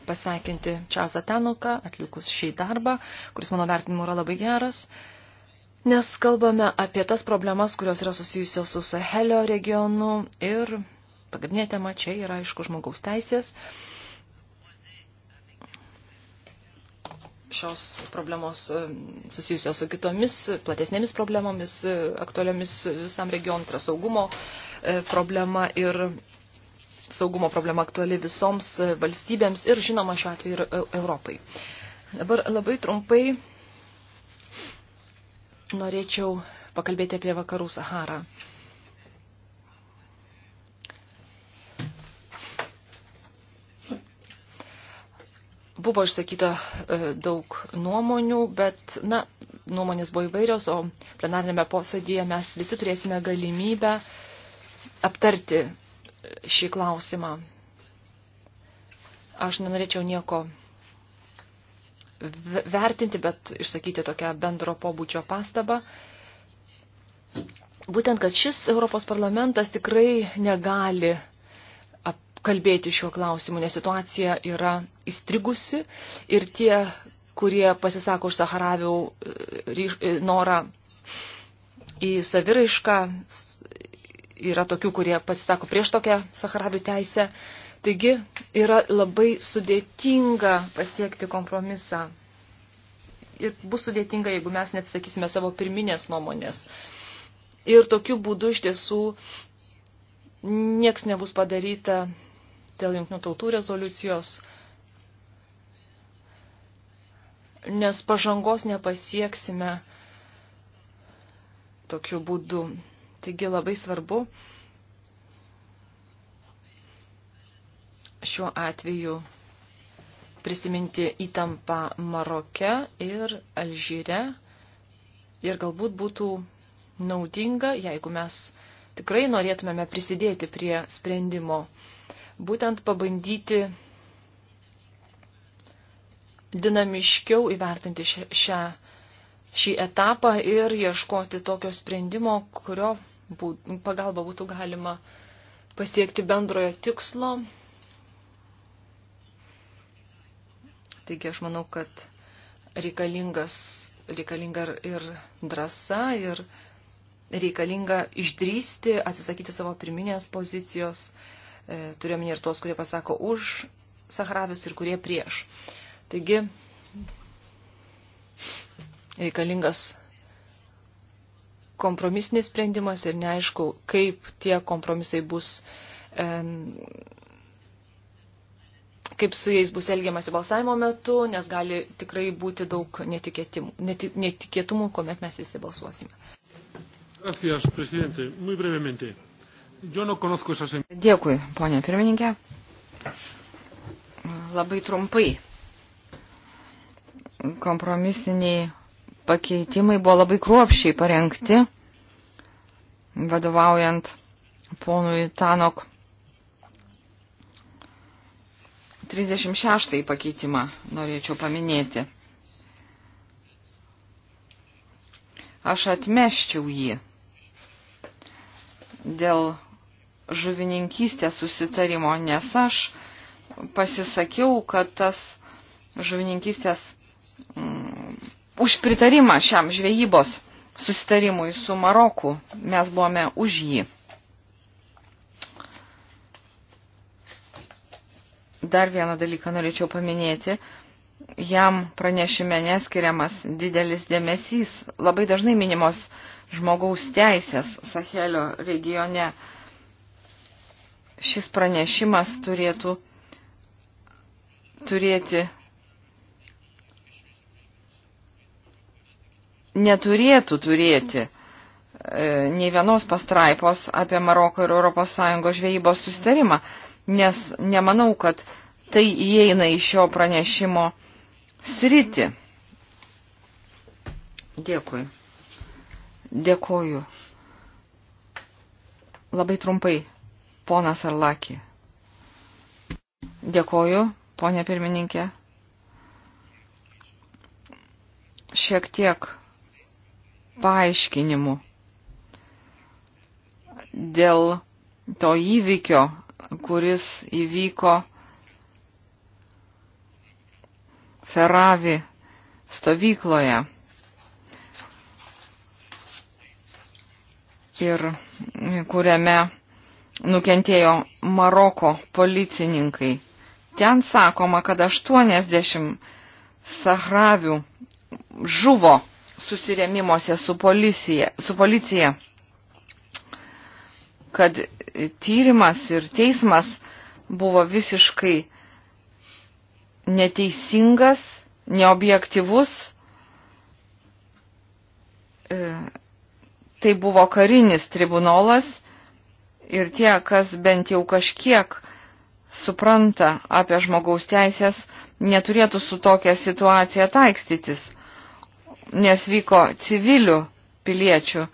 pasveikinti Čazą Tenuką, atlikus šį darbą, kuris mano vertinimu yra labai geras, nes kalbame apie tas problemas, kurios yra susijusios su Sahelio regionu ir pagrindinė tema čia yra, aišku, žmogaus teisės. Šios problemos e, susijusios su kitomis platesnėmis problemomis, e, aktualiomis visam regionui, tai yra saugumo e, problema ir saugumo problema aktuali visoms valstybėms ir žinoma šiuo atveju ir Europai. Dabar labai trumpai norėčiau pakalbėti apie vakarų Saharą. Buvo išsakyta e, daug nuomonių, bet, na, nuomonės buvo įvairios, o plenarinėme posėdėje mes visi turėsime galimybę aptarti e, šį klausimą. Aš nenorėčiau nieko vertinti, bet išsakyti tokią bendro pobūdžio pastabą. Būtent, kad šis Europos parlamentas tikrai negali kalbėti šiuo klausimu, nes situacija yra įstrigusi ir tie, kurie pasisako už Saharavių e, e, norą į saviraišką, yra tokių, kurie pasisako prieš tokią Saharavių teisę. Taigi yra labai sudėtinga pasiekti kompromisą. Ir bus sudėtinga, jeigu mes neatsakysime savo pirminės nuomonės. Ir tokiu būdu iš tiesų nieks nebus padaryta dėl jungtinių tautų rezoliucijos, nes pažangos nepasieksime tokiu būdu. Taigi labai svarbu šiuo atveju prisiminti įtampą Maroke ir Alžyre ir galbūt būtų naudinga, jeigu mes tikrai norėtumėme prisidėti prie sprendimo būtent pabandyti dinamiškiau įvertinti šią, šį etapą ir ieškoti tokio sprendimo, kurio būt, pagalba būtų galima pasiekti bendrojo tikslo. Taigi aš manau, kad reikalingas, reikalinga ir drąsa, ir reikalinga išdrysti, atsisakyti savo pirminės pozicijos, uh, E, turiuomenį ir tuos, kurie pasako už Sahravius ir kurie prieš. Taigi reikalingas kompromisinis sprendimas ir neaišku, kaip tie kompromisai bus, kaip su jais bus elgiamasi balsavimo metu, nes gali tikrai būti daug netikėtumų, neti, netikėtumų kuomet mes įsibalsuosime. Gracias, presidente. Muy brevemente. Dėkui, ponė pirmininkė. Labai trumpai. Kompromisiniai pakeitimai buvo labai kruopščiai parengti, vadovaujant ponui Tanok 36 pakeitimą norėčiau paminėti. Aš atmeščiau jį dėl žuvininkystės susitarimo, nes aš pasisakiau, kad tas žuvininkystės mm, už pritarimą šiam žvejybos susitarimui su Maroku mes buvome už jį. Dar vieną dalyką norėčiau paminėti. Jam pranešime neskiriamas didelis dėmesys. Labai dažnai minimos žmogaus teisės Sahelio regione. Uh, šis pranešimas turėtų turėti, neturėtų turėti e, nei vienos pastraipos apie Maroko ir ES žvejybos sustarimą, nes nemanau, kad tai įeina į šio pranešimo sritį. Dėkui. Dėkoju. Labai trumpai Ponas Arlaki. Dėkoju, ponė pirmininkė. Šiek tiek paaiškinimų dėl to įvykio, kuris įvyko Feravi stovykloje. Ir kuriame nukentėjo Maroko policininkai. Ten sakoma, kad 80 sahravių žuvo susirėmimuose su policija, su policija, kad tyrimas ir teismas buvo visiškai neteisingas, neobjektivus. E, tai buvo karinis tribunolas ir tie, kas bent jau kažkiek supranta apie žmogaus teisės, neturėtų su tokia situacija taikstytis, nes vyko civilių piliečių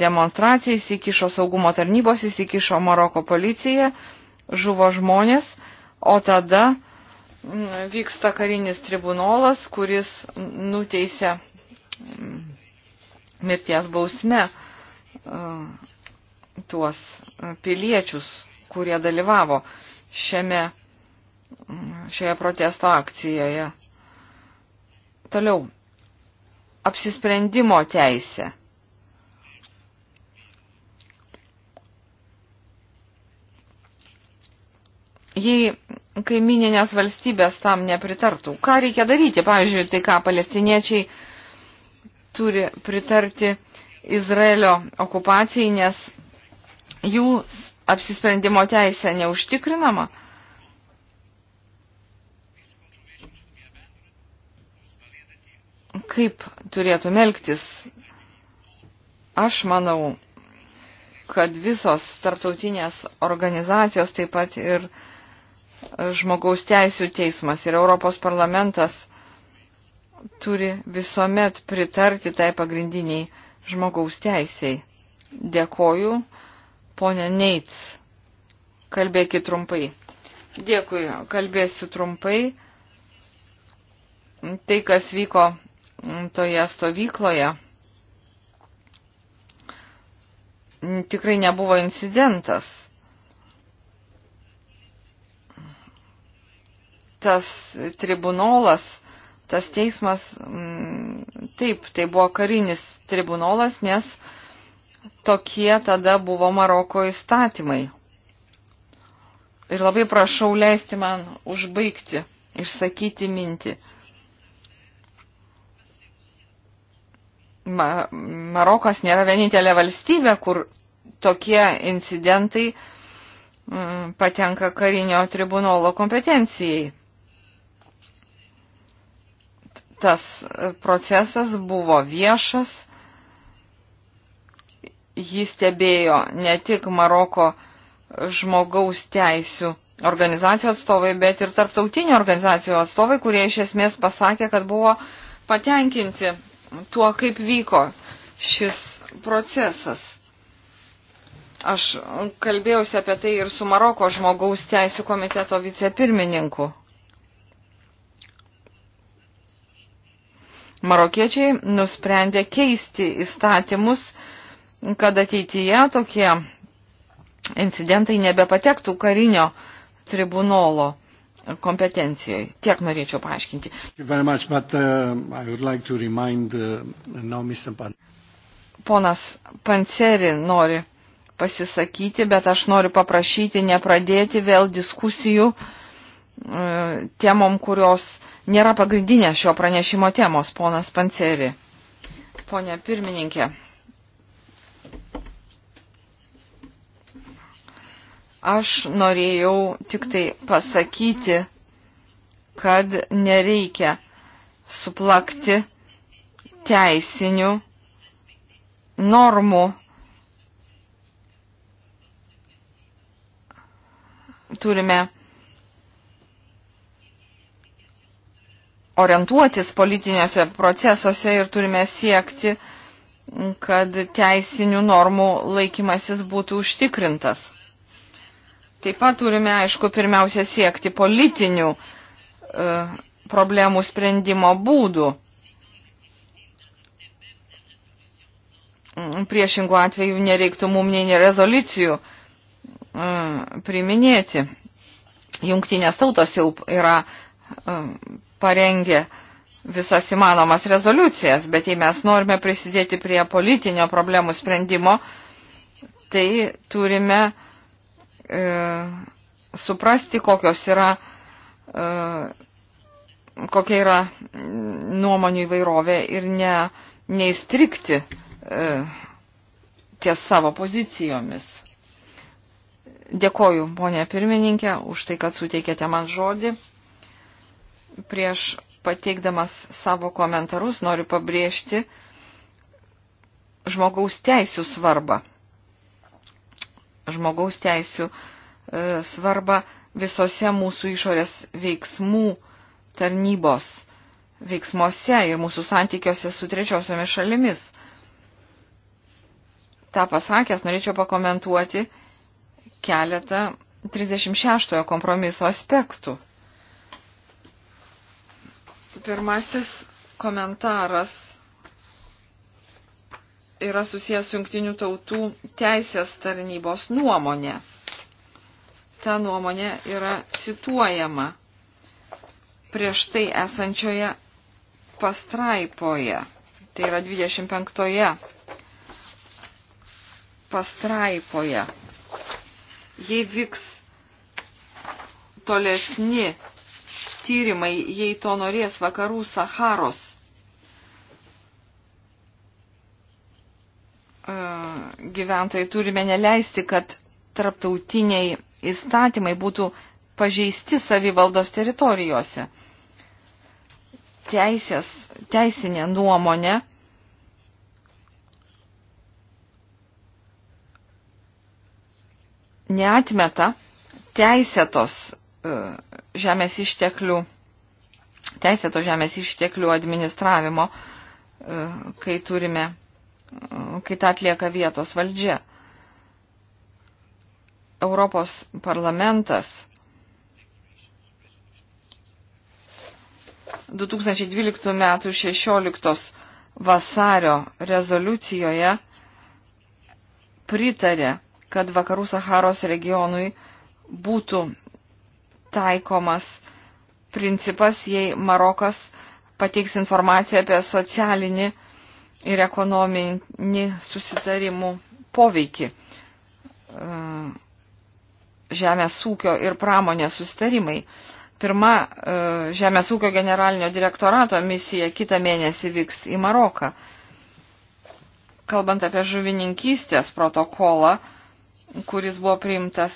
demonstracija, įsikišo saugumo tarnybos, įsikišo Maroko policija, žuvo žmonės, o tada mm, vyksta karinis tribunolas, kuris nuteisė mm, mirties bausme e, tuos e, piliečius, kurie dalyvavo šiame, šioje protesto akcijoje. Toliau, apsisprendimo teisė. Jei kaimininės valstybės tam nepritartų, ką reikia daryti? Pavyzdžiui, tai ką palestiniečiai turi pritarti Izraelio okupacijai, nes jų apsisprendimo teisė neužtikrinama. Kaip turėtų melktis? Aš manau, kad visos tarptautinės organizacijos, taip pat ir žmogaus teisų teismas ir Europos parlamentas turi visuomet pritarti tai pagrindiniai žmogaus teisiai. Dėkoju Pone Neits, kalbėkit trumpai. Dėkui, kalbėsiu trumpai. Tai, kas vyko toje stovykloje, tikrai nebuvo incidentas. Tas tribunolas, tas teismas, mm, taip, tai buvo karinis tribunolas, nes uh, tokie tada buvo Maroko įstatymai. Ir labai prašau leisti man užbaigti, išsakyti mintį. Ma Marokas nėra vienintelė valstybė, kur tokie incidentai m, mm, patenka karinio tribunolo kompetencijai. Tas procesas buvo viešas jį stebėjo ne tik Maroko žmogaus teisų organizacijų atstovai, bet ir tarptautinių organizacijų atstovai, kurie iš esmės pasakė, kad buvo patenkinti tuo, kaip vyko šis procesas. Aš kalbėjausi apie tai ir su Maroko žmogaus teisų komiteto vicepirmininku. Marokiečiai nusprendė keisti įstatymus, kad ateityje tokie incidentai nebepatektų karinio tribunolo kompetencijoje. Tiek norėčiau paaiškinti. Much, but, uh, like remind, uh, Ponas Panceri nori pasisakyti, bet aš noriu paprašyti nepradėti vėl diskusijų uh, temom, kurios nėra pagrindinė šio pranešimo temos, ponas Panceri. Pone pirmininkė. Aš norėjau tik tai pasakyti, kad nereikia suplakti teisinių normų. Turime orientuotis politiniuose procesuose ir turime siekti, kad teisinių normų laikymasis būtų užtikrintas. Taip pat turime, aišku, pirmiausia siekti politinių e, problemų sprendimo būdų. Mm, priešingų atveju nereiktų mum nei rezoliucijų e, priminėti. Jungtinės tautos jau yra e, parengę visas įmanomas rezoliucijas, bet jei mes norime prisidėti prie politinio problemų sprendimo, tai turime e, e, suprasti, kokios yra, e, kokia yra nuomonių įvairovė ir ne, neįstrikti e, ties savo pozicijomis. Dėkoju, ponė pirmininkė, už tai, kad suteikėte man žodį. Prieš pateikdamas savo komentarus noriu pabrėžti žmogaus teisų svarbą žmogaus teisų e, svarbą visose mūsų išorės veiksmų tarnybos veiksmuose ir mūsų santykiuose su trečiosiomis šalimis. Ta pasakęs norėčiau pakomentuoti keletą 36 kompromiso aspektų. Pirmasis komentaras yra susijęs su jungtinių tautų teisės tarnybos nuomonė. Ta nuomonė yra cituojama prieš tai esančioje pastraipoje. Tai yra 25 pastraipoje. Jei vyks tolesni tyrimai, jei to norės vakarų Saharos gyventojai turime neleisti, kad tarptautiniai įstatymai būtų pažeisti savivaldos teritorijose. Teisės, teisinė nuomonė neatmeta teisėtos e, žemės išteklių, teisėto žemės išteklių administravimo, e, kai turime kai tą atlieka vietos valdžia. Europos parlamentas 2012 m. 16 vasario rezoliucijoje pritarė, kad vakarų Saharos regionui būtų taikomas principas, jei Marokas pateiks informaciją apie socialinį ir ekonominį susitarimų poveikį. E, žemės ūkio ir pramonės susitarimai. Pirma e, Žemės ūkio generalinio direktorato misija kitą mėnesį vyks į Maroką. Kalbant apie žuvininkystės protokolą, kuris buvo priimtas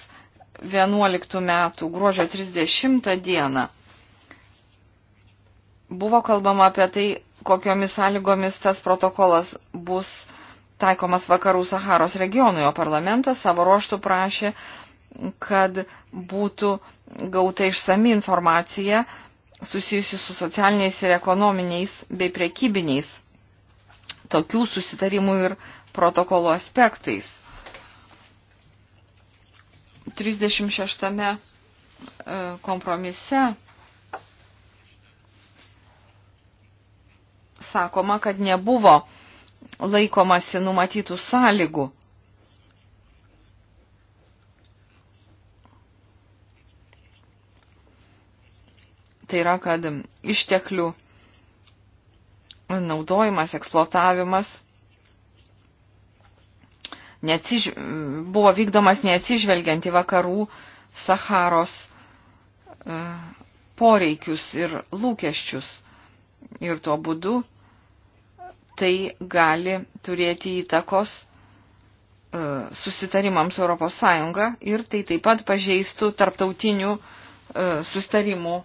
11 metų gruodžio 30 dieną, buvo kalbama apie tai, kokiomis sąlygomis tas protokolas bus taikomas vakarų Saharos regionui, o parlamentas savo ruoštų prašė, kad būtų gauta išsami informacija susijusi su socialiniais ir ekonominiais bei prekybiniais tokių susitarimų ir protokolo aspektais. 36 e, kompromise sakoma, kad nebuvo laikomasi numatytų sąlygų. Tai yra, kad išteklių naudojimas, eksploatavimas neatsiž... buvo vykdomas neatsižvelgiant į vakarų Saharos e, poreikius ir lūkesčius. Ir tuo būdu tai gali turėti įtakos e, susitarimams Europos Sąjunga ir tai taip pat pažeistų tarptautinių e, susitarimų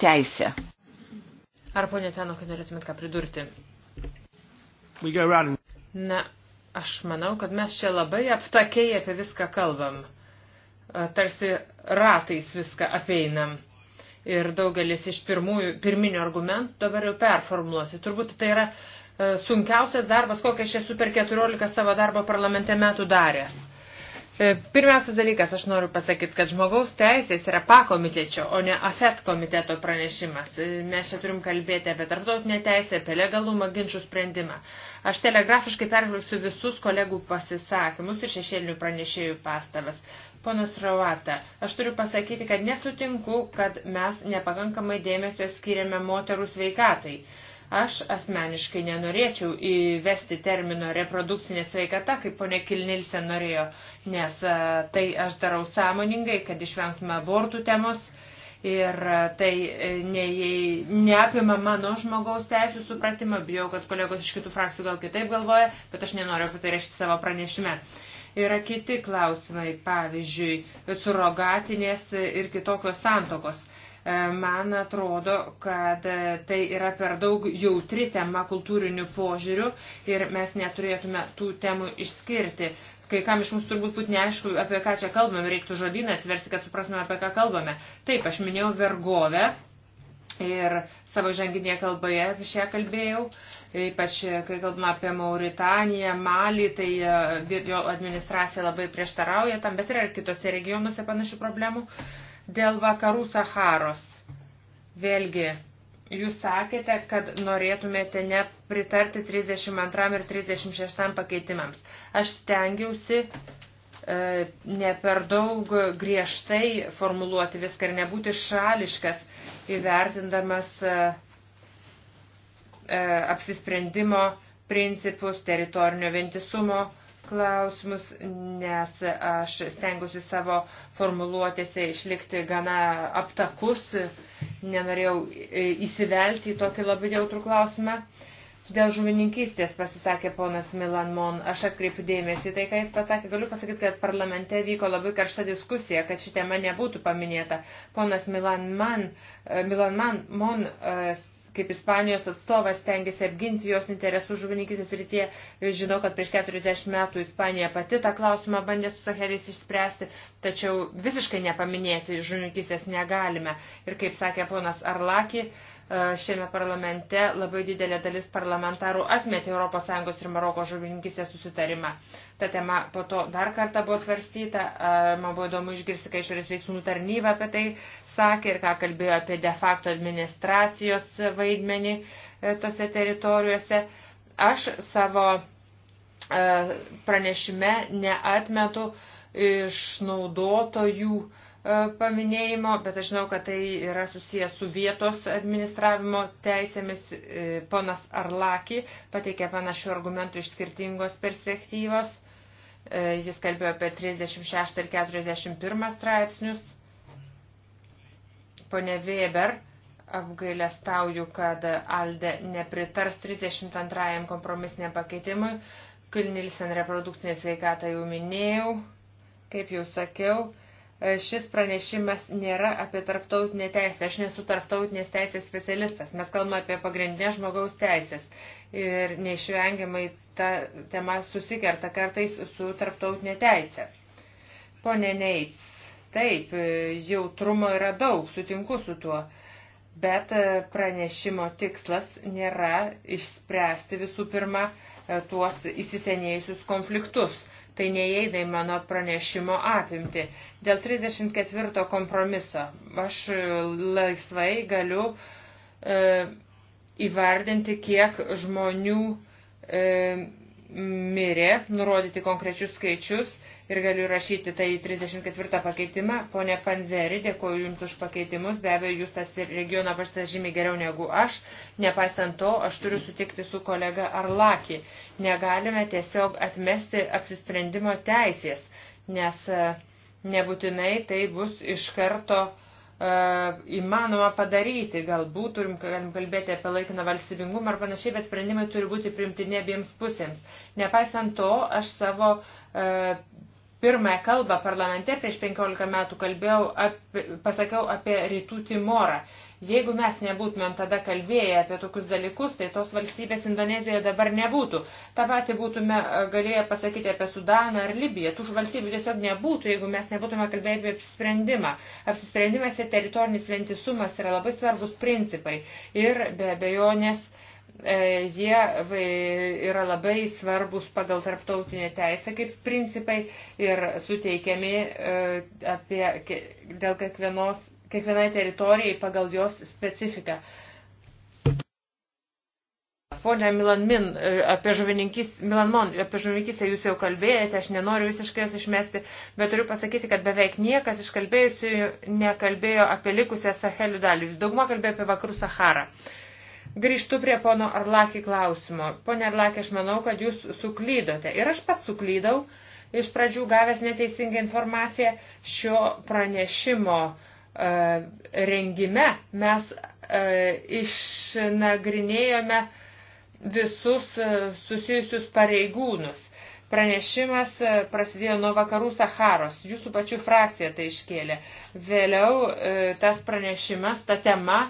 teisę. Ar ponė Teno, kad norėtumėt ką pridurti? Na, aš manau, kad mes čia labai aptakiai apie viską kalbam. E, tarsi ratais viską apeinam. Ir daugelis iš pirmųjų, pirminių argumentų dabar jau performuluoti. Turbūt tai yra uh, E, sunkiausias darbas, kokią aš esu per 14 savo darbo parlamente metų daręs. E, pirmiausias dalykas, aš noriu pasakyti, kad žmogaus teisės yra pakomitečio, o ne AFET komiteto pranešimas. E, mes čia turim kalbėti apie tarptautinę teisę, apie legalumą, ginčių sprendimą. Aš telegrafiškai peržvelgsiu visus kolegų pasisakymus ir šešėlinių pranešėjų pastabas. Ponas Rovata, aš turiu pasakyti, kad nesutinku, kad mes nepakankamai dėmesio skiriame moterų sveikatai. Aš asmeniškai nenorėčiau įvesti termino reprodukcinė sveikata, kaip ponė Kilnilse norėjo, nes e, tai aš darau sąmoningai, kad išvengtume abortų temos. Ir e, tai e, ne, neapima mano žmogaus teisų supratimą, bijau, kad kolegos iš kitų frakcijų gal kitaip galvoja, bet aš nenoriu apie tai rašyti savo pranešime yra kiti klausimai, pavyzdžiui, surogatinės ir kitokios santokos. E, man atrodo, kad e, tai yra per daug jautri tema kultūriniu požiūriu ir mes neturėtume tų temų išskirti. Kai kam iš mūsų turbūt būtų neaišku, apie ką čia kalbame, reiktų žodyną atsiversti, kad suprasme, apie ką kalbame. Taip, aš minėjau vergovę, ir savo žanginėje kalboje apie šią kalbėjau, ypač e, kai kalbame apie Mauritaniją, Malį, tai jo administracija labai prieštarauja tam, bet yra ir kitose regionuose panašių problemų. Uh, Dėl vakarų Saharos. Vėlgi, jūs sakėte, kad norėtumėte nepritarti 32 ir 36 pakeitimams. Aš stengiausi e, ne per daug griežtai formuluoti viską ir nebūti šališkas įvertindamas e, e, apsisprendimo principus, teritorinio vientisumo klausimus, nes aš stengiuosi savo formuluotėse išlikti gana aptakus, nenorėjau e, įsivelti į tokį labai jautrų klausimą. Dėl žuvininkystės pasisakė ponas Milan Mon. Aš atkreipiu dėmesį tai, ką jis pasakė. Galiu pasakyti, kad parlamente vyko labai karšta diskusija, kad ši tema nebūtų paminėta. Ponas Milan Man, e, Milan Man Mon e, kaip Ispanijos atstovas tengiasi apginti jos interesų žuvininkistės rytyje. Žinau, kad prieš 40 metų Ispanija pati tą klausimą bandė su Saheliais išspręsti, tačiau visiškai nepaminėti žuvininkistės negalime. Ir kaip sakė ponas Arlaki, E, šiame parlamente labai didelė dalis parlamentarų atmetė ES ir Maroko žuvininkistės susitarimą. Ta tema po to dar kartą buvo svarstyta. E, man buvo įdomu išgirsti, kai išorės veiksmų tarnyba apie tai sakė ir ką kalbėjo apie de facto administracijos vaidmenį e, tose teritorijuose. Aš savo pranešime neatmetu išnaudotojų uh, E, paminėjimo, bet aš žinau, kad tai yra susijęs su vietos administravimo teisėmis. E, ponas Arlaki pateikė panašių argumentų iš skirtingos perspektyvos. E, jis kalbėjo apie 36 ir 41 straipsnius. Pone Weber, apgailestauju, kad Alde nepritars 32 kompromisiniam pakeitimui. Kilnilsen reprodukcinė sveikata jau minėjau, kaip jau sakiau šis pranešimas nėra apie tarptautinę teisę. Aš nesu tarptautinės teisės specialistas. Mes kalbame apie pagrindinę žmogaus teisės. Ir neišvengiamai ta tema susikerta kartais su tarptautinė teisė. Pone Neits, taip, jautrumo yra daug, sutinku su tuo. Bet pranešimo tikslas nėra išspręsti visų pirma tuos įsisenėjusius konfliktus Tai neįeina į mano pranešimo apimti. Dėl 34 kompromiso aš e, laisvai galiu e, įvardinti, kiek žmonių e, mirė, nurodyti konkrečius skaičius ir galiu rašyti tai 34 pakeitimą. Pone Panzeri, dėkuoju Jums už pakeitimus, be abejo, Jūs tas regioną paštas žymiai geriau negu aš. Nepaisant to, aš turiu sutikti su kolega Arlaki. Negalime tiesiog atmesti apsisprendimo teisės, nes e, nebūtinai tai bus iš karto e, įmanoma padaryti. Galbūt turim galim kalbėti apie laikiną valstybingumą ar panašiai, bet sprendimai turi būti primtini abiems pusėms. Nepaisant to, aš savo e, pirmąją kalbą parlamente prieš 15 metų kalbėjau, ap, pasakiau apie rytų Timorą. Jeigu mes nebūtumėm tada kalbėję apie tokius dalykus, tai tos valstybės Indonezijoje dabar nebūtų. Ta pati būtume e, galėję pasakyti apie Sudaną ar Libiją. Tų valstybių tiesiog nebūtų, jeigu mes nebūtume kalbėję apie apsisprendimą. Apsisprendimas ir teritorinis vientisumas yra labai svarbus principai. Ir be abejonės. Uh, E, jie yra labai svarbus pagal tarptautinę teisę kaip principai ir suteikiami e, apie, dėl kiekvienos, kiekvienai teritorijai pagal jos specifiką. Pone Milan Min, e, apie Milanmon, apie žuvininkystę jūs jau kalbėjote, aš nenoriu visiškai jos išmesti, bet turiu pasakyti, kad beveik niekas iš kalbėjusių nekalbėjo apie likusią Sahelių dalį. Vis dauguma kalbėjo apie vakarų Saharą. Uh, Grįžtu prie pono Arlaki klausimo. Pone Arlaki, aš manau, kad jūs suklydote. Ir aš pats suklydau, iš pradžių gavęs neteisingą informaciją šio pranešimo e, rengime. Mes e, išnagrinėjome visus e, susijusius pareigūnus. Pranešimas e, prasidėjo nuo vakarų Saharos, jūsų pačių frakcija tai iškėlė. Vėliau e, tas pranešimas, ta tema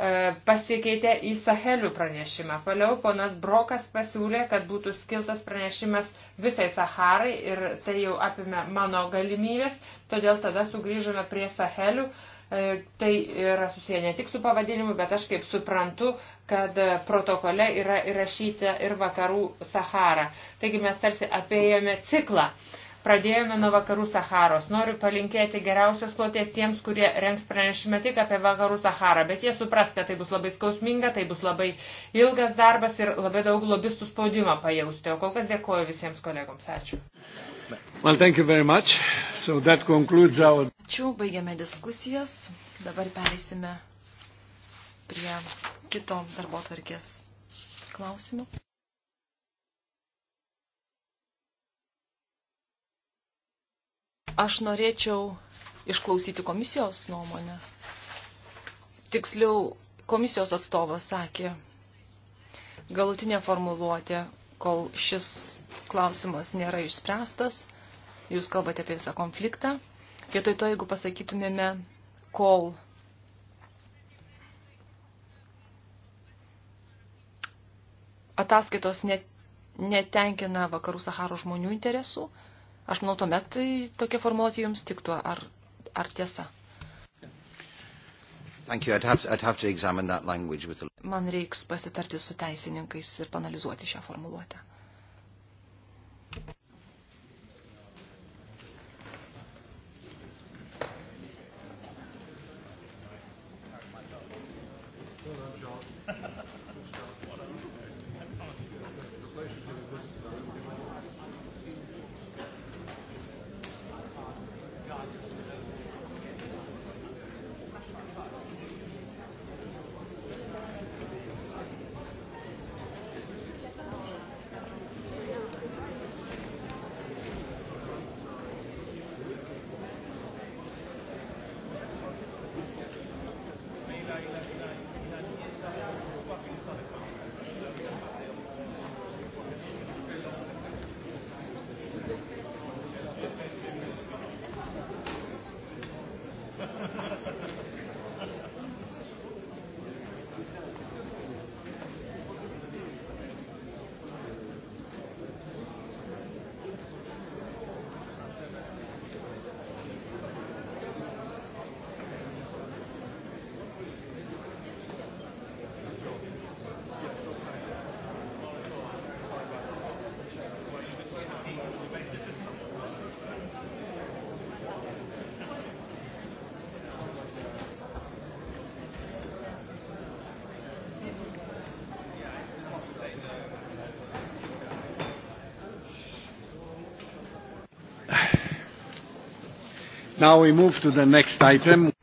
E, pasikeitė į Sahelių pranešimą. Vėliau ponas Brokas pasiūlė, kad būtų skiltas pranešimas visai Saharai ir tai jau apimė mano galimybės, todėl tada sugrįžome prie Sahelių. E, tai yra susiję ne tik su pavadinimu, bet aš kaip suprantu, kad protokole yra įrašyta ir vakarų Sahara. Taigi mes tarsi apėjome ciklą. Uh, Pradėjome nuo vakarų Saharos. Noriu palinkėti geriausios kloties tiems, kurie rengs pranešimą tik apie vakarų Saharą, bet jie supras, kad tai bus labai skausminga, tai bus labai ilgas darbas ir labai daug lobistų spaudimo pajausti. O kol kas dėkuoju visiems kolegoms. Ačiū. Well, thank you very much. So that concludes our... Ačiū, baigiame diskusijas. Dabar pereisime prie kito darbo tvarkės klausimų. Aš norėčiau išklausyti komisijos nuomonę. Tiksliau, komisijos atstovas sakė galutinė formuluotė, kol šis klausimas nėra išspręstas. Jūs kalbate apie visą konfliktą. Vietoj to, jeigu pasakytumėme, kol ataskaitos net, netenkina vakarų Saharo žmonių interesų, Aš manau, tuomet tai tokia formuotė jums tiktų, ar, ar tiesa. Thank you. I'd have, to, I'd have to examine that language with the... Man reiks pasitarti su teisininkais ir panalizuoti šią formuluotę.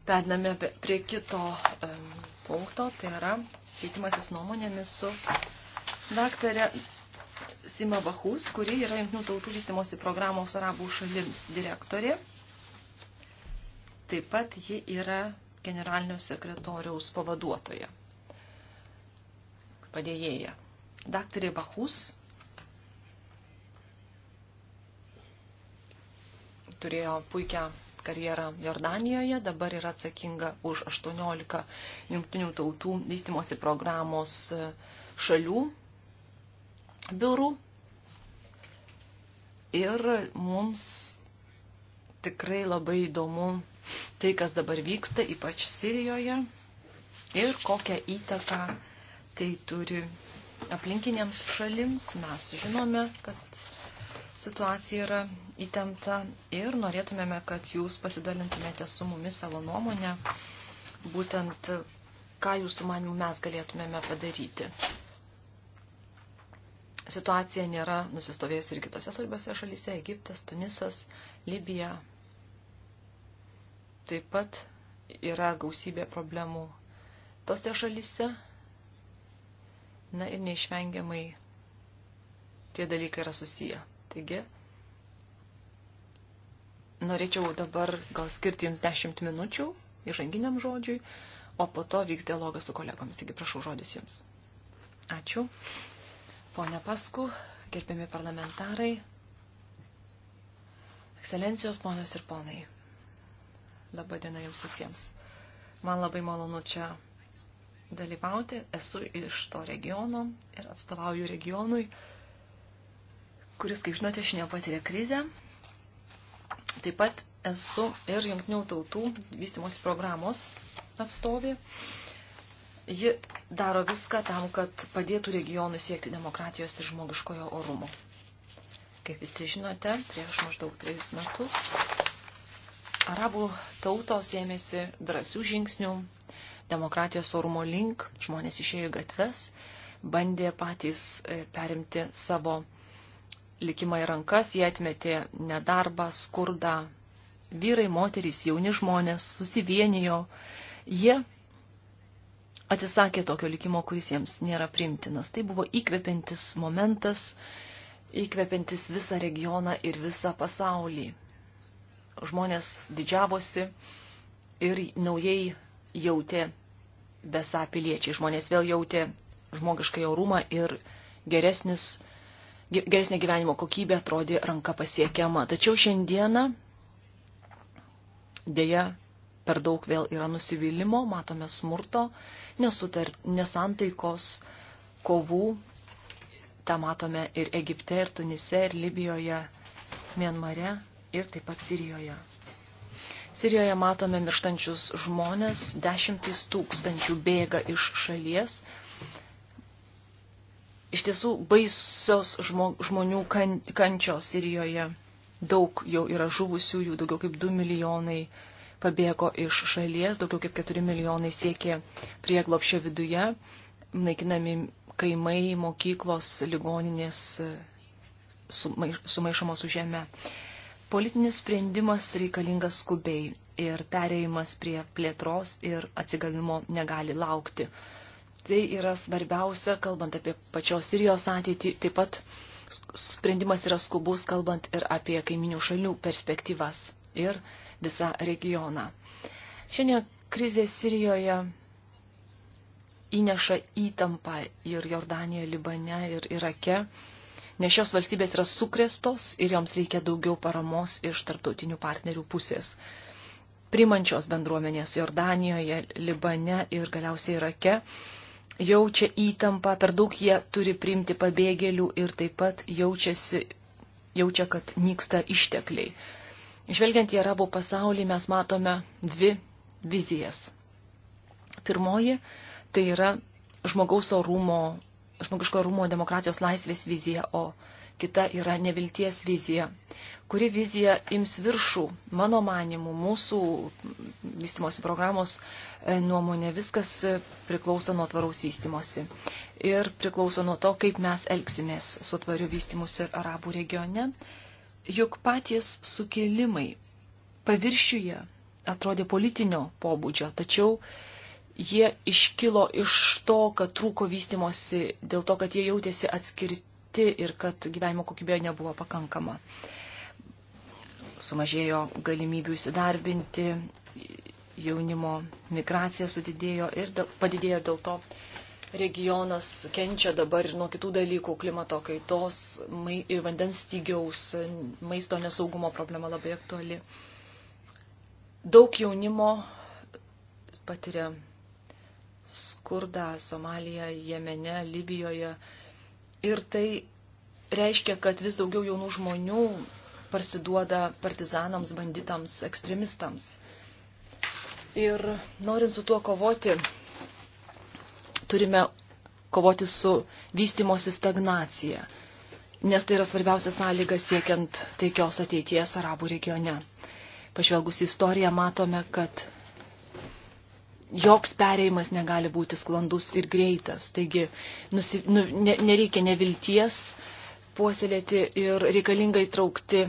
Pername prie kito um, punkto, tai yra keitimasis nuomonėmis su daktarė Sima Bahus, kuri yra Junktinių tautų vystimosi programos arabų šalims direktorė. Taip pat ji yra generalinio sekretoriaus pavaduotoja, padėjėja. Daktarė Bahus turėjo puikią karjerą Jordanijoje, dabar yra atsakinga už 18 jungtinių tautų vystimosi programos e, šalių biurų. Ir mums tikrai labai įdomu tai, kas dabar vyksta, ypač Sirijoje, ir kokią įtaką tai turi aplinkinėms šalims. Mes žinome, kad situacija yra įtempta ir norėtumėme, kad jūs pasidalintumėte su mumis savo nuomonę, būtent ką jūsų manimų mes galėtumėme padaryti. Situacija nėra nusistovėjusi ir kitose svarbiose šalyse - Egiptas, Tunisas, Libija. Taip pat yra gausybė problemų tose šalyse. Na ir neišvengiamai tie dalykai yra susiję. Taigi, norėčiau dabar gal skirti jums 10 minučių įžanginiam žodžiui, o po to vyks dialogas su kolegomis. Taigi, prašau žodis jums. Ačiū. Pone Pasku, gerbiami parlamentarai, ekscelencijos ponios ir ponai. Labadiena jums visiems. Man labai malonu čia dalyvauti. Esu iš to regiono ir atstovauju regionui, kuris, kaip žinote, šiandien patiria krizę. Taip pat esu ir jungtinių tautų vystimosi programos atstovė. Ji daro viską tam, kad padėtų regionui siekti demokratijos ir žmogiškojo orumo. Kaip visi žinote, prieš maždaug trejus metus arabų tautos ėmėsi drąsių žingsnių demokratijos orumo link, žmonės išėjo į gatves, bandė patys e, perimti savo likimą į rankas, jie atmetė nedarbą, skurdą. Vyrai, moterys, jauni žmonės susivienijo. Jie atsisakė tokio likimo, kuris jiems nėra primtinas. Tai buvo įkvepiantis momentas, įkvepiantis visą regioną ir visą pasaulį. Žmonės didžiavosi ir naujai jautė besą piliečiai. Žmonės vėl jautė žmogišką jaurumą ir geresnis geresnė gyvenimo kokybė atrodė ranka pasiekiama. Tačiau šiandieną dėja per daug vėl yra nusivylimų, matome smurto, nesutar, nesantaikos, kovų. Ta matome ir Egipte, ir Tunise, ir Libijoje, Mienmare ir taip pat Sirijoje. Sirijoje matome mirštančius žmonės, dešimtys tūkstančių bėga iš šalies iš tiesų baisios žmonių kančios Sirijoje. Daug jau yra žuvusiųjų, daugiau kaip 2 milijonai pabėgo iš šalies, daugiau kaip 4 milijonai siekė prieglopšio viduje, naikinami kaimai, mokyklos, ligoninės sumaišomos su žeme. Politinis sprendimas reikalingas skubiai ir pereimas prie plėtros ir atsigavimo negali laukti tai yra svarbiausia, kalbant apie pačios Sirijos ateitį, taip pat sprendimas yra skubus, kalbant ir apie kaiminių šalių perspektyvas ir visą regioną. Šiandien krizė Sirijoje įneša įtampą ir Jordanijoje, Libane, ir Irake, nes šios valstybės yra sukrestos ir joms reikia daugiau paramos iš tarptautinių partnerių pusės. Primančios bendruomenės Jordanijoje, Libane ir galiausiai Irake jaučia įtampą, per daug jie turi priimti pabėgėlių ir taip pat jaučiasi, jaučia, kad nyksta ištekliai. Žvelgiant į arabų pasaulį mes matome dvi vizijas. Pirmoji tai yra žmogaus orumo, žmogiško orumo demokratijos laisvės vizija, o kita yra nevilties vizija. Kuri vizija ims viršų, mano manimu, mūsų vystimosi programos e, nuomonė, viskas e, priklauso nuo tvaraus vystimosi. Ir priklauso nuo to, kaip mes elgsimės su tvariu vystimus ir arabų regione. Juk patys sukilimai paviršiuje atrodė politinio pobūdžio, tačiau jie iškilo iš to, kad trūko vystimosi, dėl to, kad jie jautėsi atskirti prasti ir kad gyvenimo kokybė nebuvo pakankama. Sumažėjo galimybių įsidarbinti, jaunimo migracija sudidėjo ir dėl, padidėjo ir dėl to regionas kenčia dabar ir nuo kitų dalykų - klimato kaitos, mai, vandens stygiaus, maisto nesaugumo problema labai aktuali. Daug jaunimo patiria skurdą Somalija, Jemene, Libijoje, Ir tai reiškia, kad vis daugiau jaunų žmonių parsiduoda partizanams, banditams, ekstremistams. Ir norint su tuo kovoti, turime kovoti su vystimosi stagnacija, nes tai yra svarbiausia sąlyga siekiant taikios ateities arabų regione. Pažvelgus į istoriją matome, kad joks pereimas negali būti sklandus ir greitas. Taigi nusi, nu, ne, nereikia nevilties puoselėti ir reikalinga įtraukti,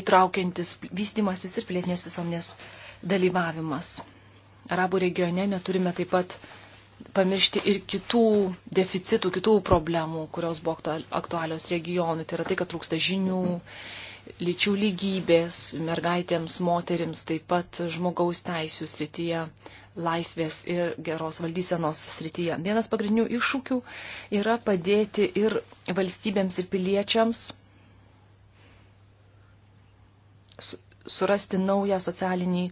įtraukiantis vystimasis ir pilietinės visuomenės dalyvavimas. Arabų regione neturime taip pat pamiršti ir kitų deficitų, kitų problemų, kurios buvo aktualios regionui. Tai yra tai, kad trūksta žinių, mm lyčių lygybės, mergaitėms, moterims, taip pat žmogaus teisų srityje, laisvės ir geros valdysenos srityje. Vienas pagrindinių iššūkių yra padėti ir valstybėms ir piliečiams surasti naują socialinį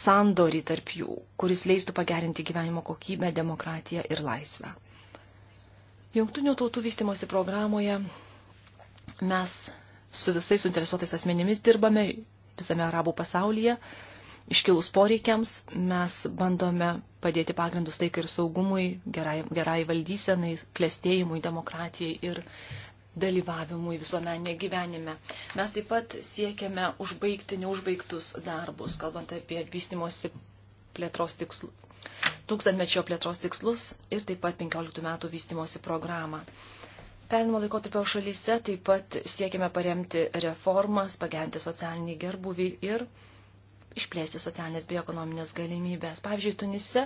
sandorį tarp jų, kuris leistų pagerinti gyvenimo kokybę, demokratiją ir laisvę. Jungtinių tautų vystimosi programoje mes su visais suinteresuotais asmenimis dirbame visame arabų pasaulyje. Iškilus poreikiams mes bandome padėti pagrindus taikai ir saugumui, gerai, gerai valdysenai, klėstėjimui, demokratijai ir dalyvavimui visuomenėje gyvenime. Mes taip pat siekiame užbaigti neužbaigtus darbus, kalbant apie vystimosi plėtros tikslus, tūkstantmečio plėtros tikslus ir taip pat 15 metų vystimosi programą. Pelnimo laikotarpio šalyse taip pat siekiame paremti reformas, pagerinti socialinį gerbuvį ir išplėsti socialinės bei ekonominės galimybės. Pavyzdžiui, Tunise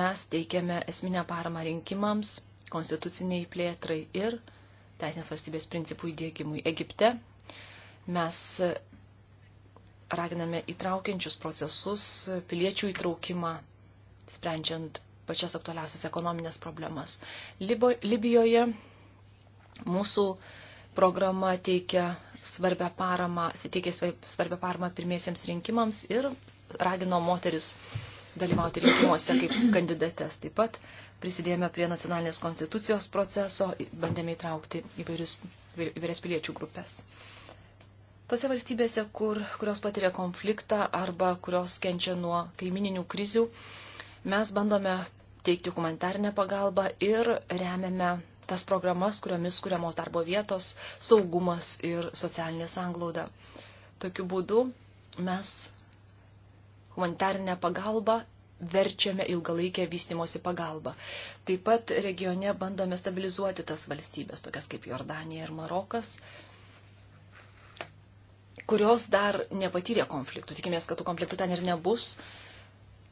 mes teikiame esminę paramą rinkimams, konstituciniai plėtrai ir teisinės valstybės principų įdėgymui Egipte. Mes raginame įtraukiančius procesus, piliečių įtraukimą, sprendžiant pačias aktualiausias ekonominės problemas. Libo, Libijoje Mūsų programa teikia svarbę paramą, suteikia svarbę paramą pirmiesiems rinkimams ir ragino moteris dalyvauti rinkimuose kaip kandidates. Taip pat prisidėjome prie nacionalinės konstitucijos proceso, bandėme įtraukti įvairius, įvairias piliečių grupės. Tose valstybėse, kur, kurios patiria konfliktą arba kurios kenčia nuo kaimininių krizių, mes bandome teikti humanitarinę pagalbą ir remiame tas programas, kuriomis kuriamos darbo vietos, saugumas ir socialinė sanglauda. Tokiu būdu mes humanitarinę pagalbą verčiame ilgalaikę vystimosi pagalbą. Taip pat regione bandome stabilizuoti tas valstybės, tokias kaip Jordanija ir Marokas, kurios dar nepatyrė konfliktų. Tikimės, kad tų konfliktų ten ir nebus,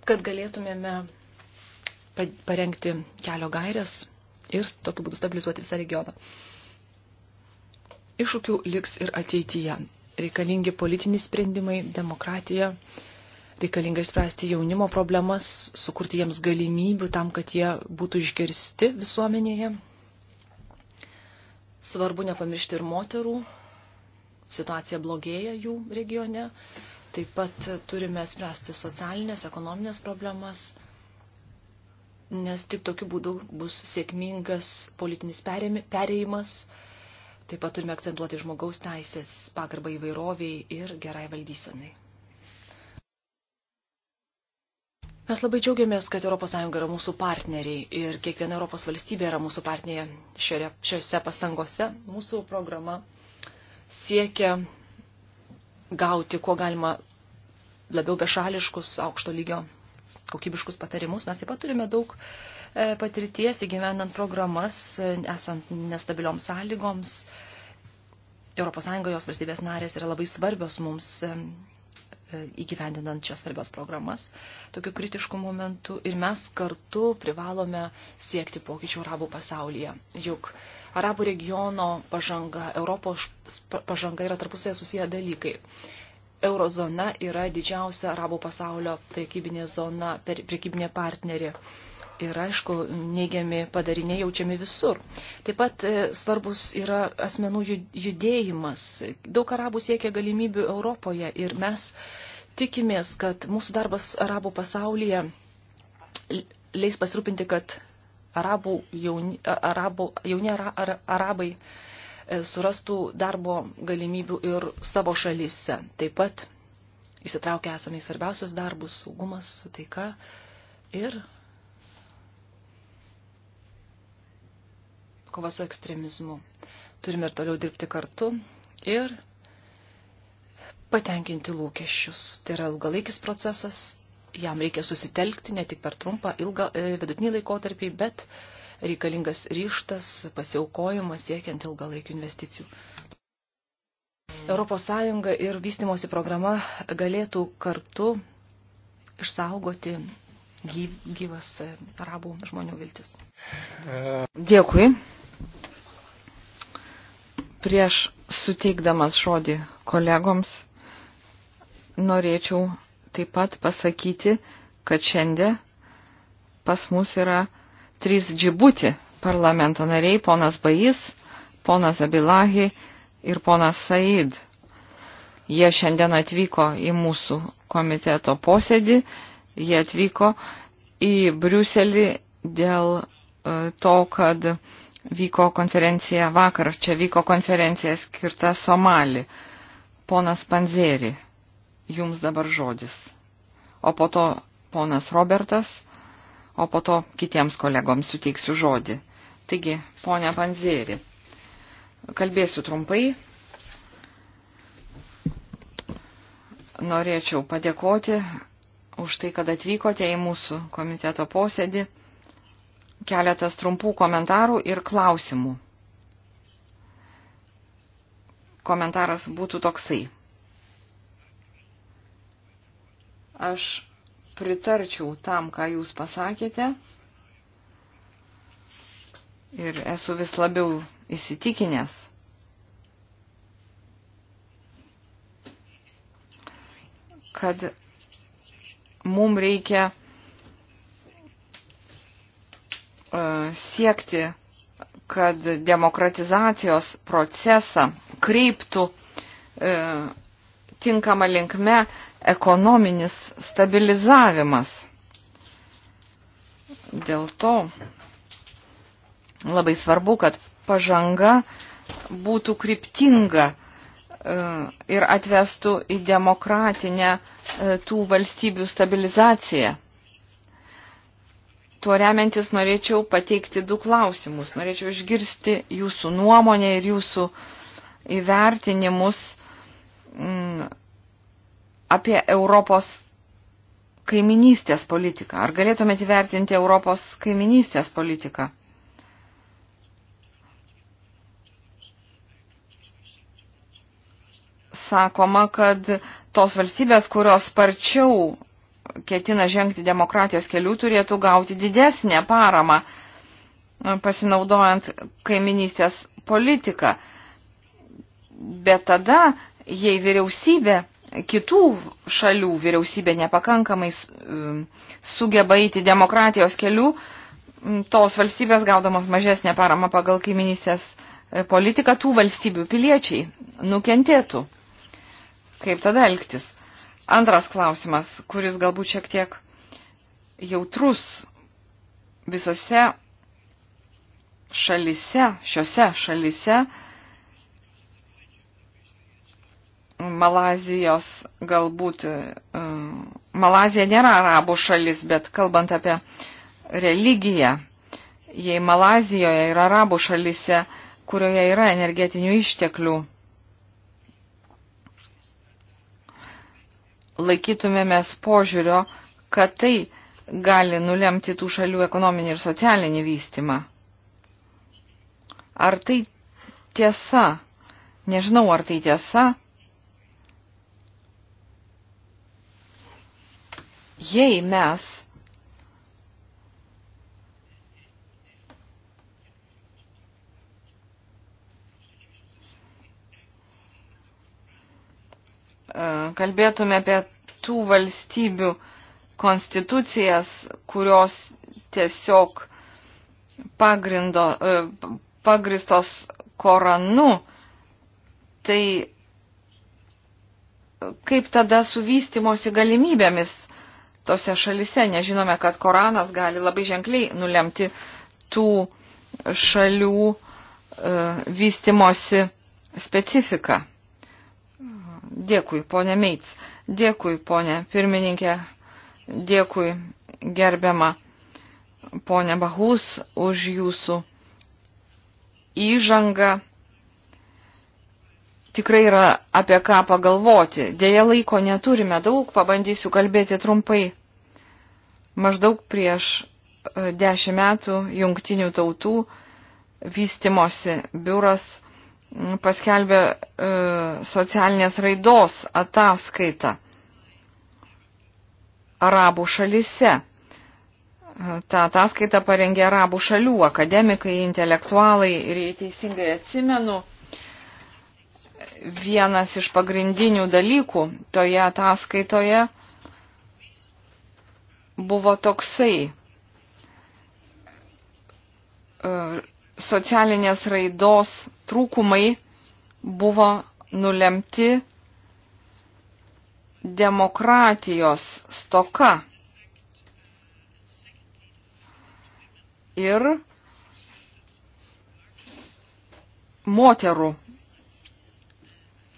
kad galėtumėme parengti kelio gairias ir tokiu būdu stabilizuoti visą regioną. Iššūkių liks ir ateityje. Reikalingi politiniai sprendimai, demokratija, reikalinga išspręsti jaunimo problemas, sukurti jiems galimybių tam, kad jie būtų išgirsti visuomenėje. Svarbu nepamiršti ir moterų, situacija blogėja jų regione. Taip pat turime spręsti socialinės, ekonominės problemas, nes tik tokiu būdu bus sėkmingas politinis perėjimas. Taip pat turime akcentuoti žmogaus teisės, pagarbą įvairoviai ir gerai valdysenai. Mes labai džiaugiamės, kad ES yra mūsų partneriai ir kiekviena Europos valstybė yra mūsų partnerė šiuose pastangose. Mūsų programa siekia gauti kuo galima labiau bešališkus aukšto lygio kokybiškus patarimus. Mes taip pat turime daug e, patirties įgyvendant programas, e, esant nestabilioms sąlygoms. ES jos valstybės narės yra labai svarbios mums e, įgyvendinant šias svarbias programas tokiu kritišku momentu ir mes kartu privalome siekti pokyčių arabų pasaulyje. Juk arabų regiono pažanga, Europos pažanga yra tarpusėje susiję dalykai eurozona yra didžiausia arabų pasaulio prekybinė zona, prekybinė partnerė. Ir aišku, neigiami padariniai jaučiami visur. Taip pat e, svarbus yra asmenų judėjimas. Daug arabų siekia galimybių Europoje ir mes tikimės, kad mūsų darbas arabų pasaulyje leis pasirūpinti, kad arabų jauni, arabų, jauni ara, ara, arabai E, surastų darbo galimybių ir savo šalyse. Taip pat įsitraukę esame į svarbiausius darbus - saugumas, taika ir kova su ekstremizmu. Turime ir toliau dirbti kartu ir patenkinti lūkesčius. Tai yra ilgalaikis procesas, jam reikia susitelkti ne tik per trumpą, ilgą, e, vidutinį laikotarpį, bet uh, reikalingas ryštas, pasiaukojimas siekiant ilgalaikių investicijų. ES ir vystimosi programa galėtų kartu išsaugoti gyvas arabų žmonių viltis. Dėkui. Prieš suteikdamas žodį kolegoms, norėčiau taip pat pasakyti, kad šiandien pas mus yra trys džibuti parlamento nariai, ponas Bajis, ponas Abilahi ir ponas Said. Jie šiandien atvyko į mūsų komiteto posėdį, jie atvyko į Briuselį dėl e, to, kad vyko konferencija vakar, čia vyko konferencija skirta Somali. Ponas Panzeri, jums dabar žodis. O po to ponas Robertas o po to kitiems kolegoms suteiksiu žodį. Taigi, ponia Panzeri, kalbėsiu trumpai. Norėčiau padėkoti už tai, kad atvykote į mūsų komiteto posėdį. Keletas trumpų komentarų ir klausimų. Komentaras būtų toksai. Aš pritarčiau tam, ką jūs pasakėte. Ir esu vis labiau įsitikinęs, kad mums reikia e, siekti, kad demokratizacijos procesą kreiptų e, tinkama linkme ekonominis stabilizavimas. Dėl to labai svarbu, kad pažanga būtų kryptinga e, ir atvestų į demokratinę e, tų valstybių stabilizaciją. Tuo remiantis norėčiau pateikti du klausimus. Norėčiau išgirsti jūsų nuomonę ir jūsų įvertinimus mm, apie Europos kaiminystės politiką. Ar galėtumėte įvertinti Europos kaiminystės politiką? Sakoma, kad tos valstybės, kurios sparčiau ketina žengti demokratijos kelių, turėtų gauti didesnę paramą e, pasinaudojant kaiminystės politiką. Bet tada, jei vyriausybė kitų šalių vyriausybė nepakankamai e, sugeba įti demokratijos kelių, tos valstybės gaudamos mažesnę paramą pagal kaiminysės e, politiką, tų valstybių piliečiai nukentėtų. Kaip tada elgtis? Antras klausimas, kuris galbūt šiek tiek jautrus visose šalise, šiose šalise, Malazijos galbūt, e, Malazija nėra arabų šalis, bet kalbant apie religiją, jei Malazijoje ir arabų šalise, kurioje yra energetinių išteklių, laikytumėmės požiūrio, kad tai gali nulemti tų šalių ekonominį ir socialinį vystimą. Ar tai tiesa? Nežinau, ar tai tiesa jei mes e, kalbėtume apie tų valstybių konstitucijas, kurios tiesiog pagrindo, e, pagristos Koranu, tai kaip tada su vystimosi galimybėmis tose šalise. Nežinome, kad Koranas gali labai ženkliai nulemti tų šalių e, vystimosi specifiką. Dėkui, ponė Meits. Dėkui, ponė pirmininkė. Dėkui, gerbiama ponė Bahus, už jūsų įžangą tikrai yra apie ką pagalvoti. Dėja laiko neturime daug, pabandysiu kalbėti trumpai. Maždaug prieš e, dešimt metų jungtinių tautų vystimosi biuras paskelbė e, socialinės raidos ataskaitą arabų šalise. E, Ta ataskaita parengė arabų šalių akademikai, intelektualai ir jei teisingai atsimenu, vienas iš pagrindinių dalykų toje ataskaitoje buvo toksai. E, socialinės raidos trūkumai buvo nulemti demokratijos stoka. Ir moterų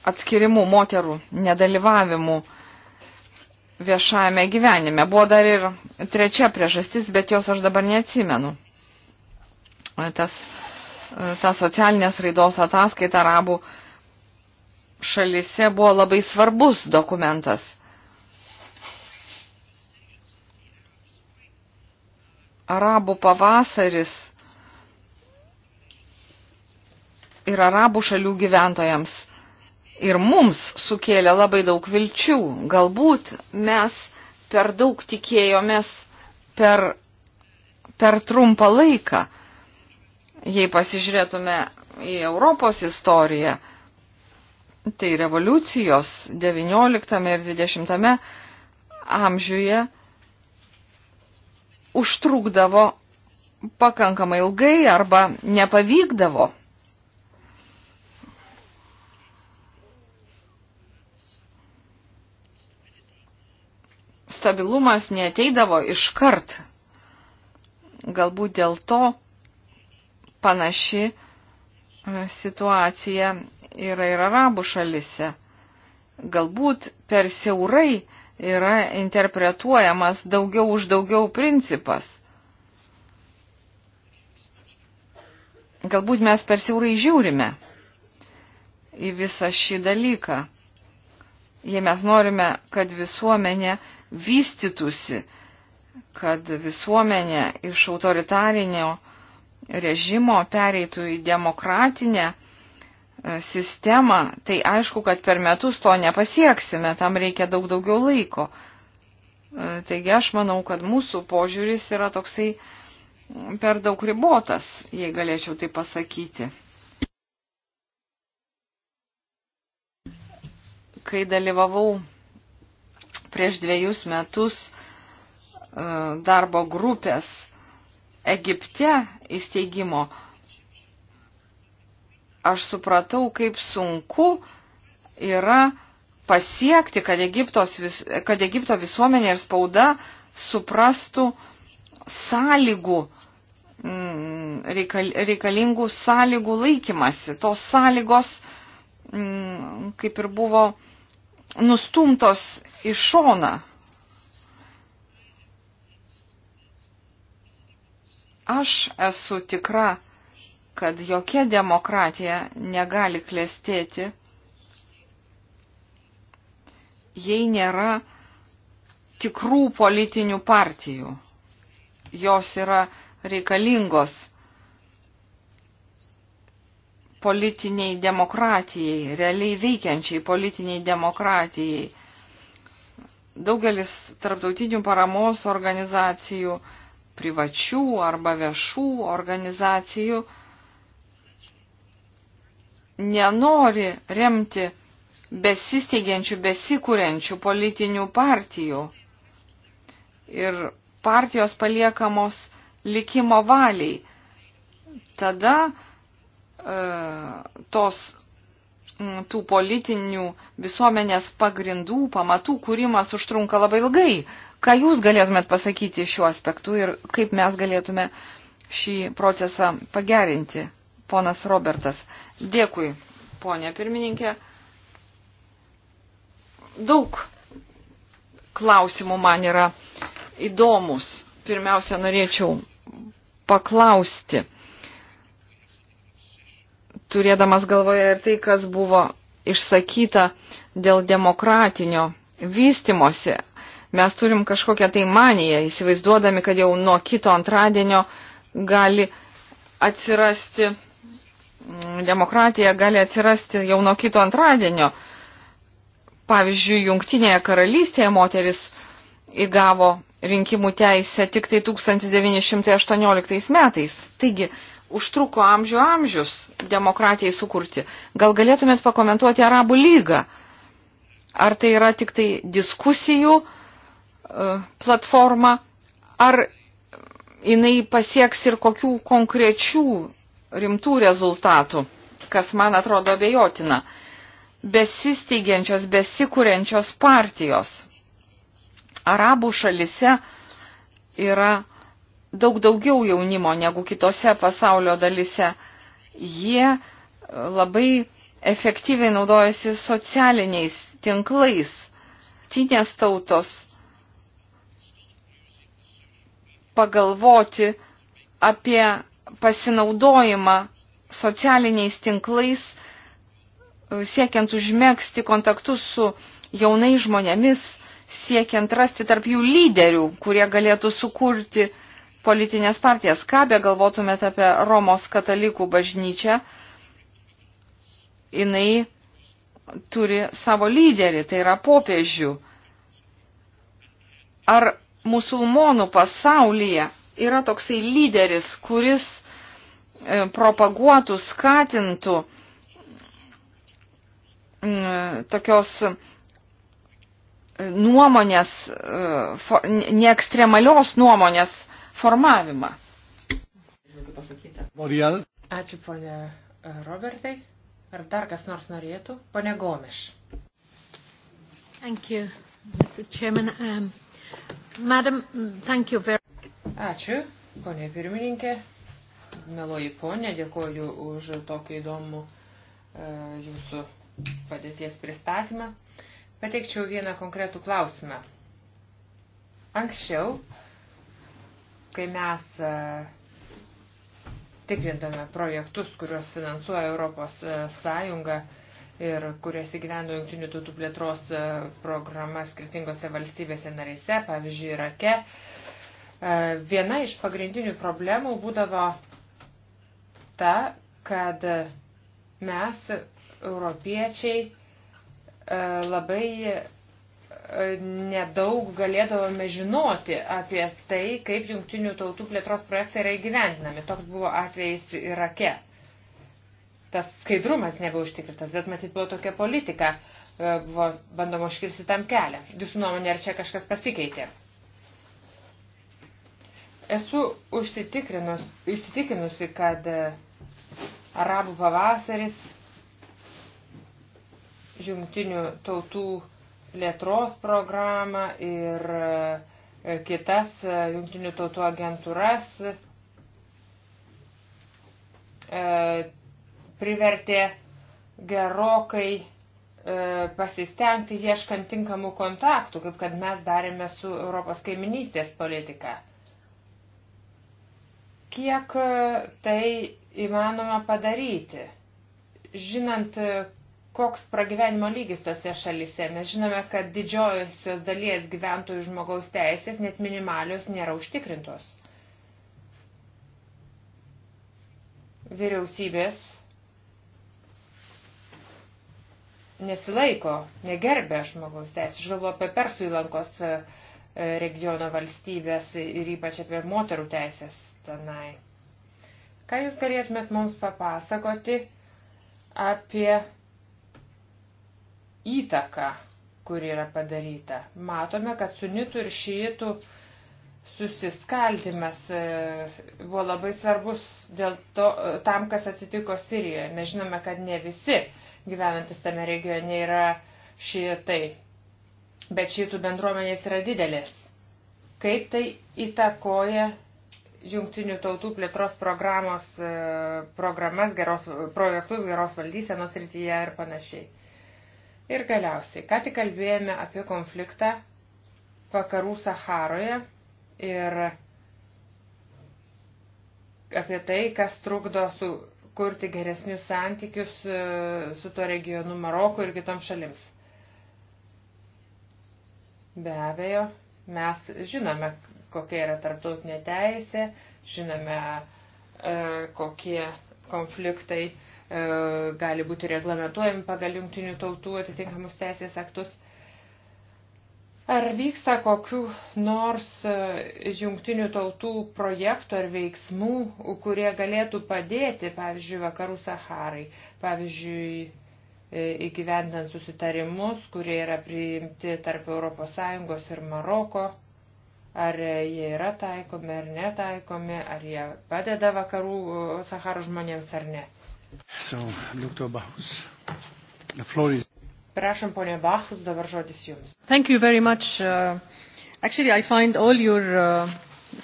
atskirimų moterų nedalyvavimų viešajame gyvenime. Buvo dar ir trečia priežastis, bet jos aš dabar neatsimenu. Tas, ta socialinės raidos ataskaita arabų šalise buvo labai svarbus dokumentas. Arabų pavasaris ir arabų šalių gyventojams ir mums sukėlė labai daug vilčių. Galbūt mes per daug tikėjomės per, per trumpą laiką. Jei pasižiūrėtume į Europos istoriją, tai revoliucijos XIX ir XX amžiuje užtrukdavo pakankamai ilgai arba nepavykdavo stabilumas neteidavo iškart. Galbūt dėl to panaši e, situacija yra ir arabų šalise. Galbūt per siaurai yra interpretuojamas daugiau už daugiau principas. Galbūt mes per siaurai žiūrime į visą šį dalyką. Jei mes norime, kad visuomenė vystytųsi, kad visuomenė iš autoritarinio režimo pereitų į demokratinę e, sistemą, tai aišku, kad per metus to nepasieksime, tam reikia daug daugiau laiko. E, taigi aš manau, kad mūsų požiūris yra toksai per daug ribotas, jei galėčiau tai pasakyti. Kai dalyvavau prieš dviejus metus e, darbo grupės Egipte įsteigimo, aš supratau, kaip sunku yra pasiekti, kad, Egiptos, kad Egipto visuomenė ir spauda suprastų sąlygų, mm, reikal, reikalingų sąlygų laikymasi. Tos sąlygos, mm, kaip ir buvo nustumtos į šoną. Aš esu tikra, kad jokia demokratija negali klestėti, jei nėra tikrų politinių partijų. Jos yra reikalingos politiniai demokratijai, realiai veikiančiai politiniai demokratijai. Daugelis tarptautinių paramos organizacijų, privačių arba viešų organizacijų nenori remti besisteigiančių, besikūrenčių politinių partijų. Ir partijos paliekamos likimo valiai. Tada E, tos tų politinių visuomenės pagrindų, pamatų kūrimas užtrunka labai ilgai. Ką jūs galėtumėt pasakyti šiuo aspektu ir kaip mes galėtume šį procesą pagerinti, ponas Robertas? Dėkui, ponė pirmininkė. Daug klausimų man yra įdomus. Pirmiausia, norėčiau paklausti turėdamas galvoje ir tai, kas buvo išsakyta dėl demokratinio vystimosi. Mes turim kažkokią tai maniją, įsivaizduodami, kad jau nuo kito antradienio gali atsirasti, mm, demokratija gali atsirasti jau nuo kito antradienio. Pavyzdžiui, Jungtinėje karalystėje moteris įgavo rinkimų teisę tik tai 1918 metais. Taigi, užtruko amžių amžius demokratijai sukurti. Gal galėtumėt pakomentuoti Arabų lygą? Ar tai yra tik tai diskusijų e, platforma, ar jinai pasieks ir kokių konkrečių rimtų rezultatų, kas man atrodo abejotina. Besisteigiančios, besikūrenčios partijos arabų šalise yra daug daugiau jaunimo negu kitose pasaulio dalise. Jie e, labai efektyviai naudojasi socialiniais tinklais. Tinės tautos pagalvoti apie pasinaudojimą socialiniais tinklais, e, siekiant užmėgsti kontaktus su jaunais žmonėmis, siekiant rasti tarp jų lyderių, kurie galėtų sukurti uh, politinės partijas. Ką be galvotumėte apie Romos katalikų bažnyčią, jinai turi savo lyderį, tai yra popiežių. Ar musulmonų pasaulyje yra toksai lyderis, kuris e, propaguotų, skatintų e, tokios e, nuomonės, ne ekstremalios nuomonės formavimą. Ačiū, ponė e, Robertai. Ar dar kas nors norėtų? Pone Gomiš. Thank you, Mr. Chairman. Um, madam, mm, thank you very... Ačiū, ponė pirmininkė. Meloji ponė, dėkoju už tokį įdomų uh, jūsų padėties pristatymą. Pateikčiau vieną konkretų klausimą. Anksčiau uh, Kai mes e, tikrintame projektus, kuriuos finansuoja Europos e, Sąjunga ir kurias įgyvendo jungtinių tautų plėtros e, programa skirtingose valstybėse narėse, pavyzdžiui, Irake, viena iš pagrindinių problemų būdavo ta, kad mes, europiečiai, labai nedaug galėdavome žinoti apie tai, kaip jungtinių tautų plėtros projektai yra įgyvendinami. Toks buvo atvejais Irake. Tas skaidrumas nebuvo užtikrintas, bet matyt buvo tokia politika, e, buvo bandoma užkirsti tam kelią. Jūsų nuomonė, ar čia kažkas pasikeitė? Esu užsitikinusi, kad e, arabų pavasaris jungtinių tautų plėtros programą ir e, kitas e, jungtinių tautų agentūras e, privertė gerokai pasistengti ieškant tinkamų kontaktų, kaip kad mes darėme su Europos kaiminystės politika. Kiek tai įmanoma padaryti? Žinant, koks pragyvenimo lygis tose šalise. Mes žinome, kad didžiosios dalies gyventojų žmogaus teisės, net minimalios, nėra užtikrintos. Vyriausybės nesilaiko, negerbė žmogaus teisės. Aš galvoju apie Persų įlankos e, regiono valstybės ir ypač apie moterų teisės tenai. Ką jūs galėtumėt mums papasakoti apie įtaka, kuri yra padaryta. Matome, kad sunitų ir šijų susiskaldimas e, buvo labai svarbus dėl to, e, tam, kas atsitiko Sirijoje. Mes žinome, kad ne visi gyvenantis tame regione yra šitai, bet šitų bendruomenės yra didelės. Kaip tai įtakoja jungtinių tautų plėtros programos, e, programas, geros, projektus, geros valdysenos rytyje ir panašiai. Ir galiausiai, ką tik kalbėjome apie konfliktą vakarų Saharoje ir apie tai, kas trukdo sukurti geresnius santykius e, su tuo regionu Maroku ir kitom šalims. Be abejo, mes žinome, kokia yra tarptautinė teisė, žinome, e, kokie konfliktai uh, E, gali būti reglamentuojami pagal jungtinių tautų atitinkamus teisės aktus. Ar vyksta kokiu nors e, jungtinių tautų projektų ar veiksmų, kurie galėtų padėti, pavyzdžiui, vakarų Saharai, pavyzdžiui, e, įgyvendant susitarimus, kurie yra priimti tarp ES ir Maroko, ar jie yra taikomi ar netaikomi, ar jie padeda vakarų Saharų žmonėms ar ne. So, Dr. Bachus, the floor is... Prašom, ponė Bachus, dabar žodis jums. Thank you very much. Uh, actually, I find all your uh,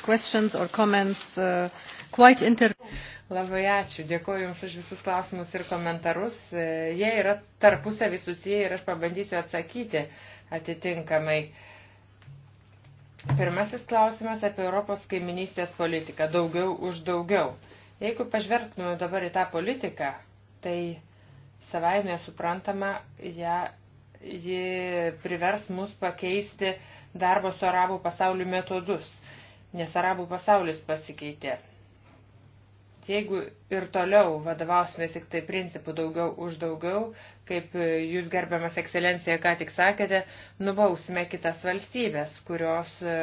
questions or comments uh, quite interesting. Labai ačiū, dėkuoju Jums už visus klausimus ir komentarus. E, jie yra tarpusavį susiję ir aš pabandysiu atsakyti atitinkamai. Pirmasis klausimas apie Europos kaiminystės politiką. Daugiau už daugiau. Jeigu pažvelgtume dabar į tą politiką, tai savaime suprantama, ją, ji privers mus pakeisti darbo su arabų pasauliu metodus, nes arabų pasaulis pasikeitė. Jeigu ir toliau vadovausime tik tai principų daugiau už daugiau, kaip jūs gerbiamas ekscelencija ką tik sakėte, nubausime kitas valstybės, kurios e,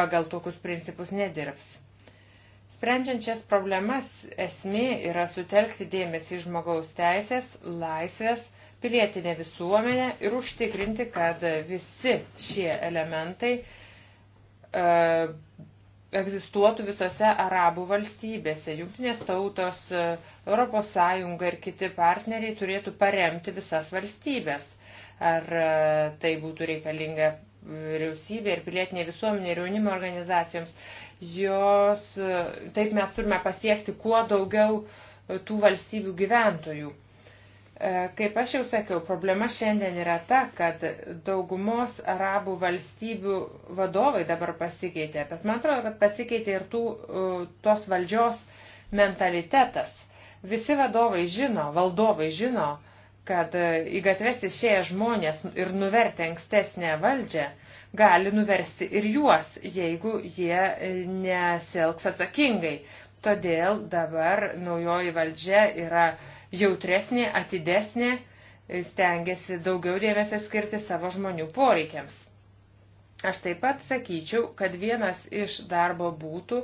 pagal tokius principus nedirbs. Sprendžiant šias problemas, esmė yra sutelkti dėmesį į žmogaus teisės, laisvės, pilietinę visuomenę ir užtikrinti, kad visi šie elementai e, egzistuotų visose arabų valstybėse. Junktinės tautos, ES ir kiti partneriai turėtų paremti visas valstybės. Ar e, tai būtų reikalinga vyriausybė ir pilietinė visuomenė ir jaunimo organizacijoms jos, taip mes turime pasiekti kuo daugiau e, tų valstybių gyventojų. E, kaip aš jau sakiau, problema šiandien yra ta, kad daugumos arabų valstybių vadovai dabar pasikeitė, bet man atrodo, kad pasikeitė ir tų, e, tos valdžios mentalitetas. Visi vadovai žino, valdovai žino, kad į gatves išėję žmonės ir nuvertė ankstesnę valdžią, gali nuversti ir juos, jeigu jie e, nesielgs atsakingai. Todėl dabar naujoji valdžia yra jautresnė, atidesnė, e, stengiasi daugiau dėmesio skirti savo žmonių poreikiams. Aš taip pat sakyčiau, kad vienas iš darbo būtų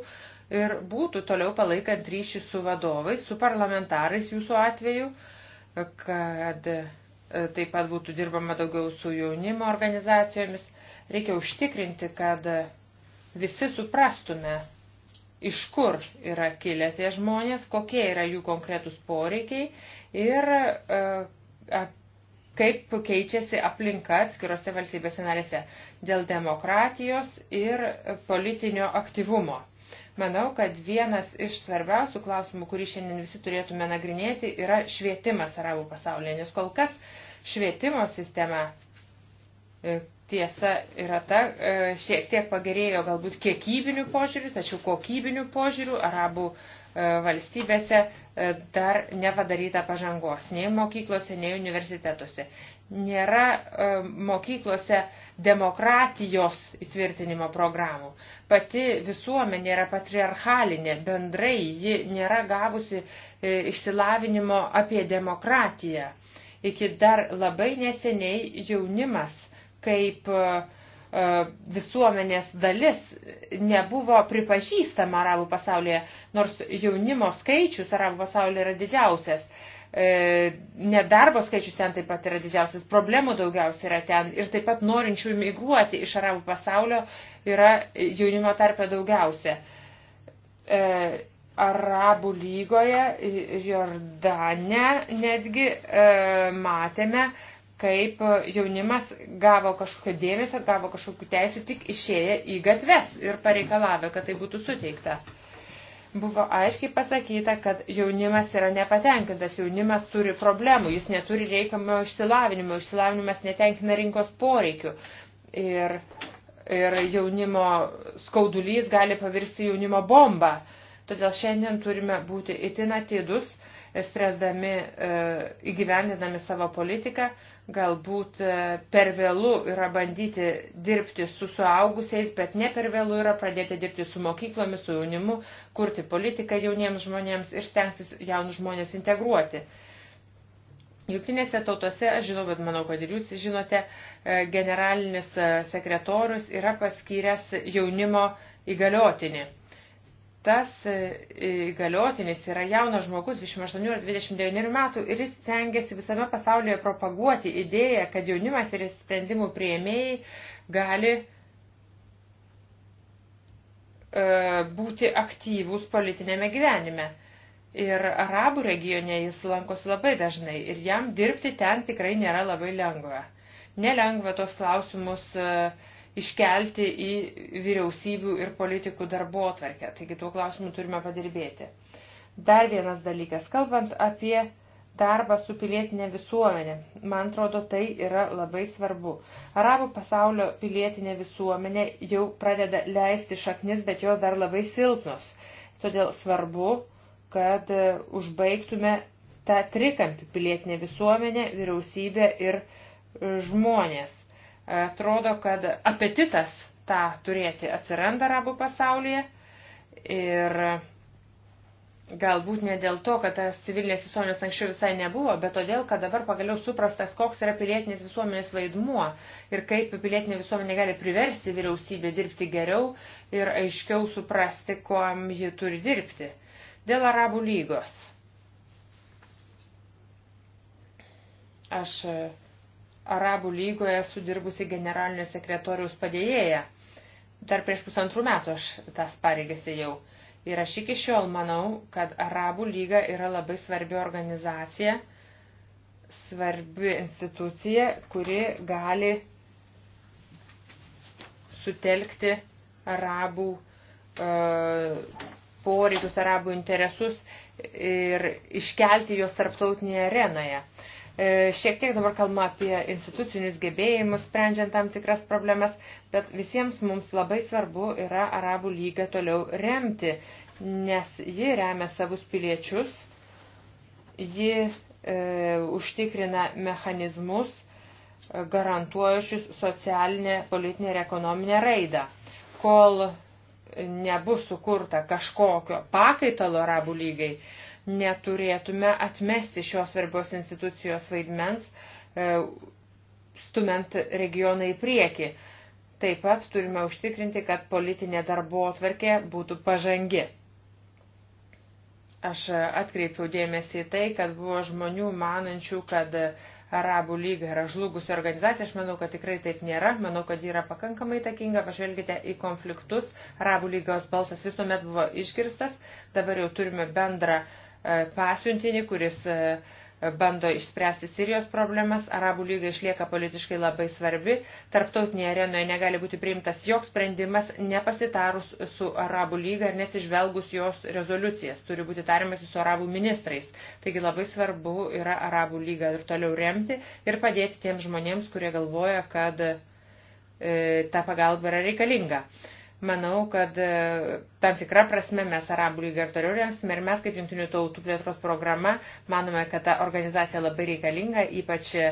ir būtų toliau palaikant ryšį su vadovais, su parlamentarais jūsų atveju, kad e, taip pat būtų dirbama daugiau su jaunimo organizacijomis. Reikia užtikrinti, kad visi suprastume, iš kur yra kilę tie žmonės, kokie yra jų konkretus poreikiai ir e, kaip keičiasi aplinka atskirose valstybėse narėse dėl demokratijos ir politinio aktyvumo. Manau, kad vienas iš svarbiausių klausimų, kurį šiandien visi turėtume nagrinėti, yra švietimas arabų pasaulyje, nes kol kas švietimo sistema e, tiesa yra ta, e, šiek tiek pagerėjo galbūt kiekybinių požiūrių, tačiau kokybinių požiūrių arabų e, valstybėse e, dar nepadaryta pažangos, nei mokyklose, nei universitetuose. Nėra mokyklose demokratijos įtvirtinimo programų. Pati visuomenė yra patriarchalinė, bendrai ji nėra gavusi išsilavinimo apie demokratiją. Iki dar labai neseniai jaunimas kaip e, e, visuomenės dalis nebuvo pripažįstama arabų pasaulyje, nors jaunimo skaičius arabų pasaulyje yra didžiausias. E, nedarbo skaičius ten taip pat yra didžiausias, problemų daugiausiai yra ten ir taip pat norinčių migruoti iš arabų pasaulio yra jaunimo tarpe daugiausia. Arabų lygoje, Jordane netgi matėme, kaip e, jaunimas gavo kažkokio dėmesio, gavo kažkokių teisų tik išėję į gatves ir pareikalavę, kad tai būtų suteikta. Buvo aiškiai pasakyta, kad jaunimas yra nepatenkintas, jaunimas turi problemų, jis neturi reikiamo išsilavinimo, išsilavinimas netenkina rinkos poreikių. Ir, ir jaunimo skaudulys gali pavirsti jaunimo bombą. Todėl šiandien turime būti itin atidus uh, spręsdami, e, įgyvendinami savo politiką, galbūt e, per vėlų yra bandyti dirbti su suaugusiais, bet ne per vėlų yra pradėti dirbti su mokyklomis, su jaunimu, kurti politiką jauniems žmonėms ir stengtis jaunus žmonės integruoti. Jungtinėse tautose, aš žinau, bet manau, kad ir jūs žinote, e, generalinis sekretorius yra paskyręs jaunimo įgaliotinį tas e, įgaliotinis yra jaunas žmogus 28 ar 29 metų ir jis stengiasi visame pasaulyje propaguoti idėją, kad jaunimas ir sprendimų prieimėjai gali e, būti aktyvūs politinėme gyvenime. Ir arabų regione jis lankosi labai dažnai ir jam dirbti ten tikrai nėra labai lengva. Nelengva tos klausimus uh, e, iškelti į vyriausybių ir politikų darbo atvarkę. Taigi tuo klausimu turime padirbėti. Dar vienas dalykas, kalbant apie darbą su pilietinė visuomenė. Man atrodo, tai yra labai svarbu. Arabų pasaulio pilietinė visuomenė jau pradeda leisti šaknis, bet jos dar labai silpnos. Todėl svarbu, kad e, užbaigtume tą trikampį pilietinę visuomenę, vyriausybę ir e, žmonės. Atrodo, kad apetitas tą turėti atsiranda arabų pasaulyje ir galbūt ne dėl to, kad tas civilinės visuomenės anksčiau visai nebuvo, bet todėl, kad dabar pagaliau suprastas, koks yra pilietinės visuomenės vaidmuo ir kaip pilietinė visuomenė gali priversti vyriausybę dirbti geriau ir aiškiau suprasti, kuom ji turi dirbti. Dėl Arabų lygos. Aš Arabų lygoje sudirbusi generalinio sekretoriaus padėjėja. Dar prieš pusantrų metų aš tas pareigas ėjau. Ir aš iki šiol manau, kad Arabų lyga yra labai svarbi organizacija, svarbi institucija, kuri gali sutelkti arabų uh, poreikius, arabų interesus ir iškelti juos tarptautinėje arenoje. Uh, E, šiek tiek dabar kalbama apie institucinius gebėjimus, sprendžiant tam tikras problemas, bet visiems mums labai svarbu yra Arabų lygą toliau remti, nes ji remia savus piliečius, ji e, užtikrina mechanizmus e, garantuojušius socialinę, politinę ir ekonominę raidą. Kol nebus sukurta kažkokio pakaitalo Arabų lygai, e, neturėtume atmesti šios svarbios institucijos vaidmens, e, stumant regioną į priekį. Taip pat turime užtikrinti, kad politinė darbo atvarkė būtų pažangi. Aš atkreipiau dėmesį į tai, kad buvo žmonių manančių, kad Arabų lyga yra žlugusi organizacija. Aš manau, kad tikrai taip nėra. Manau, kad ji yra pakankamai takinga. Pažvelkite į konfliktus. Arabų lygos balsas visuomet buvo išgirstas. Dabar jau turime bendrą uh, E, pasiuntinį, kuris e, bando išspręsti Sirijos problemas, Arabų lyga išlieka politiškai labai svarbi, tarptautinėje arenoje negali būti priimtas joks sprendimas nepasitarus su Arabų lyga ir nesižvelgus jos rezoliucijas, turi būti tariamasi su Arabų ministrais. Taigi labai svarbu yra Arabų lygą ir toliau remti ir padėti tiems žmonėms, kurie galvoja, kad e, ta pagalba yra reikalinga. E, Manau, kad e, tam tikrą prasme mes Arabų lygą ir toliau remsime ir mes kaip Junktinių tautų plėtros programa manome, kad ta organizacija labai reikalinga, ypač e,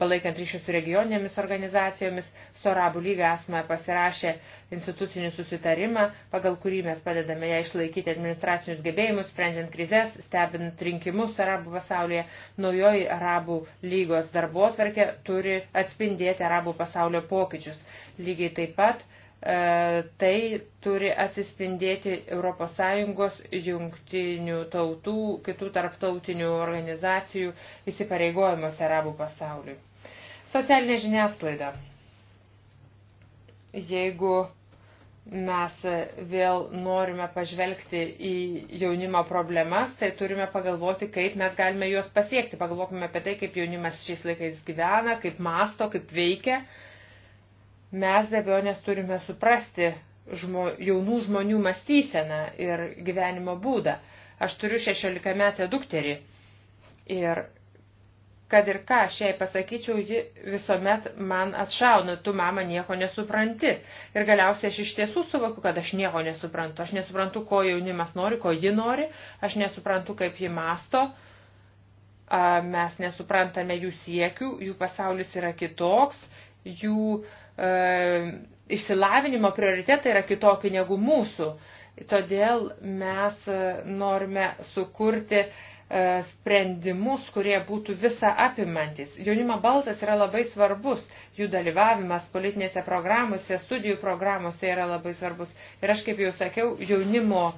palaikant ryšius su regioninėmis organizacijomis, su Arabų lyga esame pasirašę institucinį susitarimą, pagal kurį mes padedame ją išlaikyti administracinius gebėjimus, sprendžiant krizės, stebint rinkimus Arabų pasaulyje. Naujoji Arabų lygos darbo atverkė turi atspindėti Arabų pasaulio pokyčius. Lygiai taip pat E, tai turi atsispindėti ES jungtinių tautų, kitų tarptautinių organizacijų įsipareigojimuose arabų pasauliui. Socialinė žiniasklaida. Jeigu mes vėl norime pažvelgti į jaunimo problemas, tai turime pagalvoti, kaip mes galime juos pasiekti. Pagalvokime apie tai, kaip jaunimas šiais laikais gyvena, kaip masto, kaip veikia. Uh, Mes be abejo nesurime suprasti žmo, jaunų žmonių mąstyseną ir gyvenimo būdą. Aš turiu 16 metę dukterį ir kad ir ką aš jai pasakyčiau, ji visuomet man atšauna, tu mama nieko nesupranti. Ir galiausiai aš iš tiesų suvokiu, kad aš nieko nesuprantu. Aš nesuprantu, ko jaunimas nori, ko ji nori, aš nesuprantu, kaip ji masto, mes nesuprantame jų siekių, jų pasaulis yra kitoks, jų uh, E, išsilavinimo prioritetai yra kitokie negu mūsų. Todėl mes e, norime sukurti e, sprendimus, kurie būtų visa apimantis. Jaunimo baltas yra labai svarbus, jų dalyvavimas politinėse programuose, studijų programuose yra labai svarbus. Ir aš, kaip jau sakiau, jaunimo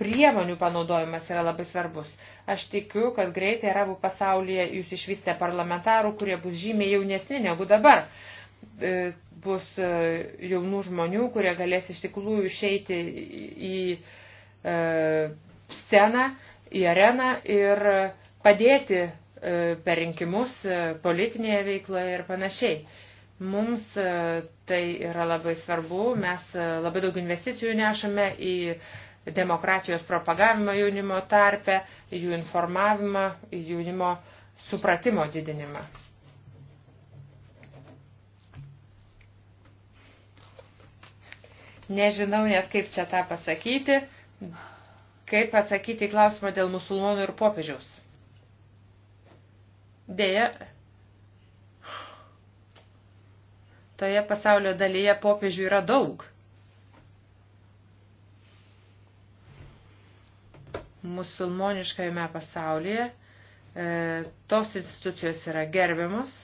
priemonių panaudojimas yra labai svarbus. Aš tikiu, kad greitai arabų pasaulyje jūs išvystė parlamentarų, kurie bus žymiai jaunesni negu dabar. Uh, E, bus e, jaunų žmonių, kurie galės iš tikrųjų išeiti į e, sceną, į areną ir padėti per rinkimus politinėje veikloje ir panašiai. Mums tai yra labai svarbu, mes labai daug investicijų nešame į demokratijos propagavimą jaunimo tarpe, jų informavimą, jaunimo supratimo didinimą. Nežinau net kaip čia tą pasakyti, kaip atsakyti į klausimą dėl musulmonų ir popiežiaus. Deja, toje pasaulio dalyje popiežių yra daug. Musulmoniškajame pasaulyje e, tos institucijos yra gerbiamos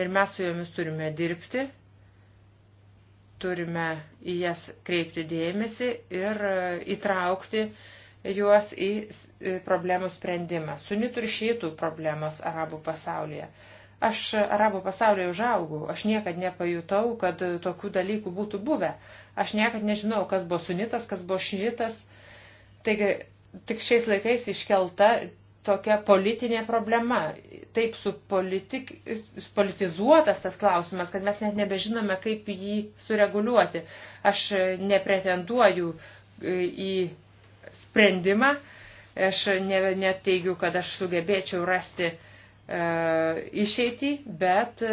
ir mes su jomis turime dirbti turime į jas kreipti dėmesį ir e, įtraukti juos į problemų sprendimą. Sunitų ir šeitų problemos arabų pasaulyje. Aš arabų pasaulyje užaugau, aš niekad nepajutau, kad tokių dalykų būtų buvę. Aš niekad nežinau, kas buvo sunitas, kas buvo šitas. Taigi, tik šiais laikais iškelta tokia politinė problema. Taip supolitik, politizuotas tas klausimas, kad mes net nebežinome, kaip jį sureguliuoti. Aš nepretenduoju e, į sprendimą, aš neteigiu, kad aš sugebėčiau rasti uh, E, išeitį, bet e,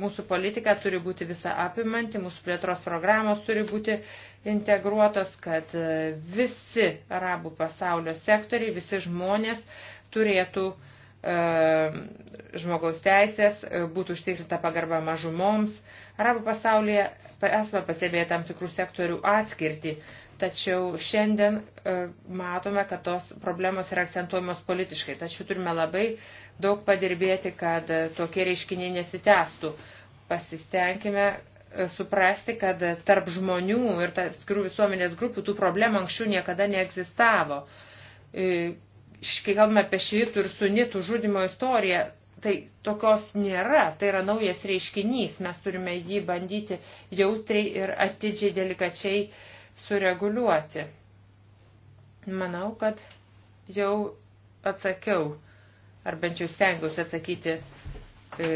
mūsų politika turi būti visą apimanti, mūsų plėtros programos turi būti integruotos, kad e, visi arabų pasaulio sektoriai, visi žmonės turėtų žmogaus teisės, būtų užtikrinta pagarba mažumoms. Arabų pasaulyje esame pastebėję tam tikrų sektorių atskirtį. Tačiau šiandien e, matome, kad tos problemos yra akcentuojamos politiškai. Tačiau turime labai daug padirbėti, kad e, tokie reiškiniai nesitęstų. Pasistengime e, suprasti, kad tarp žmonių ir atskirų visuomenės grupių tų problemų anksčiau niekada neegzistavo. Kai kalbame apie šitų ir sunitų žudimo istoriją, tai tokios nėra, tai yra naujas reiškinys, mes turime jį bandyti jautriai ir atidžiai delikačiai uh, sureguliuoti. Manau, kad jau atsakiau, ar bent jau stengiausi atsakyti e,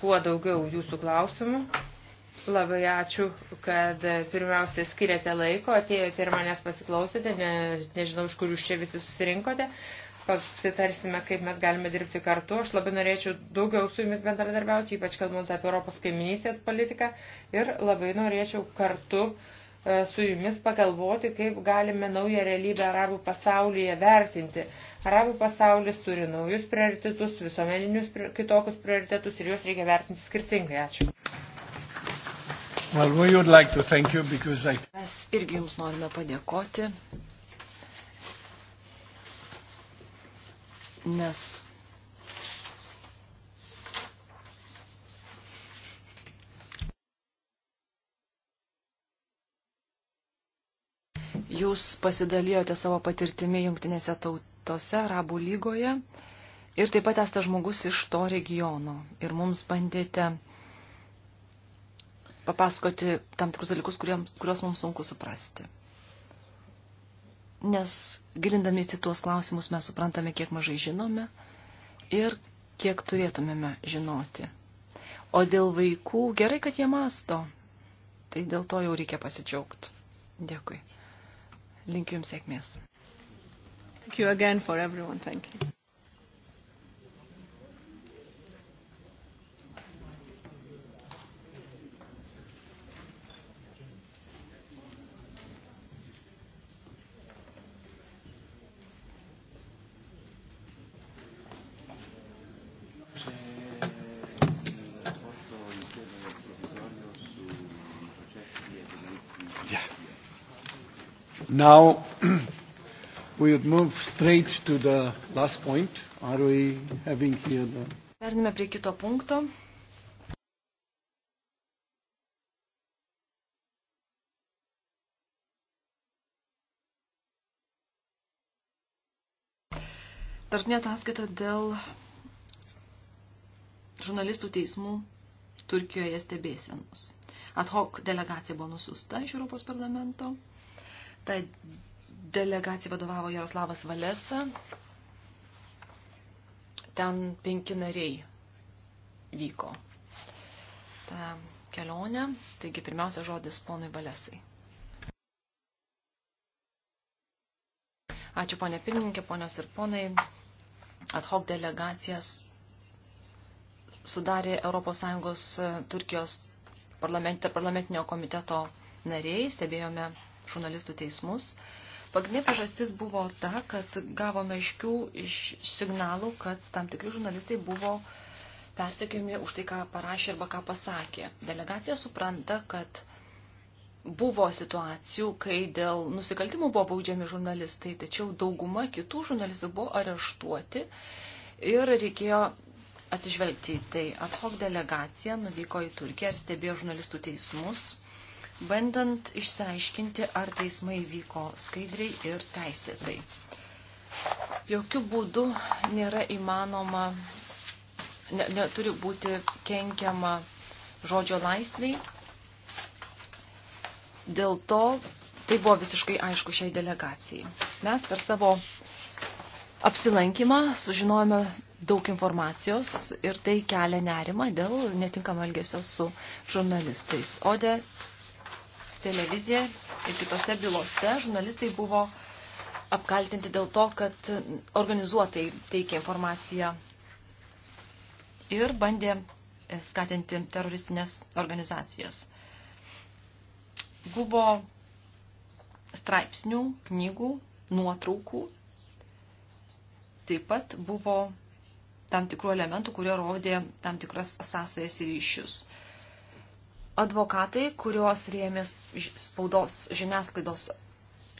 kuo daugiau jūsų klausimų. Labai ačiū, kad pirmiausia skiriate laiko, atėjote ir manęs pasiklausėte, ne, nežinau, iš kur jūs čia visi susirinkote. Pasitarsime, kaip mes galime dirbti kartu. Aš labai norėčiau daugiau su jumis bendradarbiauti, ypač kalbant apie Europos kaiminystės politiką. Ir labai norėčiau kartu uh, E, su jumis pagalvoti, kaip galime naują realybę arabų pasaulyje vertinti. Arabų pasaulis turi naujus prioritetus, visuomeninius kitokius prioritetus ir juos reikia vertinti skirtingai. Ačiū. Well, we would like to thank you because I... Mes irgi jums norime padėkoti, nes Jūs pasidalijote savo patirtimi jungtinėse tautose, Arabų lygoje ir taip pat esate žmogus iš to regiono. Ir mums bandėte papasakoti tam tikrus dalykus, kuriuos mums sunku suprasti. Nes gilindamiesi tuos klausimus mes suprantame, kiek mažai žinome ir kiek turėtumėme žinoti. O dėl vaikų gerai, kad jie masto. Tai dėl to jau reikia pasidžiaugti. Dėkui. Linkiu Jums sėkmės. Thank you again for everyone. Thank you. Now (clears throat) we would move straight to the last point. Are we having here the... Pernime prie kito punkto. Tarpinė ataskaita dėl žurnalistų teismų Turkijoje stebėsenos. Ad hoc delegacija buvo nusiusta iš Europos parlamento. Ta delegacija vadovavo Jaroslavas Valesa. Ten penki nariai vyko tą kelionę. Taigi pirmiausia žodis ponui Valesai. Ačiū ponė pirmininkė, ponios ir ponai. Ad hoc delegacijas sudarė ES Turkijos parlamentinio komiteto nariai. Stebėjome žurnalistų teismus. Pagrindinė priežastis buvo ta, kad gavome aiškių signalų, kad tam tikri žurnalistai buvo persekiojami už tai, ką parašė arba ką pasakė. Delegacija supranta, kad buvo situacijų, kai dėl nusikaltimų buvo baudžiami žurnalistai, tačiau dauguma kitų žurnalistų buvo areštuoti ir reikėjo atsižvelgti į tai. Ad hoc delegacija nuvyko į Turkiją ir stebėjo žurnalistų teismus bandant išsiaiškinti, ar teismai vyko skaidriai ir teisėtai. Jokių būdų nėra įmanoma, ne, neturi būti kenkiama žodžio laisviai. Dėl to tai buvo visiškai aišku šiai delegacijai. Mes per savo apsilankymą sužinojome daug informacijos ir tai kelia nerimą dėl netinkamo elgesio su žurnalistais. Ode televizija ir kitose bylose žurnalistai buvo apkaltinti dėl to, kad organizuotai teikė informaciją ir bandė skatinti teroristinės organizacijas. Buvo straipsnių, knygų, nuotraukų. Taip pat buvo tam tikrų elementų, kurie rodė tam tikras sąsajas ir ryšius advokatai, kurios rėmės spaudos žiniasklaidos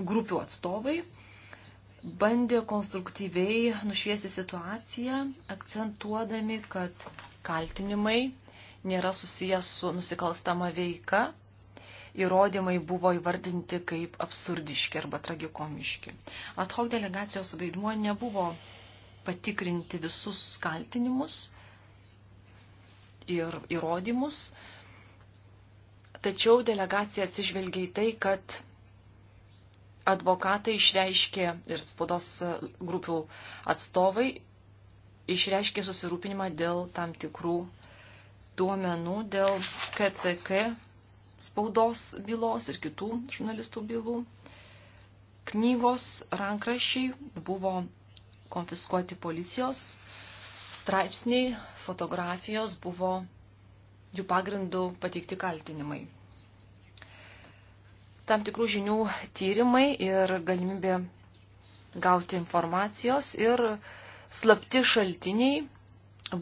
grupių atstovai, bandė konstruktyviai nušviesti situaciją, akcentuodami, kad kaltinimai nėra susijęs su nusikalstama veika, įrodymai buvo įvardinti kaip absurdiški arba tragikomiški. Ad hoc delegacijos vaidmuo nebuvo patikrinti visus kaltinimus ir įrodymus, Tačiau delegacija atsižvelgia į tai, kad advokatai išreiškė ir spaudos grupių atstovai išreiškė susirūpinimą dėl tam tikrų duomenų, dėl KCK spaudos bylos ir kitų žurnalistų bylų. Knygos rankrašiai buvo konfiskuoti policijos, straipsniai, fotografijos buvo jų pagrindų pateikti kaltinimai. Tam tikrų žinių tyrimai ir galimybė gauti informacijos ir slapti šaltiniai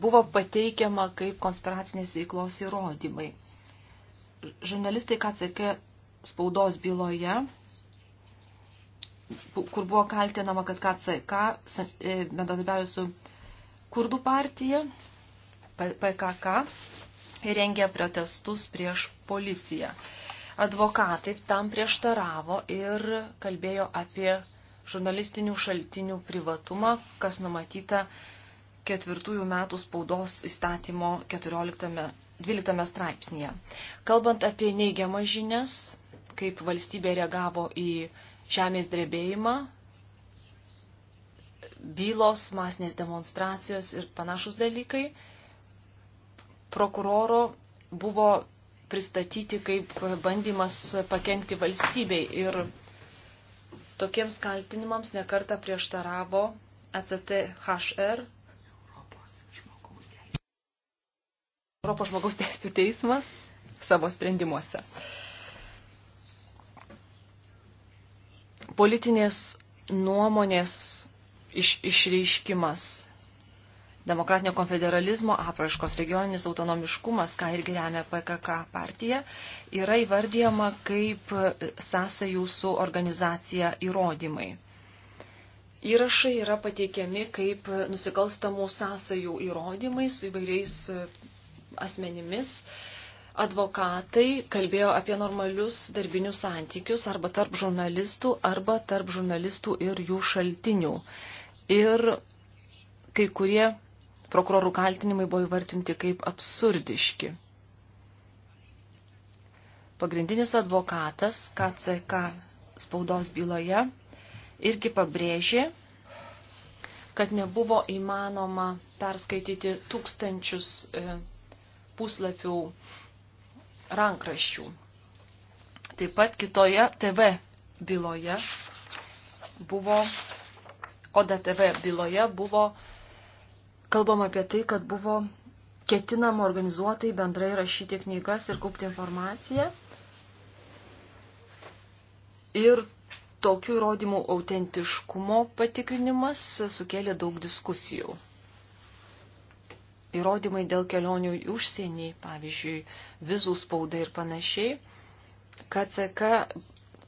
buvo pateikiama kaip konspiracinės veiklos įrodymai. Žurnalistai KCK spaudos byloje, kur buvo kaltinama, kad KCK e, bendradarbiavo su kurdų partija, PKK, rengia protestus prieš policiją. Advokatai tam prieštaravo ir kalbėjo apie žurnalistinių šaltinių privatumą, kas numatyta ketvirtųjų metų spaudos įstatymo 14, 12 straipsnėje. Kalbant apie neigiamą žinias, kaip valstybė reagavo į žemės drebėjimą, bylos, masinės demonstracijos ir panašus dalykai, prokuroro buvo pristatyti kaip bandymas pakengti valstybei. Ir tokiems kaltinimams nekarta prieštaravo ACTHR. Europos žmogaus teisų teismas savo sprendimuose. Politinės nuomonės iš, išreiškimas demokratinio konfederalizmo apraškos regioninis autonomiškumas, ką irgi remia PKK partija, yra įvardyjama kaip sąsajų su organizacija įrodymai. Įrašai yra pateikiami kaip nusikalstamų sąsajų įrodymai su įvairiais asmenimis. Advokatai kalbėjo apie normalius darbinius santykius arba tarp žurnalistų, arba tarp žurnalistų ir jų šaltinių. Ir kai kurie prokurorų kaltinimai buvo įvartinti kaip absurdiški. Pagrindinis advokatas KCK spaudos byloje irgi pabrėžė, kad nebuvo įmanoma perskaityti tūkstančius e, puslapių rankraščių. Taip pat kitoje TV byloje buvo, ODA TV byloje buvo kalbam apie tai, kad buvo ketinama organizuotai bendrai rašyti knygas ir kaupti informaciją. Ir tokių įrodymų autentiškumo patikrinimas sukėlė daug diskusijų. Įrodymai dėl kelionių į užsienį, pavyzdžiui, vizų spaudai ir panašiai, KCK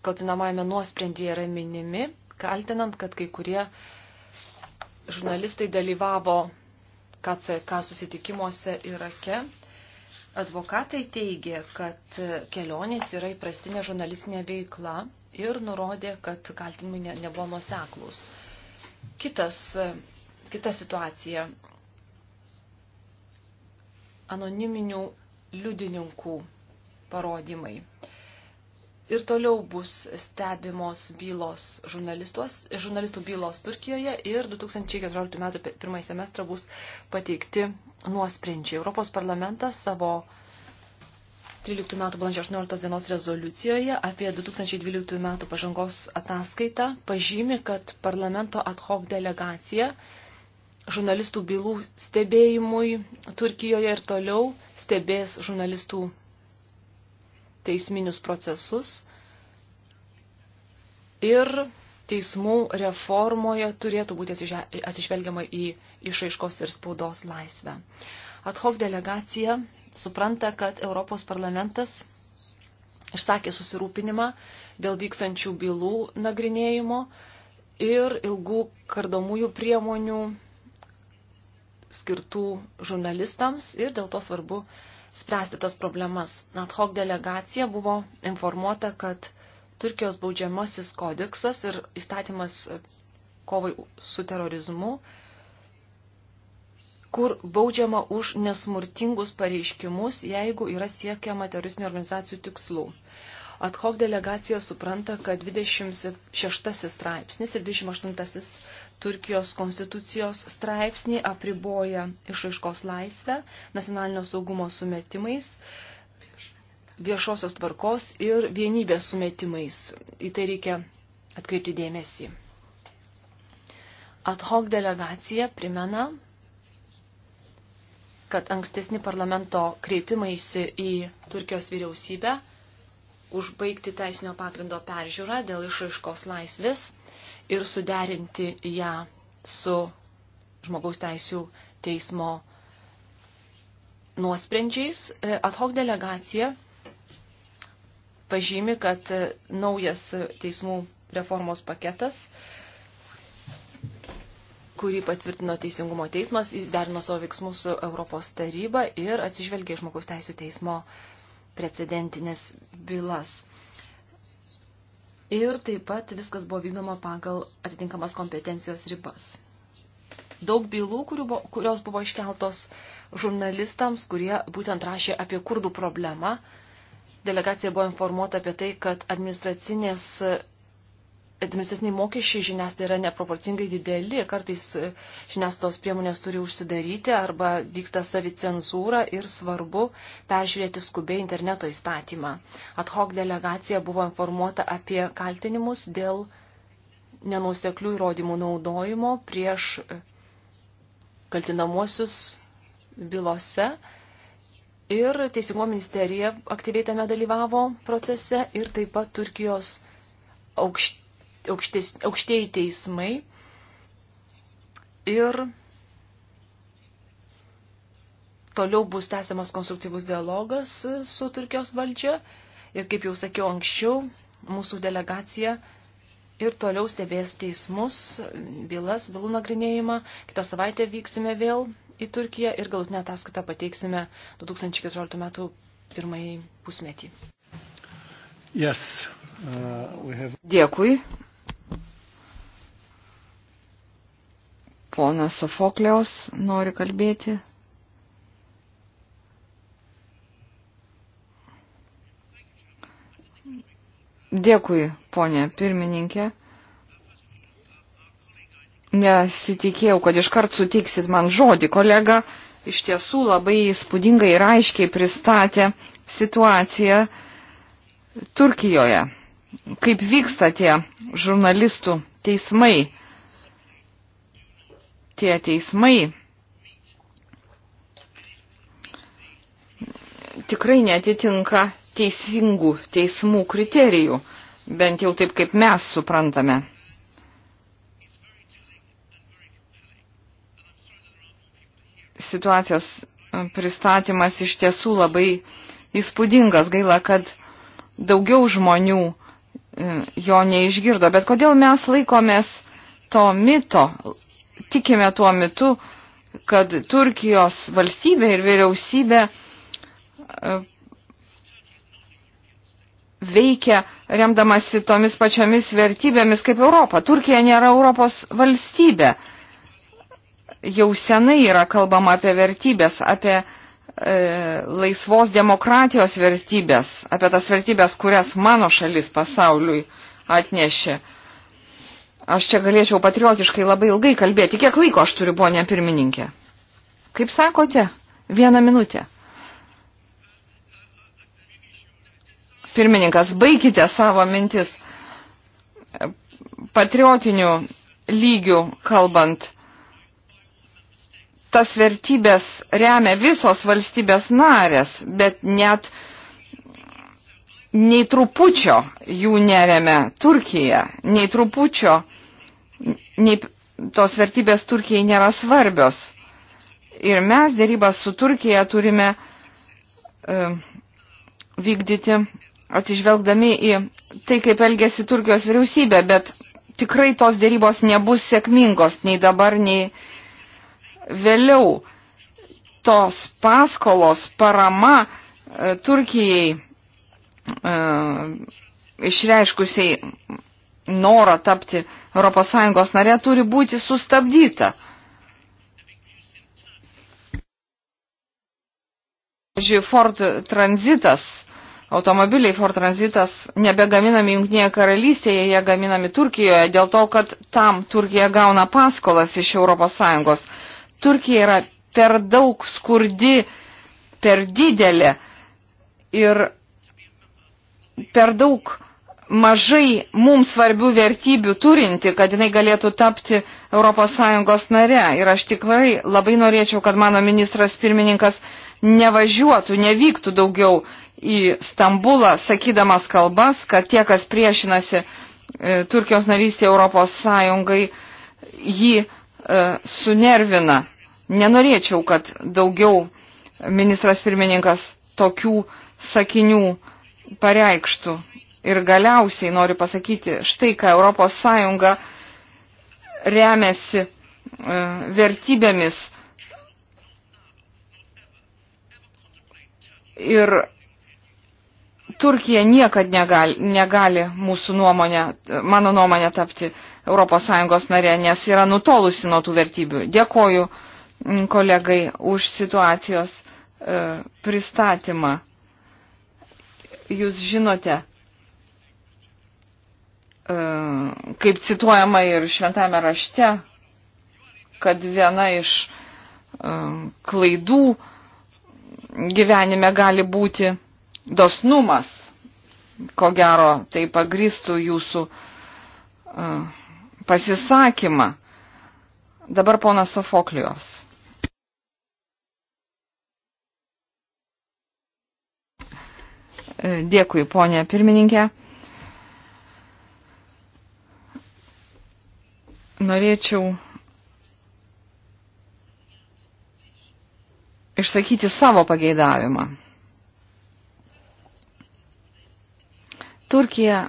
kaltinamajame nuosprendėje yra minimi, kaltinant, kad kai kurie žurnalistai dalyvavo KCK susitikimuose Irake. Advokatai teigė, kad kelionės yra įprastinė žurnalistinė veikla ir nurodė, kad kaltinimai ne, nebuvo nuoseklus. Kitas, kita situacija. Anoniminių liudininkų parodymai ir toliau bus stebimos bylos žurnalistų bylos Turkijoje ir 2014 metų pirmąjį semestrą bus pateikti nuosprendžiai. Europos parlamentas savo 13 metų balandžio 18 dienos rezoliucijoje apie 2012 metų pažangos ataskaitą pažymi, kad parlamento ad hoc delegacija žurnalistų bylų stebėjimui Turkijoje ir toliau stebės žurnalistų teisminius procesus. Ir teismų reformoje turėtų būti atsižvelgiama į išaiškos ir spaudos laisvę. Ad hoc delegacija supranta, kad Europos parlamentas išsakė susirūpinimą dėl vykstančių bylų nagrinėjimo ir ilgų kardomųjų priemonių skirtų žurnalistams ir dėl to svarbu spręsti tas problemas. Ad hoc delegacija buvo informuota, kad Turkijos baudžiamasis kodeksas ir įstatymas kovai su terorizmu, kur baudžiama už nesmurtingus pareiškimus, jeigu yra siekiama teroristinių organizacijų tikslų. Ad hoc delegacija supranta, kad 26 straipsnis ir 28 Turkijos konstitucijos straipsnį apriboja išaiškos laisvę nacionalinio saugumo sumetimais, viešosios tvarkos ir vienybės sumetimais. Į tai reikia atkreipti dėmesį. Ad hoc delegacija primena, kad ankstesni parlamento kreipimaisi į Turkijos vyriausybę užbaigti teisinio pagrindo peržiūrą dėl išraiškos laisvės ir suderinti ją su žmogaus teisų teismo nuosprendžiais. E, ad hoc delegacija pažymi, kad e, naujas teismų reformos paketas, kurį patvirtino Teisingumo teismas, jis derino savo veiksmus su Europos taryba ir atsižvelgė žmogaus teisų teismo precedentinės bylas ir taip pat viskas buvo vykdoma pagal atitinkamas kompetencijos ribas. Daug bylų, buvo, kurios buvo iškeltos žurnalistams, kurie būtent rašė apie kurdų problemą. Delegacija buvo informuota apie tai, kad administracinės administraciniai mokesčiai žiniasklaidai yra neproporcingai dideli, kartais e, žiniasklaidos priemonės turi užsidaryti arba vyksta savicenzūra ir svarbu peržiūrėti skubiai interneto įstatymą. Ad hoc delegacija buvo informuota apie kaltinimus dėl nenuseklių įrodymų naudojimo prieš e, kaltinamuosius bylose. Ir Teisingumo ministerija aktyviai tame dalyvavo procese ir taip pat Turkijos aukšt, aukštes, aukštieji teismai ir toliau bus tęsiamas konstruktyvus dialogas su Turkijos valdžia ir, kaip jau sakiau anksčiau, mūsų delegacija ir toliau stebės teismus, bylas, bylų nagrinėjimą. Kitą savaitę vyksime vėl į Turkiją ir galutinę ataskaitą pateiksime 2014 metų pirmąjį pusmetį. Yes, uh, have... Dėkui. Ponas Sofokliaus nori kalbėti. Dėkui, ponė pirmininkė. Nesitikėjau, kad iškart sutiksit man žodį. Kolega iš tiesų labai įspūdingai ir aiškiai pristatė situaciją Turkijoje. Kaip vyksta tie žurnalistų teismai tie teismai tikrai netitinka teisingų teismų kriterijų, bent jau taip, kaip mes suprantame. Situacijos pristatymas iš tiesų labai įspūdingas, gaila, kad daugiau žmonių e, jo neišgirdo. Bet kodėl mes laikomės to mito, tikime tuo metu, kad Turkijos valstybė ir vyriausybė e, veikia remdamasi tomis pačiomis vertybėmis kaip Europa. Turkija nėra Europos valstybė. Jau senai yra kalbama apie vertybės, apie e, laisvos demokratijos vertybės, apie tas vertybės, kurias mano šalis pasauliui atnešė. E, Aš čia galėčiau patriotiškai labai ilgai kalbėti. Kiek laiko aš turiu, ponė pirmininkė? Kaip sakote? Vieną minutę. Pirmininkas, baikite savo mintis patriotinių lygių kalbant tas vertybės remia visos valstybės narės, bet net nei trupučio jų neremia Turkija, nei trupučio nei tos vertybės Turkijai nėra svarbios. Ir mes dėrybas su Turkija turime e, vykdyti atsižvelgdami į tai, kaip elgėsi Turkijos vyriausybė, bet tikrai tos dėrybos nebus sėkmingos nei dabar, nei vėliau. Tos paskolos parama e, Turkijai e, išreiškusiai norą tapti ES narė turi būti sustabdyta. Pavyzdžiui, Ford Transitas, automobiliai Ford Transitas nebegaminami Junktinėje karalystėje, jie gaminami Turkijoje dėl to, kad tam Turkija gauna paskolas iš ES. Turkija yra per daug skurdi, per didelė ir per daug mažai mums svarbių vertybių turinti, kad jinai galėtų tapti ES nare. Ir aš tikrai labai norėčiau, kad mano ministras pirmininkas nevažiuotų, nevyktų daugiau į Stambulą, sakydamas kalbas, kad tie, kas priešinasi e, Turkijos narystė ES, jį e, sunervina. Nenorėčiau, kad daugiau ministras pirmininkas tokių sakinių pareikštų. Ir galiausiai noriu pasakyti štai, ką Europos Sąjunga remiasi e, vertybėmis ir Turkija niekad negali, negali mūsų nuomonę, mano nuomonę tapti ES narė, nes yra nutolusi nuo tų vertybių. Dėkoju kolegai už situacijos e, pristatymą. Jūs žinote, kaip cituojama ir šventame rašte, kad viena iš e, klaidų gyvenime gali būti dosnumas. Ko gero, tai pagristų jūsų e, pasisakymą. Dabar ponas Sofoklijos. Dėkui, ponė pirmininkė. norėčiau išsakyti savo pageidavimą. Turkija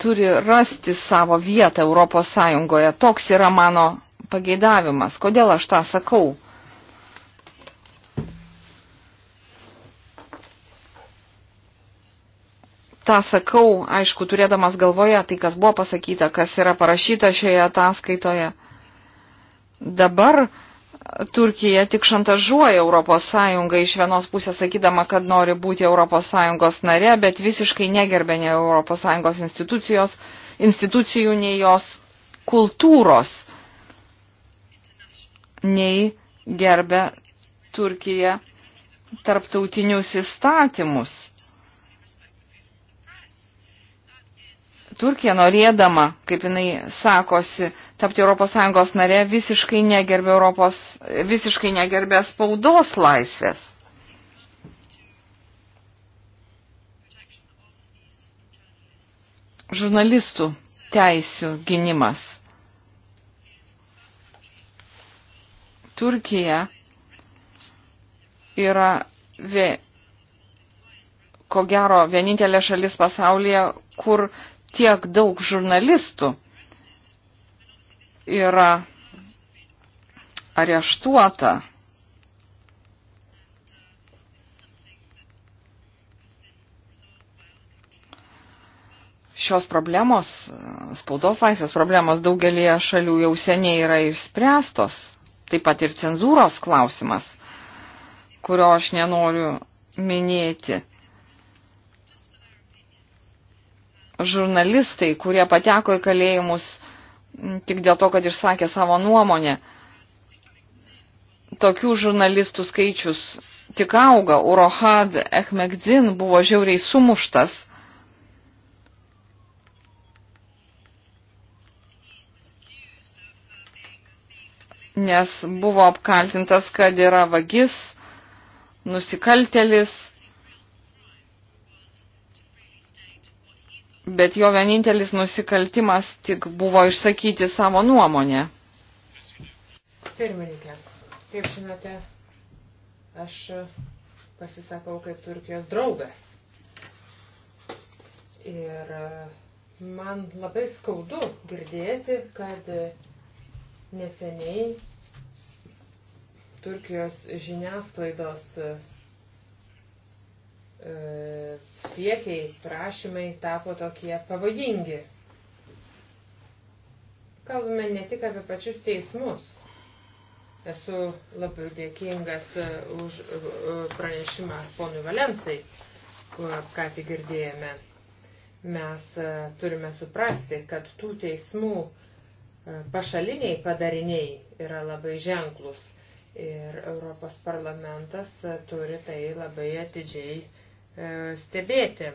turi rasti savo vietą Europos Sąjungoje. Toks yra mano pageidavimas. Kodėl aš tą sakau? tą sakau, aišku, turėdamas galvoje tai, kas buvo pasakyta, kas yra parašyta šioje ataskaitoje. Dabar Turkija tik šantažuoja Europos Sąjungą iš vienos pusės, sakydama, kad nori būti Europos Sąjungos nare, bet visiškai negerbė nei Europos Sąjungos institucijos, institucijų, nei jos kultūros, nei gerbė Turkija tarptautinius įstatymus. Turkija norėdama, kaip jinai sakosi, tapti ES nare, visiškai negerbė, Europos, visiškai negerbė spaudos laisvės. Žurnalistų teisių gynimas. Turkija yra vė, ko gero vienintelė šalis pasaulyje, kur tiek daug žurnalistų yra areštuota. Šios problemos, spaudos laisvės problemos daugelie šalių jau seniai yra išspręstos. Taip pat ir cenzūros klausimas, kurio aš nenoriu minėti. žurnalistai, kurie pateko į kalėjimus tik dėl to, kad išsakė savo nuomonę. Tokių žurnalistų skaičius tik auga. Urohad Ehmegdzin buvo žiauriai sumuštas. Nes buvo apkaltintas, kad yra vagis, nusikaltelis bet jo vienintelis nusikaltimas tik buvo išsakyti savo nuomonę. Pirmininkė, kaip žinote, aš pasisakau kaip Turkijos draugas. Ir man labai skaudu girdėti, kad neseniai Turkijos žiniasklaidos E, siekiai, prašymai tapo tokie pavojingi. Kalbame ne tik apie pačius teismus. Esu labai dėkingas e, už e, pranešimą ponui Valensai, kuriuo ką tik girdėjome. Mes turime suprasti, kad tų teismų pašaliniai padariniai yra labai ženklus. Ir Europos parlamentas turi tai labai atidžiai E, stebėti.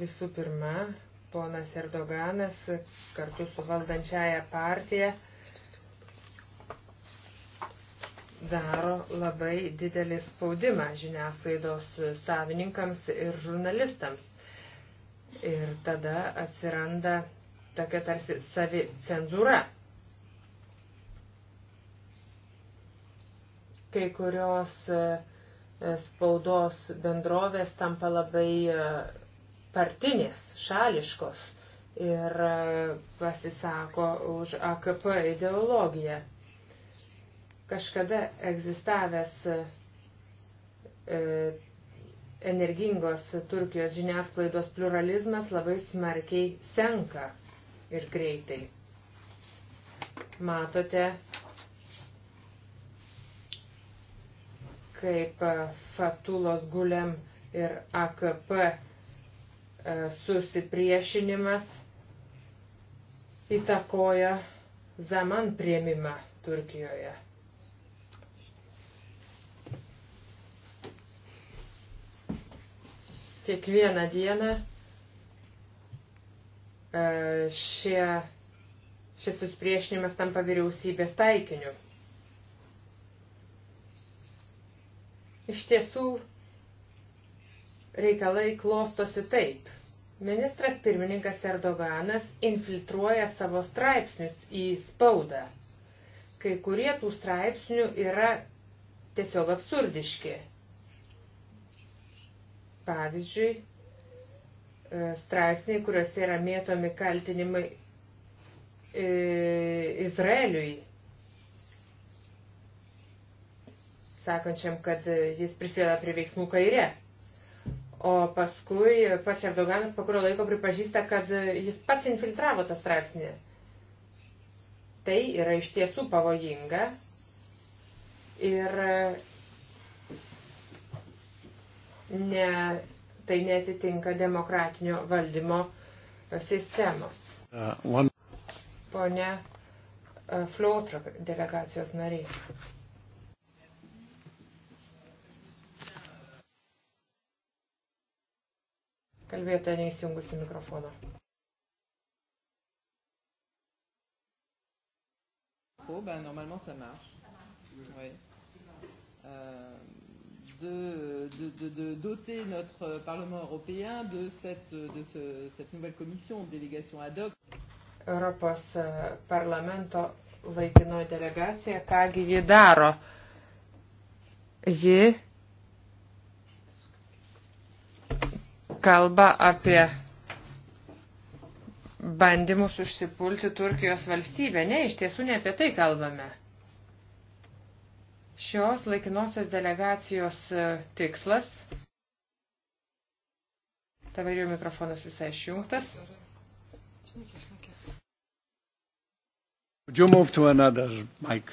Visų pirma, ponas Erdoganas kartu su valdančiaja partija daro labai didelį spaudimą žiniasklaidos savininkams ir žurnalistams. Ir tada atsiranda tokia tarsi savi cenzūra Kai kurios e, e, spaudos bendrovės tampa labai e, partinės, šališkos ir pasisako už AKP ideologiją. Kažkada egzistavęs energingos Turkijos žiniasklaidos pluralizmas labai smarkiai senka ir greitai. Matote, kaip e, Fatulos Gulem ir AKP e, susipriešinimas įtakoja Zaman prieimimą Turkijoje. Kiekvieną dieną e, šie, šis susipriešinimas tampa vyriausybės taikiniu. Iš tiesų reikalai klostosi taip. Ministras pirmininkas Erdoganas infiltruoja savo straipsnius į spaudą. Kai kurie tų straipsnių yra tiesiog absurdiški. Pavyzdžiui, e, straipsniai, kuriuose yra mėtomi kaltinimai e, Izraeliui sakančiam, kad jis prisėda prie veiksmų kairė. O paskui pats Erdoganas po kurio laiko pripažįsta, kad jis pats infiltravo tą straipsnį. Tai yra iš tiesų pavojinga. Ir e, ne, tai netitinka demokratinio valdymo sistemos. Uh, Pone e, Flotro delegacijos nariai. Kalbėtoja neįsijungusi mikrofoną. Oh, ben, normalement, ça marche. Oui. Euh, de, de, de, de doter notre Parlement européen de cette, de ce, cette nouvelle commission de délégation ad hoc. Europos euh, parlamento laikinoji delegacija, kągi ji daro? Ji kalba apie bandymus užsipulti Turkijos valstybę. Ne, iš tiesų ne apie tai kalbame. Šios laikinosios delegacijos e, tikslas. Tavario mikrofonas visai išjungtas. Would you move to another mic?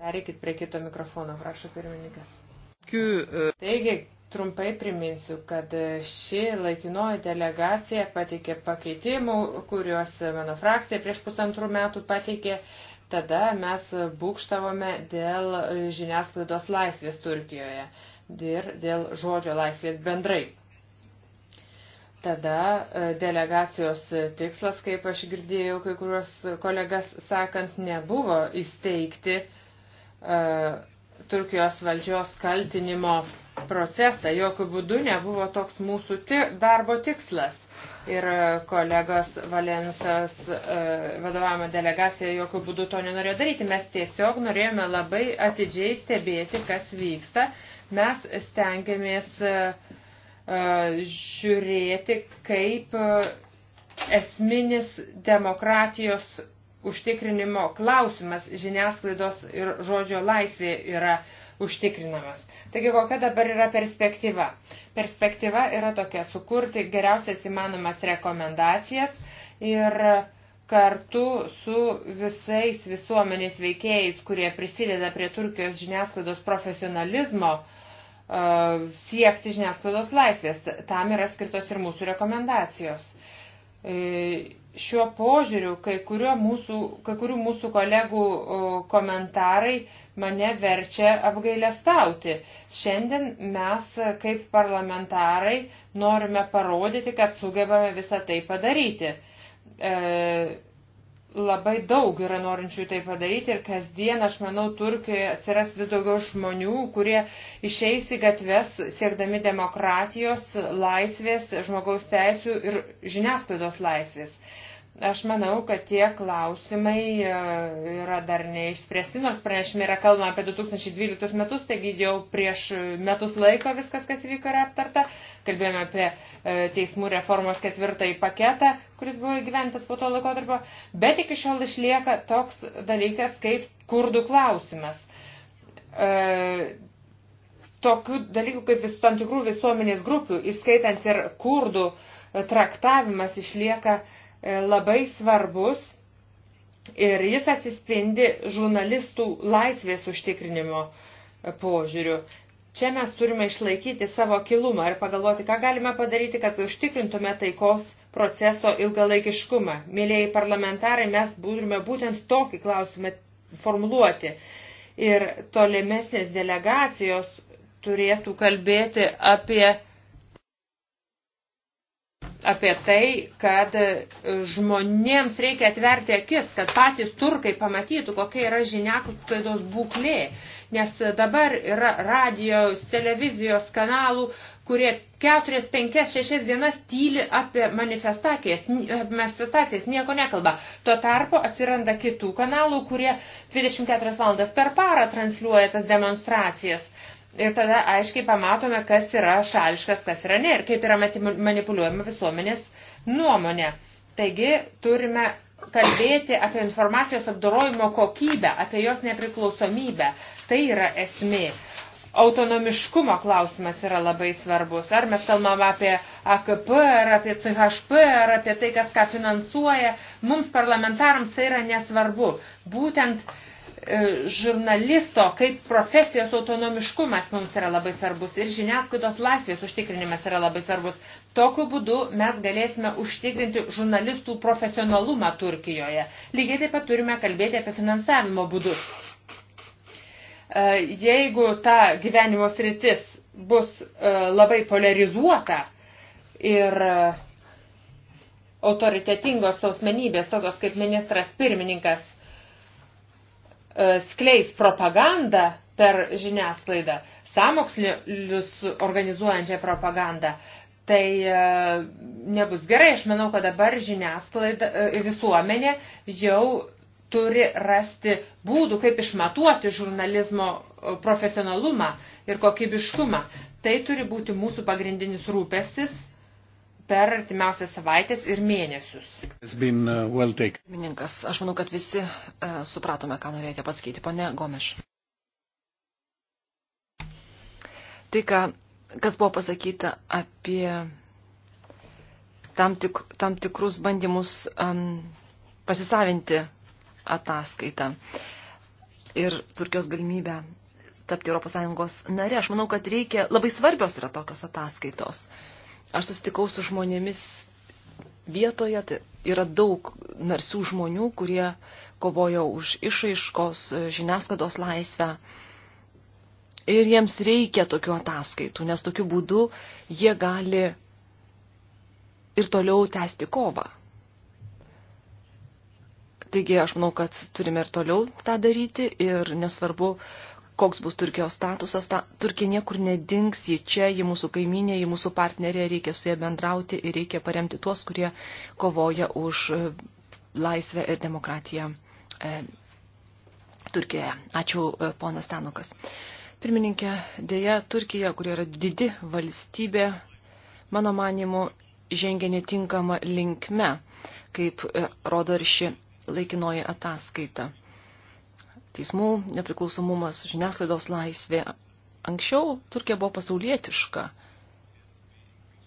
Pereikit prie kito mikrofono, prašo pirmininkas. Uh, Taigi, Trumpai priminsiu, kad ši laikinoji delegacija pateikė pakeitimų, kuriuos mano frakcija prieš pusantrų metų pateikė. Tada mes būkštavome dėl žiniasklaidos laisvės Turkijoje ir dėl žodžio laisvės bendrai. Tada e, delegacijos tikslas, kaip aš girdėjau kai kuriuos kolegas sakant, nebuvo įsteigti uh, Turkijos valdžios kaltinimo procesą. Jokių būdų nebuvo toks mūsų ti darbo tikslas. Ir e, kolegos Valensas e, vadovavimo delegacija jokių būdų to nenorėjo daryti. Mes tiesiog norėjome labai atidžiai stebėti, kas vyksta. Mes stengiamės e, žiūrėti, kaip esminis demokratijos užtikrinimo klausimas žiniasklaidos ir žodžio laisvė yra užtikrinamas. Taigi kokia dabar yra perspektyva? Perspektyva yra tokia - sukurti geriausias įmanomas rekomendacijas ir kartu su visais visuomenės veikėjais, kurie prisideda prie Turkijos žiniasklaidos profesionalizmo, e, siekti žiniasklaidos laisvės. Tam yra skirtos ir mūsų rekomendacijos e, šiuo požiūriu kai, mūsų, kai kurių mūsų kolegų komentarai mane verčia apgailestauti. Šiandien mes kaip parlamentarai norime parodyti, kad sugebame visą tai padaryti. E, labai daug yra norinčių tai padaryti ir kasdien, aš manau, Turkijoje atsiras vis daugiau žmonių, kurie išeis į gatves siekdami demokratijos, laisvės, žmogaus teisų ir žiniasklaidos laisvės. Aš manau, kad tie klausimai e, yra dar neišspręsti, nors pranešime yra kalbama apie 2012 metus, taigi jau prieš metus laiko viskas, kas vyko, yra aptarta. Kalbėjome apie e, teismų reformos ketvirtąjį paketą, kuris buvo įgyventas po to laikotarpio, bet iki šiol išlieka toks dalykas kaip kurdų klausimas. E, tokių dalykų kaip vis, tam tikrų visuomenės grupių, įskaitant ir kurdų traktavimas išlieka uh, E, labai svarbus ir jis atsispindi žurnalistų laisvės užtikrinimo e, požiūriu. Čia mes turime išlaikyti savo kilumą ir pagalvoti, ką galime padaryti, kad užtikrintume taikos proceso ilgalaikiškumą. Mėlėjai parlamentarai, mes būtume būtent tokį klausimą formuluoti. Ir tolimesnės delegacijos turėtų kalbėti apie apie tai, kad e, žmonėms reikia atverti akis, kad patys turkai pamatytų, kokia yra žiniasklaidos būklė. Nes dabar yra radijos, televizijos kanalų, kurie 4, 5, 6 dienas tyli apie manifestacijas, manifestacijas nieko nekalba. Tuo tarpu atsiranda kitų kanalų, kurie 24 valandas per parą transliuoja tas demonstracijas Ir tada aiškiai pamatome, kas yra šališkas, kas yra ne ir kaip yra manipuliuojama visuomenės nuomonė. Taigi turime kalbėti apie informacijos apdorojimo kokybę, apie jos nepriklausomybę. Tai yra esmė. Autonomiškumo klausimas yra labai svarbus. Ar mes kalbam apie AKP, ar apie CHP, ar apie tai, kas ką finansuoja. Mums parlamentarams tai yra nesvarbu. Būtent E, žurnalisto kaip profesijos autonomiškumas mums yra labai svarbus ir žiniasklaidos laisvės užtikrinimas yra labai svarbus. Tokiu būdu mes galėsime užtikrinti žurnalistų profesionalumą Turkijoje. Lygiai taip pat turime kalbėti apie finansavimo būdus. E, jeigu ta gyvenimo sritis bus e, labai polarizuota ir autoritetingos sausmenybės, tokios kaip ministras pirmininkas, skleis propagandą per žiniasklaidą, sąmokslius organizuojančią propagandą, tai e, nebus gerai. Aš manau, kad dabar žiniasklaida, e, visuomenė jau turi rasti būdų, kaip išmatuoti žurnalizmo e, profesionalumą ir kokybiškumą. Tai turi būti mūsų pagrindinis rūpestis per artimiausias savaitės ir mėnesius. Uh, Pirmininkas, well aš manau, kad visi e, supratome, ką norėjote pasakyti, ponė Gomeš. Tai, ką, kas buvo pasakyta apie tam, tik, tam tikrus bandymus um, pasisavinti ataskaitą ir Turkijos galimybę tapti ES nare, aš manau, kad reikia, labai svarbios yra tokios ataskaitos. Uh, Aš susitikau su žmonėmis vietoje, tai yra daug narsių žmonių, kurie kovojo už išaiškos žiniasklaidos laisvę. Ir jiems reikia tokių ataskaitų, nes tokiu būdu jie gali ir toliau tęsti kovą. Taigi aš manau, kad turime ir toliau tą daryti ir nesvarbu, koks bus Turkijos statusas. Ta, Turkija niekur nedings, ji čia, ji mūsų kaiminė, ji mūsų partnerė, reikia su ja bendrauti ir reikia paremti tuos, kurie kovoja už e, laisvę ir demokratiją e, Turkijoje. Ačiū, e, ponas Tanukas. Pirmininkė, dėja, Turkija, kuri yra didi valstybė, mano manimu, žengia netinkama linkme, kaip e, rodo ir ši laikinoji ataskaita teismų nepriklausomumas, žiniasklaidos laisvė. Anksčiau Turkija buvo pasaulietiška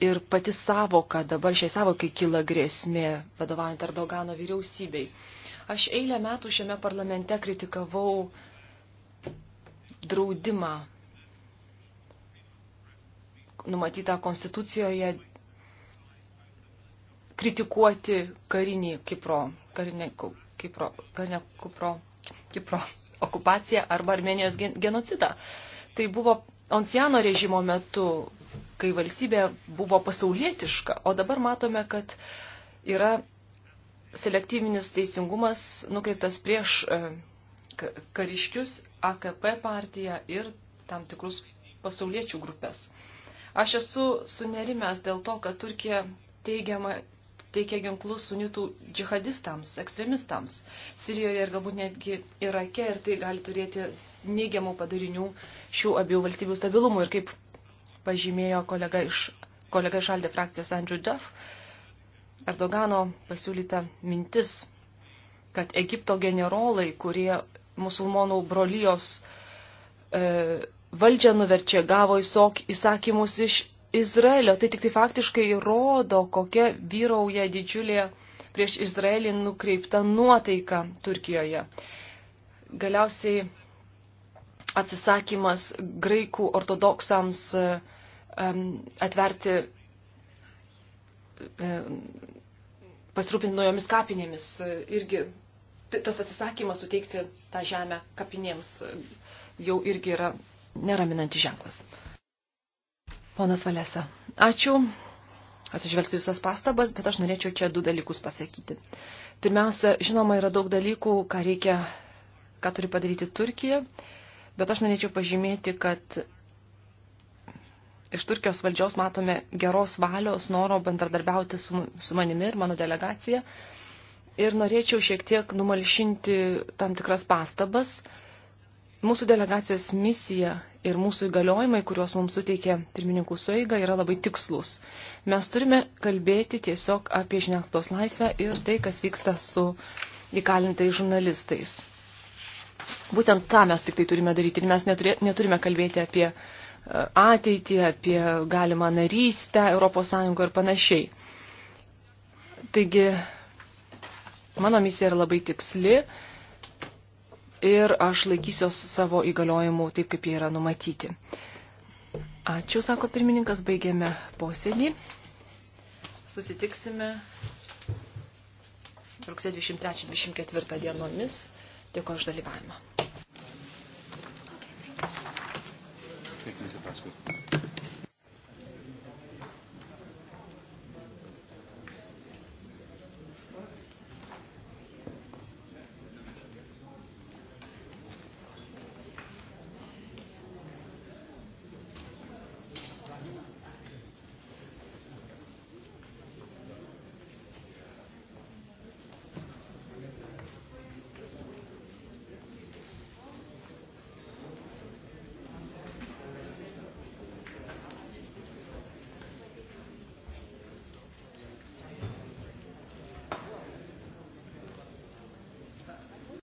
ir pati savoka, dabar šiai savokai kyla grėsmė vadovaujant Erdogano vyriausybei. Aš eilę metų šiame parlamente kritikavau draudimą numatytą konstitucijoje kritikuoti karinį Kipro, karinę, Kipro, karinę Kipro Kipro (laughs) okupaciją arba Armenijos genocidą. Tai buvo Onciano režimo metu, kai valstybė buvo pasaulietiška, o dabar matome, kad yra selektyvinis teisingumas nukreiptas prieš e, kariškius, AKP partiją ir tam tikrus pasauliečių grupės. Aš esu sunerimęs dėl to, kad Turkija teigiama, teikia ginklus sunitų džihadistams, ekstremistams Sirijoje ir galbūt netgi Irake ir tai gali turėti neigiamų padarinių šių abiejų valstybių stabilumui. Ir kaip pažymėjo kolega iš, kolega iš Aldė frakcijos Andrew Duff, Erdogano pasiūlyta mintis, kad Egipto generolai, kurie musulmonų brolijos e, valdžią nuverčia, gavo įsakymus iš Izraelio. Tai tik tai faktiškai rodo, kokia vyrauja didžiulė prieš Izraelį nukreipta nuotaika Turkijoje. Galiausiai atsisakymas graikų ortodoksams e, atverti e, pasirūpinti naujomis kapinėmis. E, irgi tas atsisakymas suteikti tą žemę kapinėms jau irgi yra neraminanti ženklas. Ponas Valesa, ačiū. Atsižvelgsiu visas pastabas, bet aš norėčiau čia du dalykus pasakyti. Pirmiausia, žinoma, yra daug dalykų, ką reikia, ką turi padaryti Turkija, bet aš norėčiau pažymėti, kad iš Turkijos valdžios matome geros valios, noro bendradarbiauti su, su manimi ir mano delegacija. Ir norėčiau šiek tiek numalšinti tam tikras pastabas, Mūsų delegacijos misija ir mūsų įgaliojimai, kuriuos mums suteikė pirmininkų suiga, yra labai tikslus. Mes turime kalbėti tiesiog apie žiniasklaidos laisvę ir tai, kas vyksta su įkalintais žurnalistais. Būtent tą mes tik tai turime daryti ir mes neturė, neturime kalbėti apie e, ateitį, apie galimą narystę ES ir panašiai. Taigi, mano misija yra labai tiksli ir aš laikysiuos savo įgaliojimų taip, kaip jie yra numatyti. Ačiū, sako pirmininkas, baigėme posėdį. Susitiksime rugsėjo 23-24 dienomis. Dėkuoju už dalyvavimą. Okay,